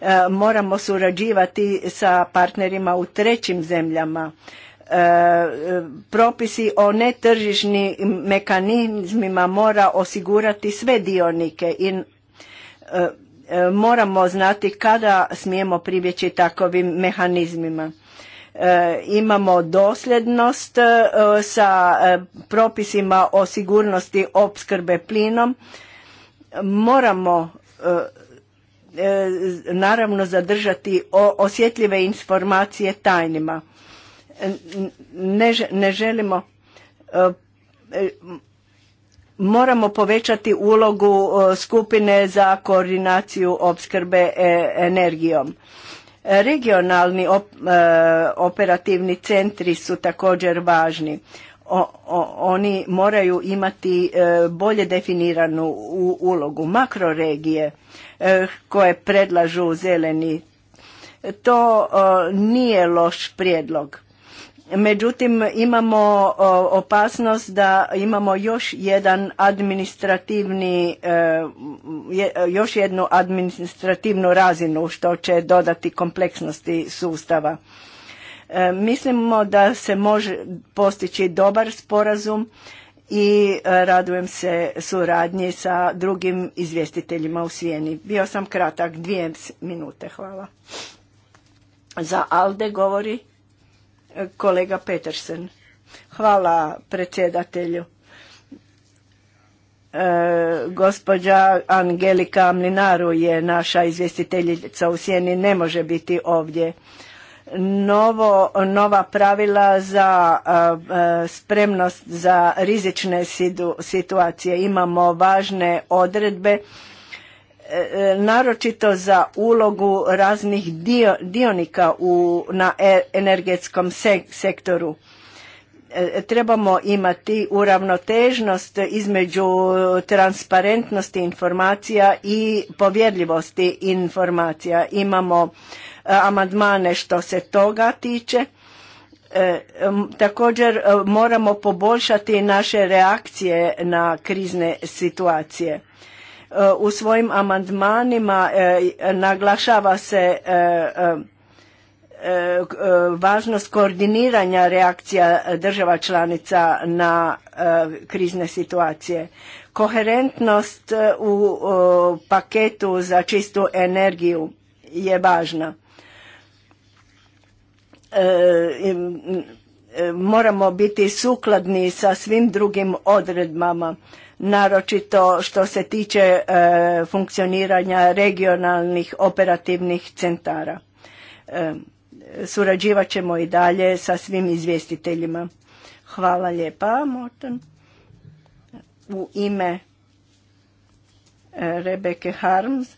E, moramo surađivati sa partnerima u trećim zemljama. Propisi o netržišnim mekanizmima mora osigurati sve dionike i moramo znati kada smijemo pribjeći takovim mehanizmima E, imamo dosljednost e, sa e, propisima o sigurnosti opskrbe plinom. Moramo naravno zadržati osjetljive informacije tajnima. Ne želimo moramo povećati ulogu skupine za koordinaciju opskrbe energijom Regionalni e, operativni centri su također važni. oni moraju imati e, bolje definiranu u, ulogu makroregije e, koje predlažu zeleni. To nije loš prijedlog. Međutim, imamo opasnost da imamo još jedan administrativni, e, još jednu administrativnu razinu što će dodati kompleksnosti sustava. E, mislimo da se može postići dobar sporazum i e, radujem se suradnji sa drugim izvjestiteljima u Sijeni. Bio sam kratak, dvije minute, hvala. Za Alde govori kolega Petersen. Hvala predsjedatelju. E, gospođa Angelika Mlinaru je naša izvjestiteljica u Sjeni, ne može biti ovdje. Novo, nova pravila za e, e, spremnost za rizične situacije. Imamo važne odredbe E, e, naročito za ulogu raznih dionika u, na e, energetskom sektoru. Trebamo imati uravnotežnost između transparentnosti informacija i povjerljivosti informacija. Imamo amandmane što se toga tiče. također moramo poboljšati naše reakcije na krizne situacije u svojim amandmanima e, naglašava se e, e, važnost koordiniranja reakcija država članica na krizne situacije. Koherentnost u paketu za čistu energiju je važna. Moramo biti sukladni sa svim drugim odredbama naročito što se tiče e, funkcioniranja regionalnih operativnih centara. E, surađivat ćemo i dalje sa svim izvjestiteljima. Hvala lijepa, Morten. U ime e, Rebeke Harms,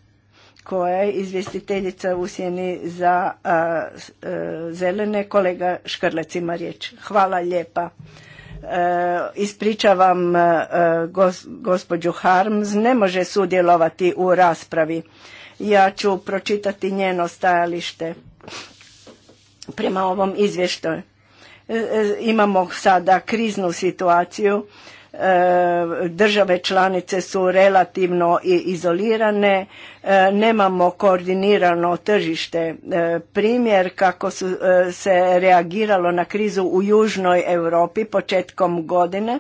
koja je izvjestiteljica u sjeni za e, zelene kolega Škrlec ima riječ. Hvala lijepa. Eh, ispričavam eh, eh, gospođu Harms, ne može sudjelovati u raspravi. Ja ću pročitati njeno stajalište prema ovom izvještaju. Imamo sada kriznu situaciju E, države članice su relativno izolirane, e, nemamo koordinirano tržište. E, primjer kako su se reagiralo na krizu u južnoj Europi početkom godine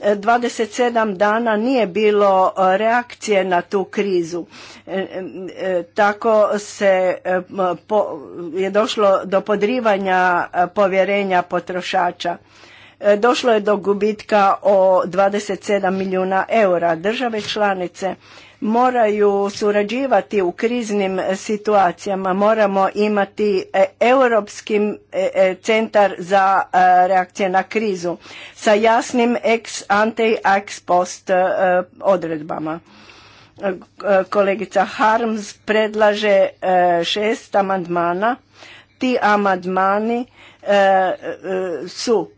27 dana nije bilo reakcije na tu krizu. Tako se je došlo do podrivanja povjerenja potrošača. E, došlo je do gubitka o 27 milijuna eura. Države članice moraju surađivati u kriznim situacijama. Moramo imati e, Europski e, centar za reakcije na krizu sa jasnim ex ante ex post odredbama. Kolegica Harms predlaže šest amandmana. Ti amandmani su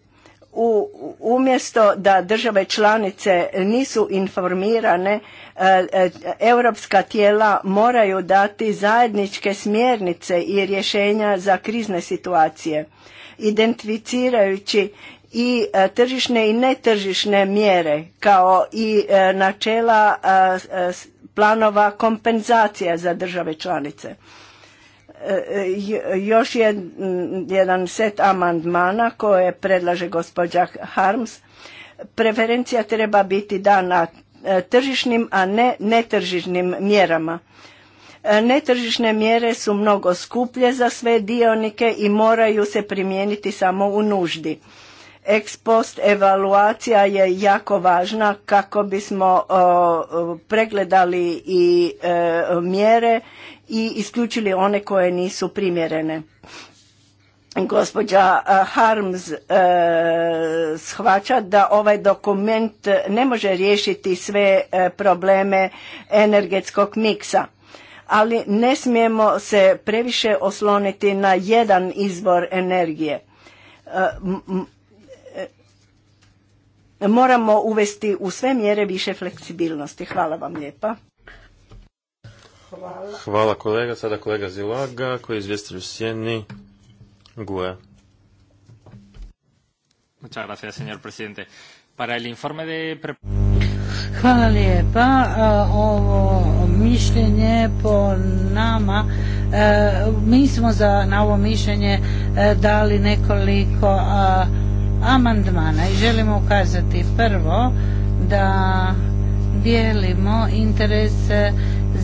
umjesto da države članice nisu informirane, e, e, europska tijela moraju dati zajedničke smjernice i rješenja za krizne situacije, identificirajući i e, tržišne i netržišne mjere kao i načela planova kompenzacija za države članice. E, e, još jedan set amandmana koje predlaže gospođa Harms. Preferencija treba biti dana e, tržišnim, a ne netržišnim mjerama. Netržišne mjere su mnogo skuplje za sve dionike i moraju se primijeniti samo u nuždi. Ex post evaluacija je jako važna kako bismo pregledali i mjere i isključili one koje nisu primjerene. Gospođa eh, Harms eh, shvaća da ovaj dokument ne može riješiti sve eh, probleme energetskog miksa, ali ne smijemo se previše osloniti na jedan izvor energije. moramo uvesti u sve mjere više fleksibilnosti. Hvala vam lijepa. Hvala. Hvala kolega. Sada kolega Zilaga koji je izvjestitelj u Sjeni. Guja. Hvala lijepa. E, ovo mišljenje po nama, e, mi smo za, na ovo mišljenje e, dali nekoliko amandmana i želimo ukazati prvo da dijelimo interese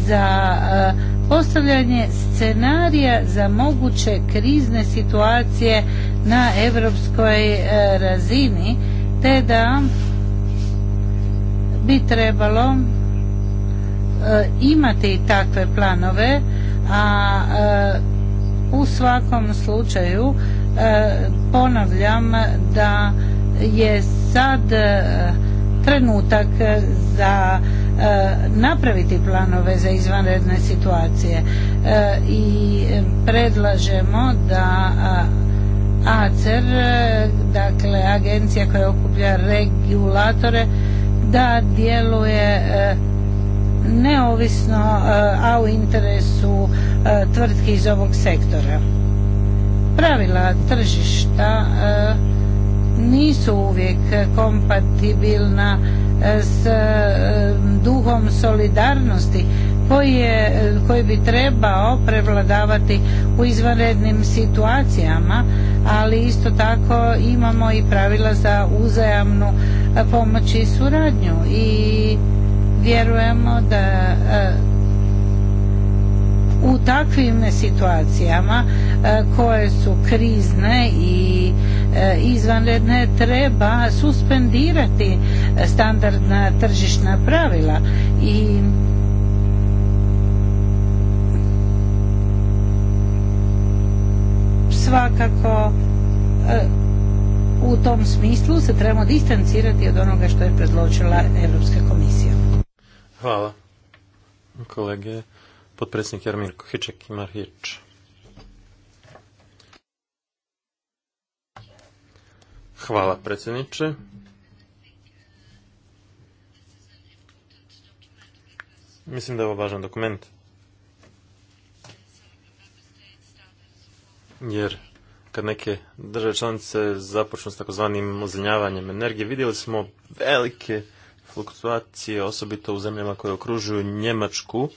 za e, postavljanje scenarija za moguće krizne situacije na europskoj e, razini te da bi trebalo e, imati takve planove a u svakom slučaju ponavljam da je sad trenutak za E, napraviti planove za izvanredne situacije e, i predlažemo da ACER, dakle agencija koja okuplja regulatore, da djeluje e, neovisno, a u interesu tvrtki iz ovog sektora. Pravila tržišta nisu uvijek kompatibilna e, s e, duhom solidarnosti koji, e, koji bi trebao prevladavati u izvanrednim situacijama, ali isto tako imamo i pravila za uzajamnu pomoć i suradnju i vjerujemo da u takvim situacijama e, koje su krizne i e, izvanredne treba suspendirati standardna tržišna pravila i svakako e, u tom smislu se trebamo distancirati od onoga što je predložila Europska komisija. Hvala. Kolege Potpredsjednik Jarmir Kohiček ima riječ. Hvala predsjedniče. Mislim da je ovo važan dokument. Jer kad neke države članice započnu s takozvanim ozljenjavanjem energije, vidjeli smo velike fluktuacije, osobito u zemljama koje okružuju Njemačku,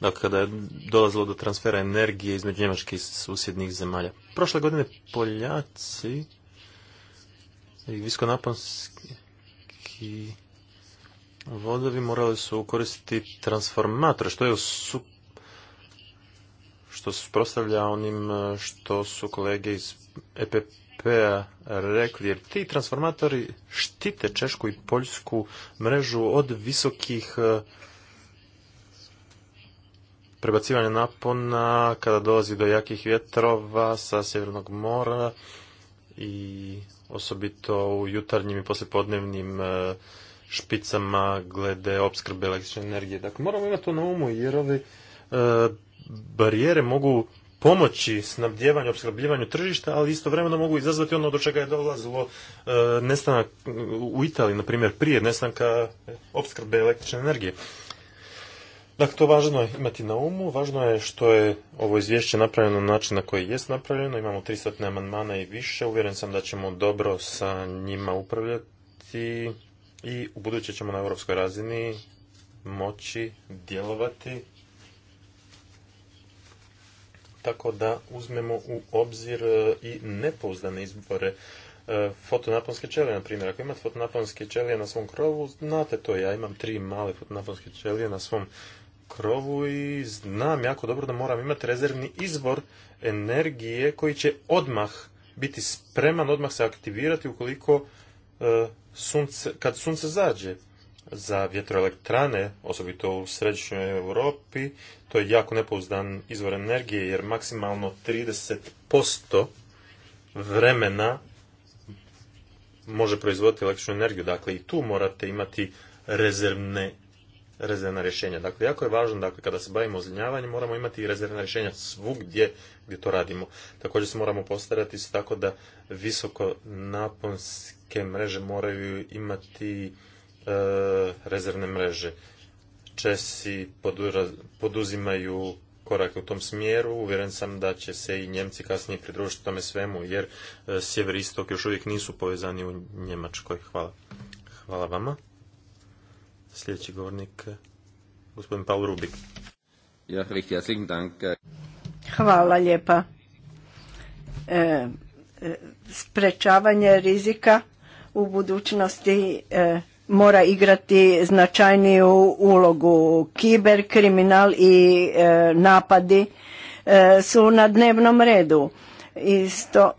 dakle kada je dolazilo do transfera energije između njemačkih i susjednih zemalja. Prošle godine Poljaci i viskonaponski vodovi morali su koristiti transformatore, što je što što sprostavlja onim e, što su kolege iz EPP p-a rekli, jer ti transformatori štite češku i poljsku mrežu od visokih e, prebacivanja napona kada dolazi do jakih vjetrova sa sjevernog mora i osobito u jutarnjim i poslijepodnevnim e, špicama glede opskrbe električne energije. Dakle, moramo imati to na umu jer ove barijere mogu pomoći snabdjevanju, opskrbljivanju tržišta, ali istovremeno mogu izazvati ono do čega je dolazilo e, nestanak u Italiji, na primjer, prije nestanka opskrbe električne energije. Dakle, to važno je imati na umu. Važno je što je ovo izvješće napravljeno na način na koji jest napravljeno. Imamo 300 amandmana i više. Uvjeren sam da ćemo dobro sa njima upravljati i u ćemo na europskoj razini moći djelovati tako da uzmemo u obzir e, i nepouzdane izbore e, fotonaponske ćelije, na primjer. Ako imate fotonaponske ćelije na svom krovu, znate to, ja imam tri male fotonaponske ćelije na svom krovu i znam jako dobro da moram imati rezervni izvor energije koji će odmah biti spreman, odmah se aktivirati ukoliko e, sunce, kad sunce zađe za vjetroelektrane, osobito u središnjoj Europi, to je jako nepouzdan izvor energije jer maksimalno 30% vremena može proizvoditi električnu energiju. Dakle, i tu morate imati rezervne rezervna rješenja. Dakle, jako je važno, dakle, kada se bavimo ozljenjavanjem, moramo imati i rezervna rješenja svugdje gdje to radimo. Također se moramo postarati se tako da visoko naponske mreže moraju imati e, rezervne mreže. Česi poduzimaju korak u tom smjeru. Uvjeren sam da će se i Njemci kasnije pridružiti tome svemu, jer e, sjever i istok još uvijek nisu povezani u Njemačkoj. Hvala. Hvala vama. Sljedeći govornik, eh, gospodin Paul Rubik. Eh. Hvala lijepa. E, e, sprečavanje rizika u budućnosti e, mora igrati značajniju ulogu. Kiber, kriminal i e, napadi su na dnevnom redu. Isto,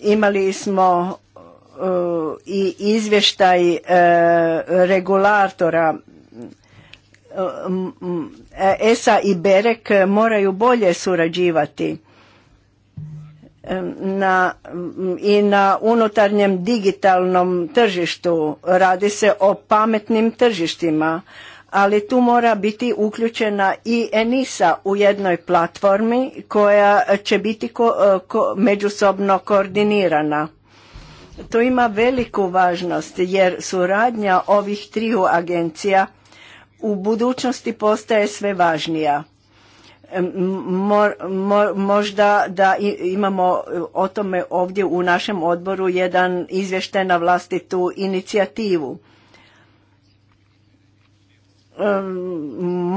imali smo E, i izvještaj e, regulatora e, ESA i BEREK moraju bolje surađivati na, i na unutarnjem digitalnom tržištu. Radi se o pametnim tržištima, ali tu mora biti uključena i ENISA u jednoj platformi koja će biti ko, međusobno koordinirana to ima veliku važnost jer suradnja ovih triju agencija u budućnosti postaje sve važnija. možda da imamo e, o tome ovdje u našem odboru jedan izvještaj na vlastitu inicijativu.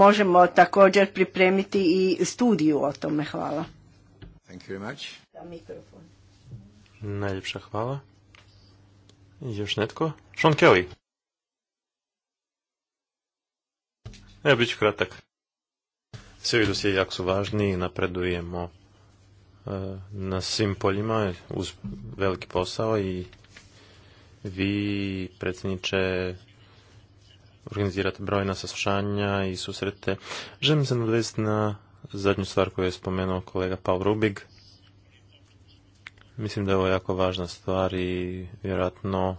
Možemo također pripremiti i studiju o tome. Hvala. Najljepša hvala. Još netko? Sean Kelly. Evo, bit ću kratak. Svi vidu svi jako su važni, napredujemo e, na svim poljima uz veliki posao i vi, predsjedniče, organizirate brojna saslušanja i susrete. Želim se nadvesti na zadnju stvar koju je spomenuo kolega Paul Rubig, Mislim da je ovo jako važna stvar i vjerojatno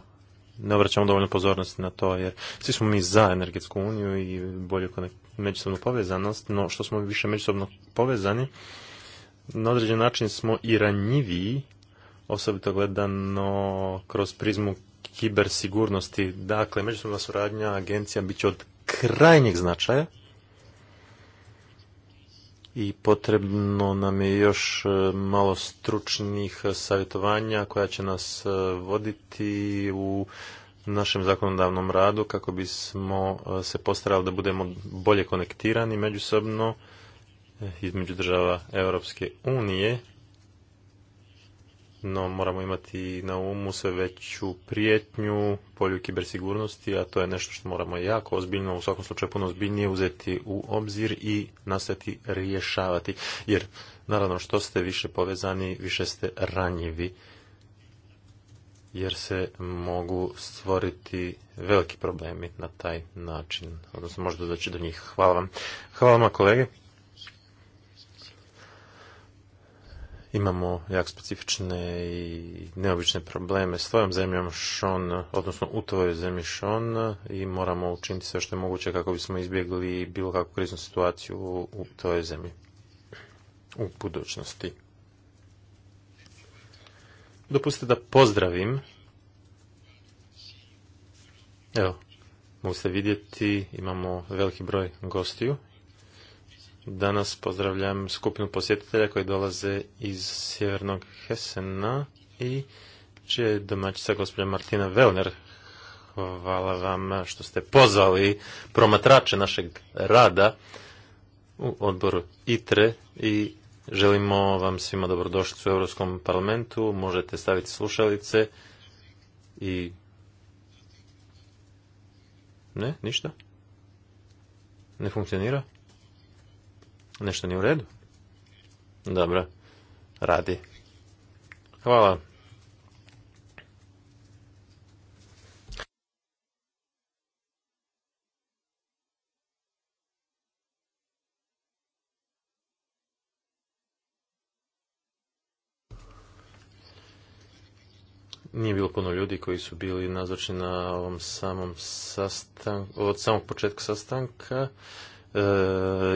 ne obraćamo dovoljno pozornosti na to, jer svi smo mi za energetsku uniju i bolje međusobnu povezanost, no što smo više međusobno povezani, na određen način smo i ranjiviji, osobito gledano kroz prizmu kibersigurnosti. Dakle, međusobna suradnja agencija bit će od krajnjeg značaja i potrebno nam je još e, malo stručnih e, savjetovanja koja će nas e, voditi u našem zakonodavnom radu kako bismo se postarali da budemo bolje konektirani međusobno između država Europske unije no moramo imati na umu sve veću prijetnju polju kibersigurnosti, a to je nešto što moramo jako ozbiljno, u svakom slučaju puno ozbiljnije uzeti u obzir i nastati rješavati. Jer, naravno, što ste više povezani, više ste ranjivi, jer se mogu stvoriti veliki problemi na taj način, odnosno možda doći do njih. Hvala vam. Hvala vam, kolege. imamo jak specifične i neobične probleme s tvojom zemljom Šon, odnosno u tvojoj zemlji Šon i moramo učiniti sve što je moguće kako bismo izbjegli bilo kakvu kriznu situaciju u toj zemlji u budućnosti. Dopustite da pozdravim. Evo, mogu se vidjeti, imamo veliki broj gostiju Danas pozdravljam skupinu posjetitelja koji dolaze iz sjevernog Hesena i čija je domaćica gospođa Martina Velner. Hvala vam što ste pozvali promatrače našeg rada u odboru ITRE i želimo vam svima dobrodošlicu u Europskom parlamentu. Možete staviti slušalice i... Ne, ništa? Ne funkcionira? Nešto nije u redu? Dobro, radi. Hvala. nije bilo puno ljudi koji su bili nazočni na ovom samom sastanku, od samog početka sastanka. Eh,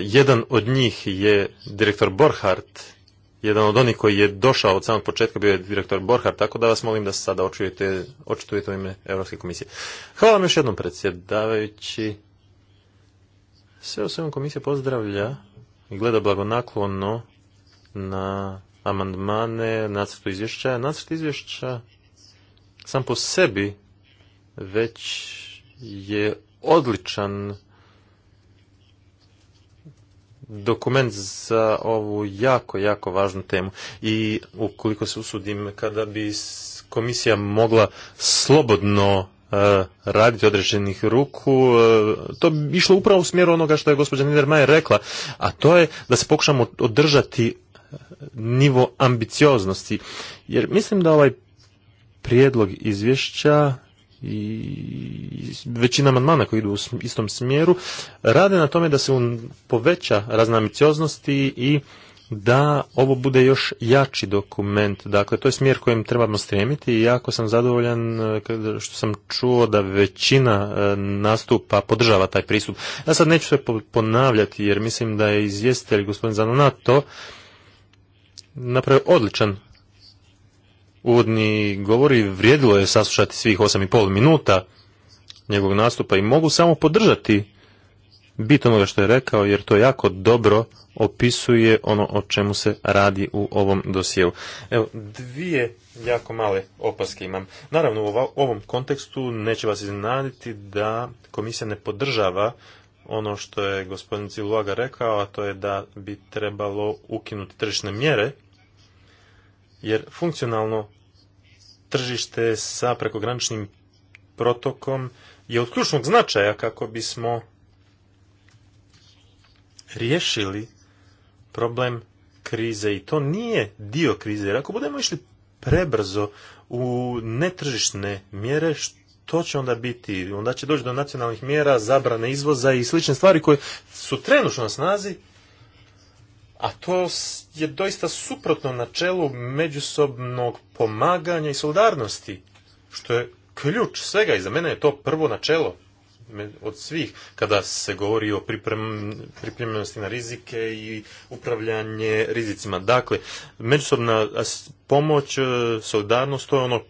jedan od njih je direktor Borhardt, jedan od onih koji je došao od samog početka bio je direktor Borhardt, tako da vas molim da se sada očujete, očitujete u ime Europske komisije. Hvala vam još jednom predsjedavajući. Sve o svemu komisija pozdravlja i gleda blagonaklono na amandmane, nacrtu izvješća. Nacrt izvješća sam po sebi već je odličan dokument za ovu jako, jako važnu temu. I ukoliko se usudim, kada bi komisija mogla slobodno e, raditi određenih ruku, e, to bi išlo upravo u smjeru onoga što je gospođa Niedermayer rekla, a to je da se pokušamo održati nivo ambicioznosti. Jer mislim da ovaj prijedlog izvješća i većina amandmana koji idu u istom smjeru rade na tome da se poveća raznamicioznosti i da ovo bude još jači dokument. Dakle, to je smjer kojem trebamo stremiti i jako sam zadovoljan e, što sam čuo da većina e, nastupa podržava taj pristup. Ja sad neću se ponavljati jer mislim da je izvjestitelj gospodin Zanonato napravio odličan uvodni govori vrijedilo je saslušati svih 8,5 minuta njegovog nastupa i mogu samo podržati bit onoga što je rekao jer to jako dobro opisuje ono o čemu se radi u ovom dosjeu. Evo, dvije jako male opaske imam. Naravno, u ovom kontekstu neće vas iznenaditi da komisija ne podržava ono što je gospodin Ciluaga rekao, a to je da bi trebalo ukinuti tržišne mjere, jer funkcionalno tržište sa prekograničnim protokom je od ključnog značaja kako bismo riješili problem krize i to nije dio krize. Jer ako budemo išli prebrzo u netržišne mjere, što će onda biti? Onda će doći do nacionalnih mjera, zabrane izvoza i slične stvari koje su trenutno na snazi a to je doista suprotno načelu međusobnog pomaganja i solidarnosti, što je ključ svega i za mene je to prvo načelo od svih kada se govori o priprem, pripremljenosti na rizike i upravljanje rizicima. Dakle, međusobna pomoć, e, solidarnost, to je ono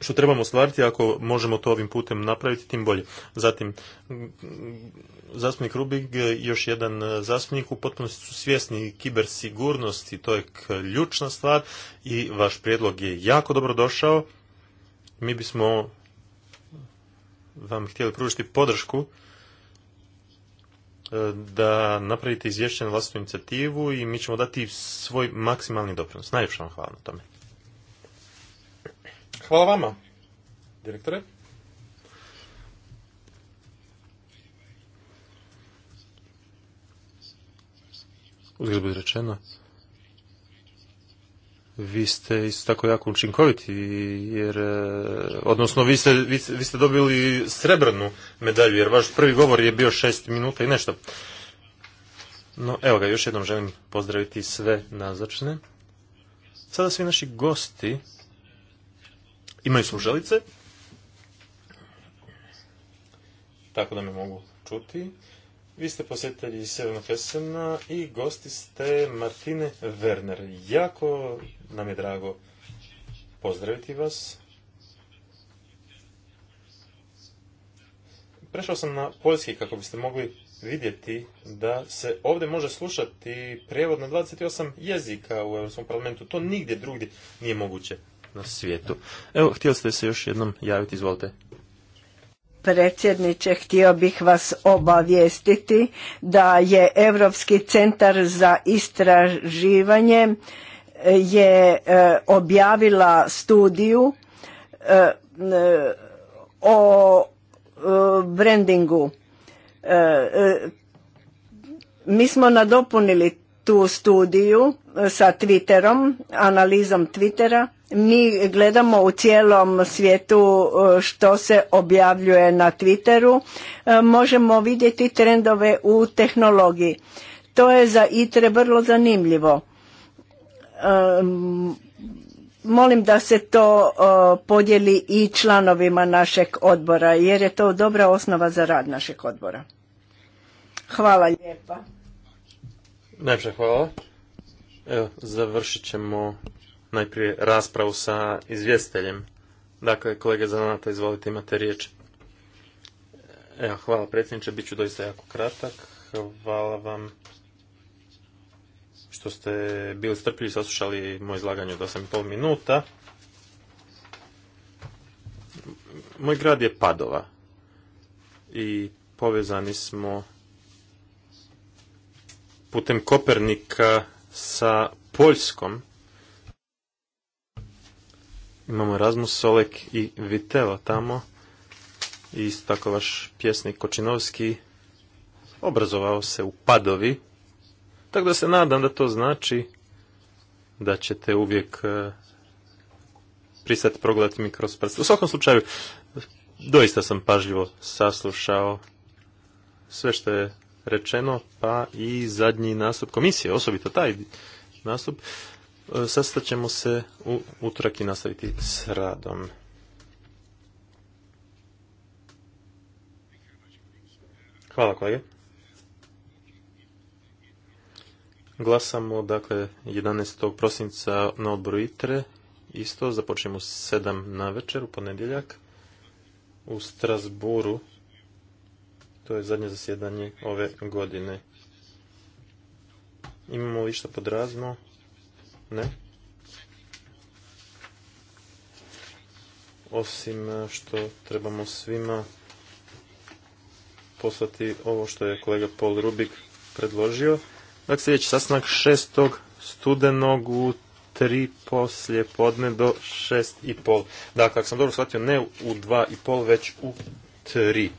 što trebamo stvariti, ako možemo to ovim putem napraviti, tim bolje. Zatim, zastupnik Rubig, još jedan e, zastupnik, u potpunosti su svjesni kibersigurnosti, to je ključna stvar i vaš prijedlog je jako dobro došao. Mi bismo vam htjeli pružiti podršku e, da napravite izvješće na vlastnu inicijativu i mi ćemo dati svoj maksimalni doprinos. Najljepša vam hvala na tome. Hvala vama, direktore. Uzgled bude rečeno. Vi ste isto tako jako učinkoviti, jer, e, odnosno vi ste, vi, vi ste dobili srebrnu medalju, jer vaš prvi govor je bio šest minuta i nešto. No, evo ga, još jednom želim pozdraviti sve nazočne. Sada svi naši gosti imaju slušalice, tako da me mogu čuti. Vi ste posjetitelji Sjevernog Esena i gosti ste Martine Werner. Jako nam je drago pozdraviti vas. Prešao sam na poljski kako biste mogli vidjeti da se ovdje može slušati prijevod na 28 jezika u Europskom parlamentu. To nigdje drugdje nije moguće na svijetu. Evo, htjeli ste se još jednom javiti, izvolite. Predsjedniče, htio bih vas obavijestiti da je Europski centar za istraživanje e, je e, objavila studiju e, o brandingu. Mi smo nadopunili tu studiju sa Twitterom, analizom Twittera mi gledamo u cijelom svijetu e, što se objavljuje na Twitteru, e, možemo vidjeti trendove u tehnologiji. To je za ITRE vrlo zanimljivo. E, molim da se to podijeli i članovima našeg odbora, jer je to dobra osnova za rad našeg odbora. Hvala lijepa. hvala. Evo, završit ćemo najprije raspravu sa izvjestiteljem. Dakle, kolege Zanata, izvolite, imate riječ. Evo, hvala predsjedniče, bit ću doista jako kratak. Hvala vam što ste bili strpljivi, saslušali moje izlaganje od 8,5 minuta. Moj grad je Padova i povezani smo putem Kopernika sa Poljskom Imamo Razmus, Solek i Vitela tamo. I isto tako vaš pjesnik Kočinovski obrazovao se u padovi. Tako da se nadam da to znači da ćete uvijek e, pristati progledati mi kroz prst. U svakom slučaju, doista sam pažljivo saslušao sve što je rečeno, pa i zadnji nastup komisije, osobito taj nastup. E, sastat ćemo se u utorak i nastaviti s radom. Hvala kolege. Glasamo, dakle, 11. prosinca na odboru ITRE. Isto, započnemo s 7 na večer u ponedjeljak u Strasburu. To je zadnje zasjedanje ove godine. Imamo li pod razno? Ne. Osim e, što trebamo svima poslati ovo što je kolega Paul Rubik predložio. Dakle, sljedeći sastanak 6. studenog u tri poslje podne do šest i pol. Dakle, ako sam dobro shvatio, ne u dva i pol, već u tri.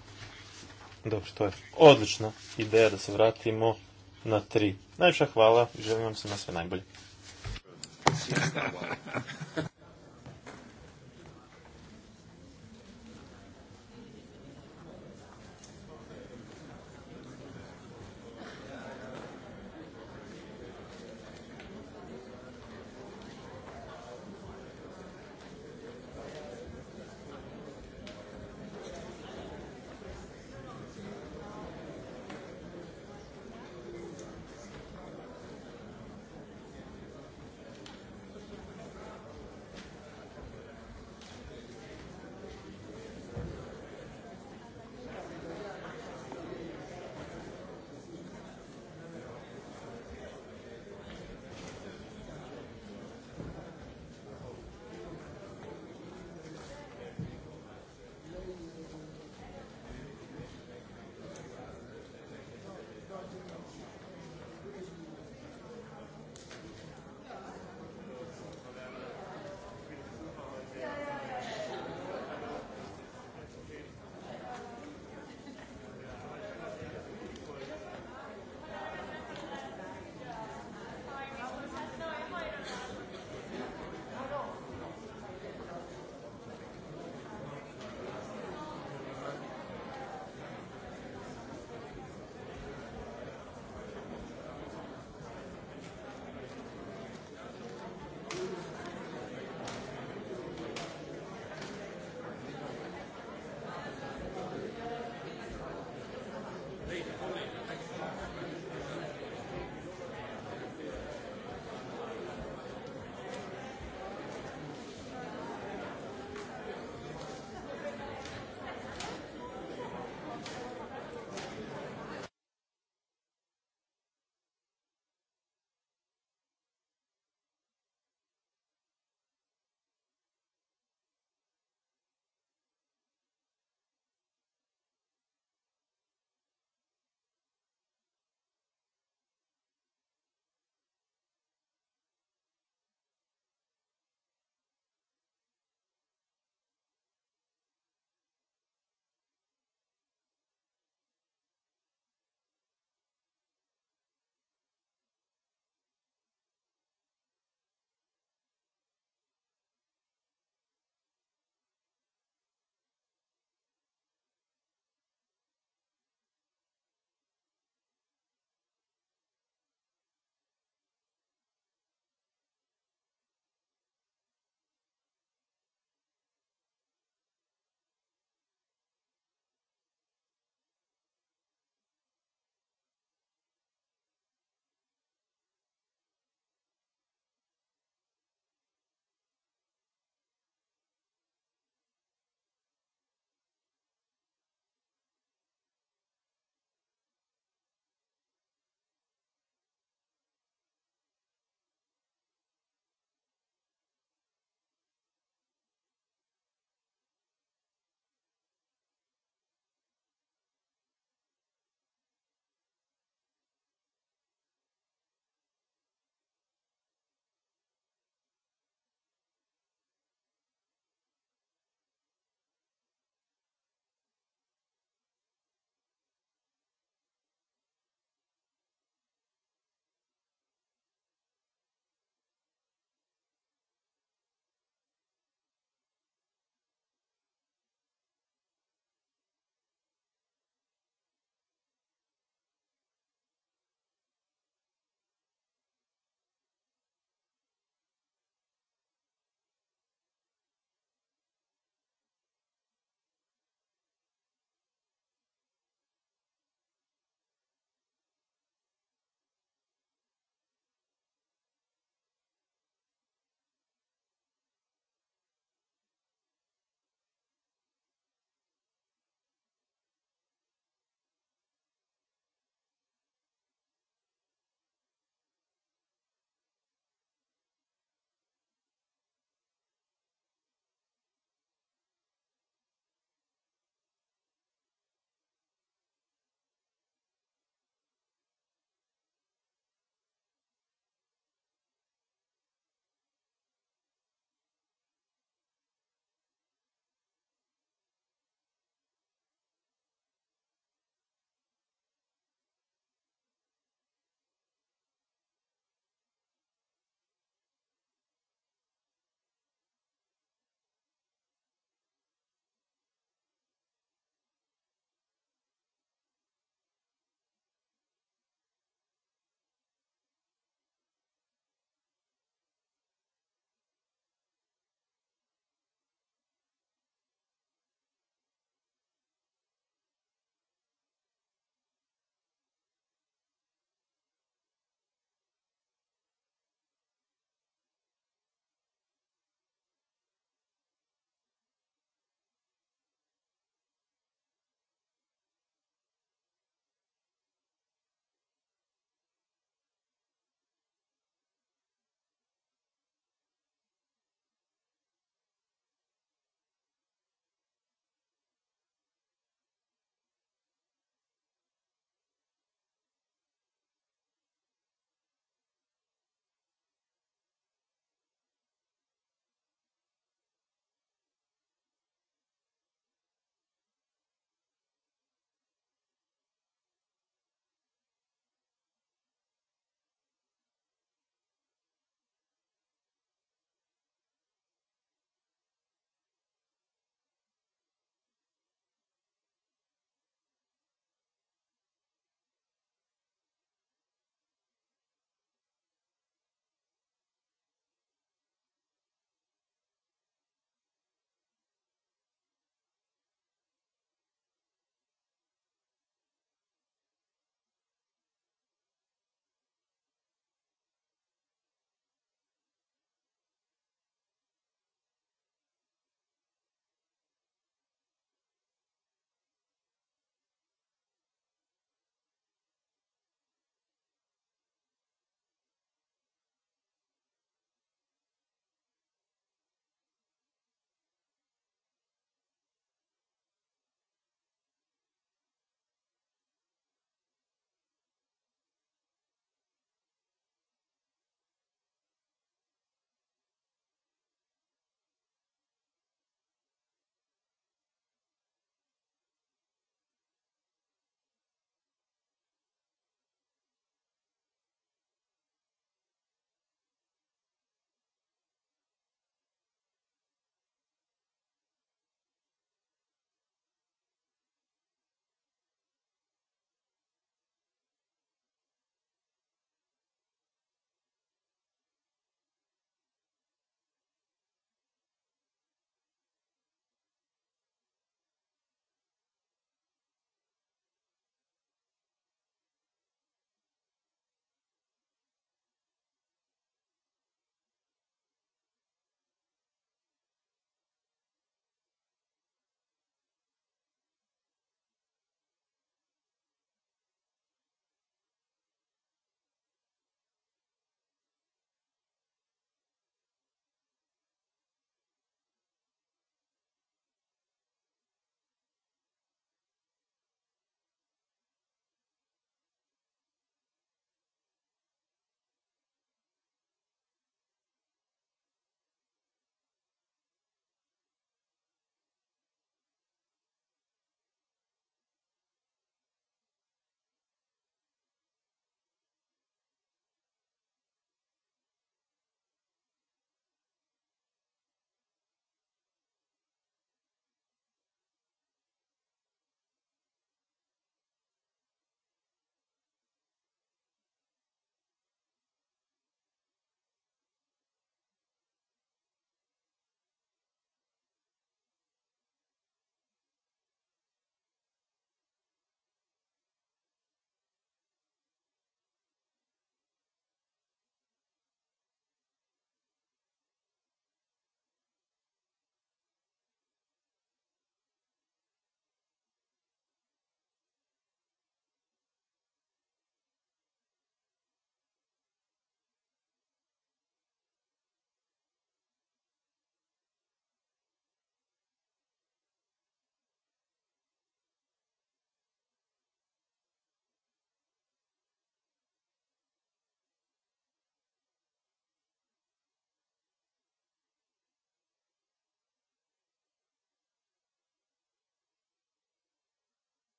Dobro, to je odlična ideja da se vratimo na tri. Najviše hvala i želim vam se na sve najbolje. Sjećam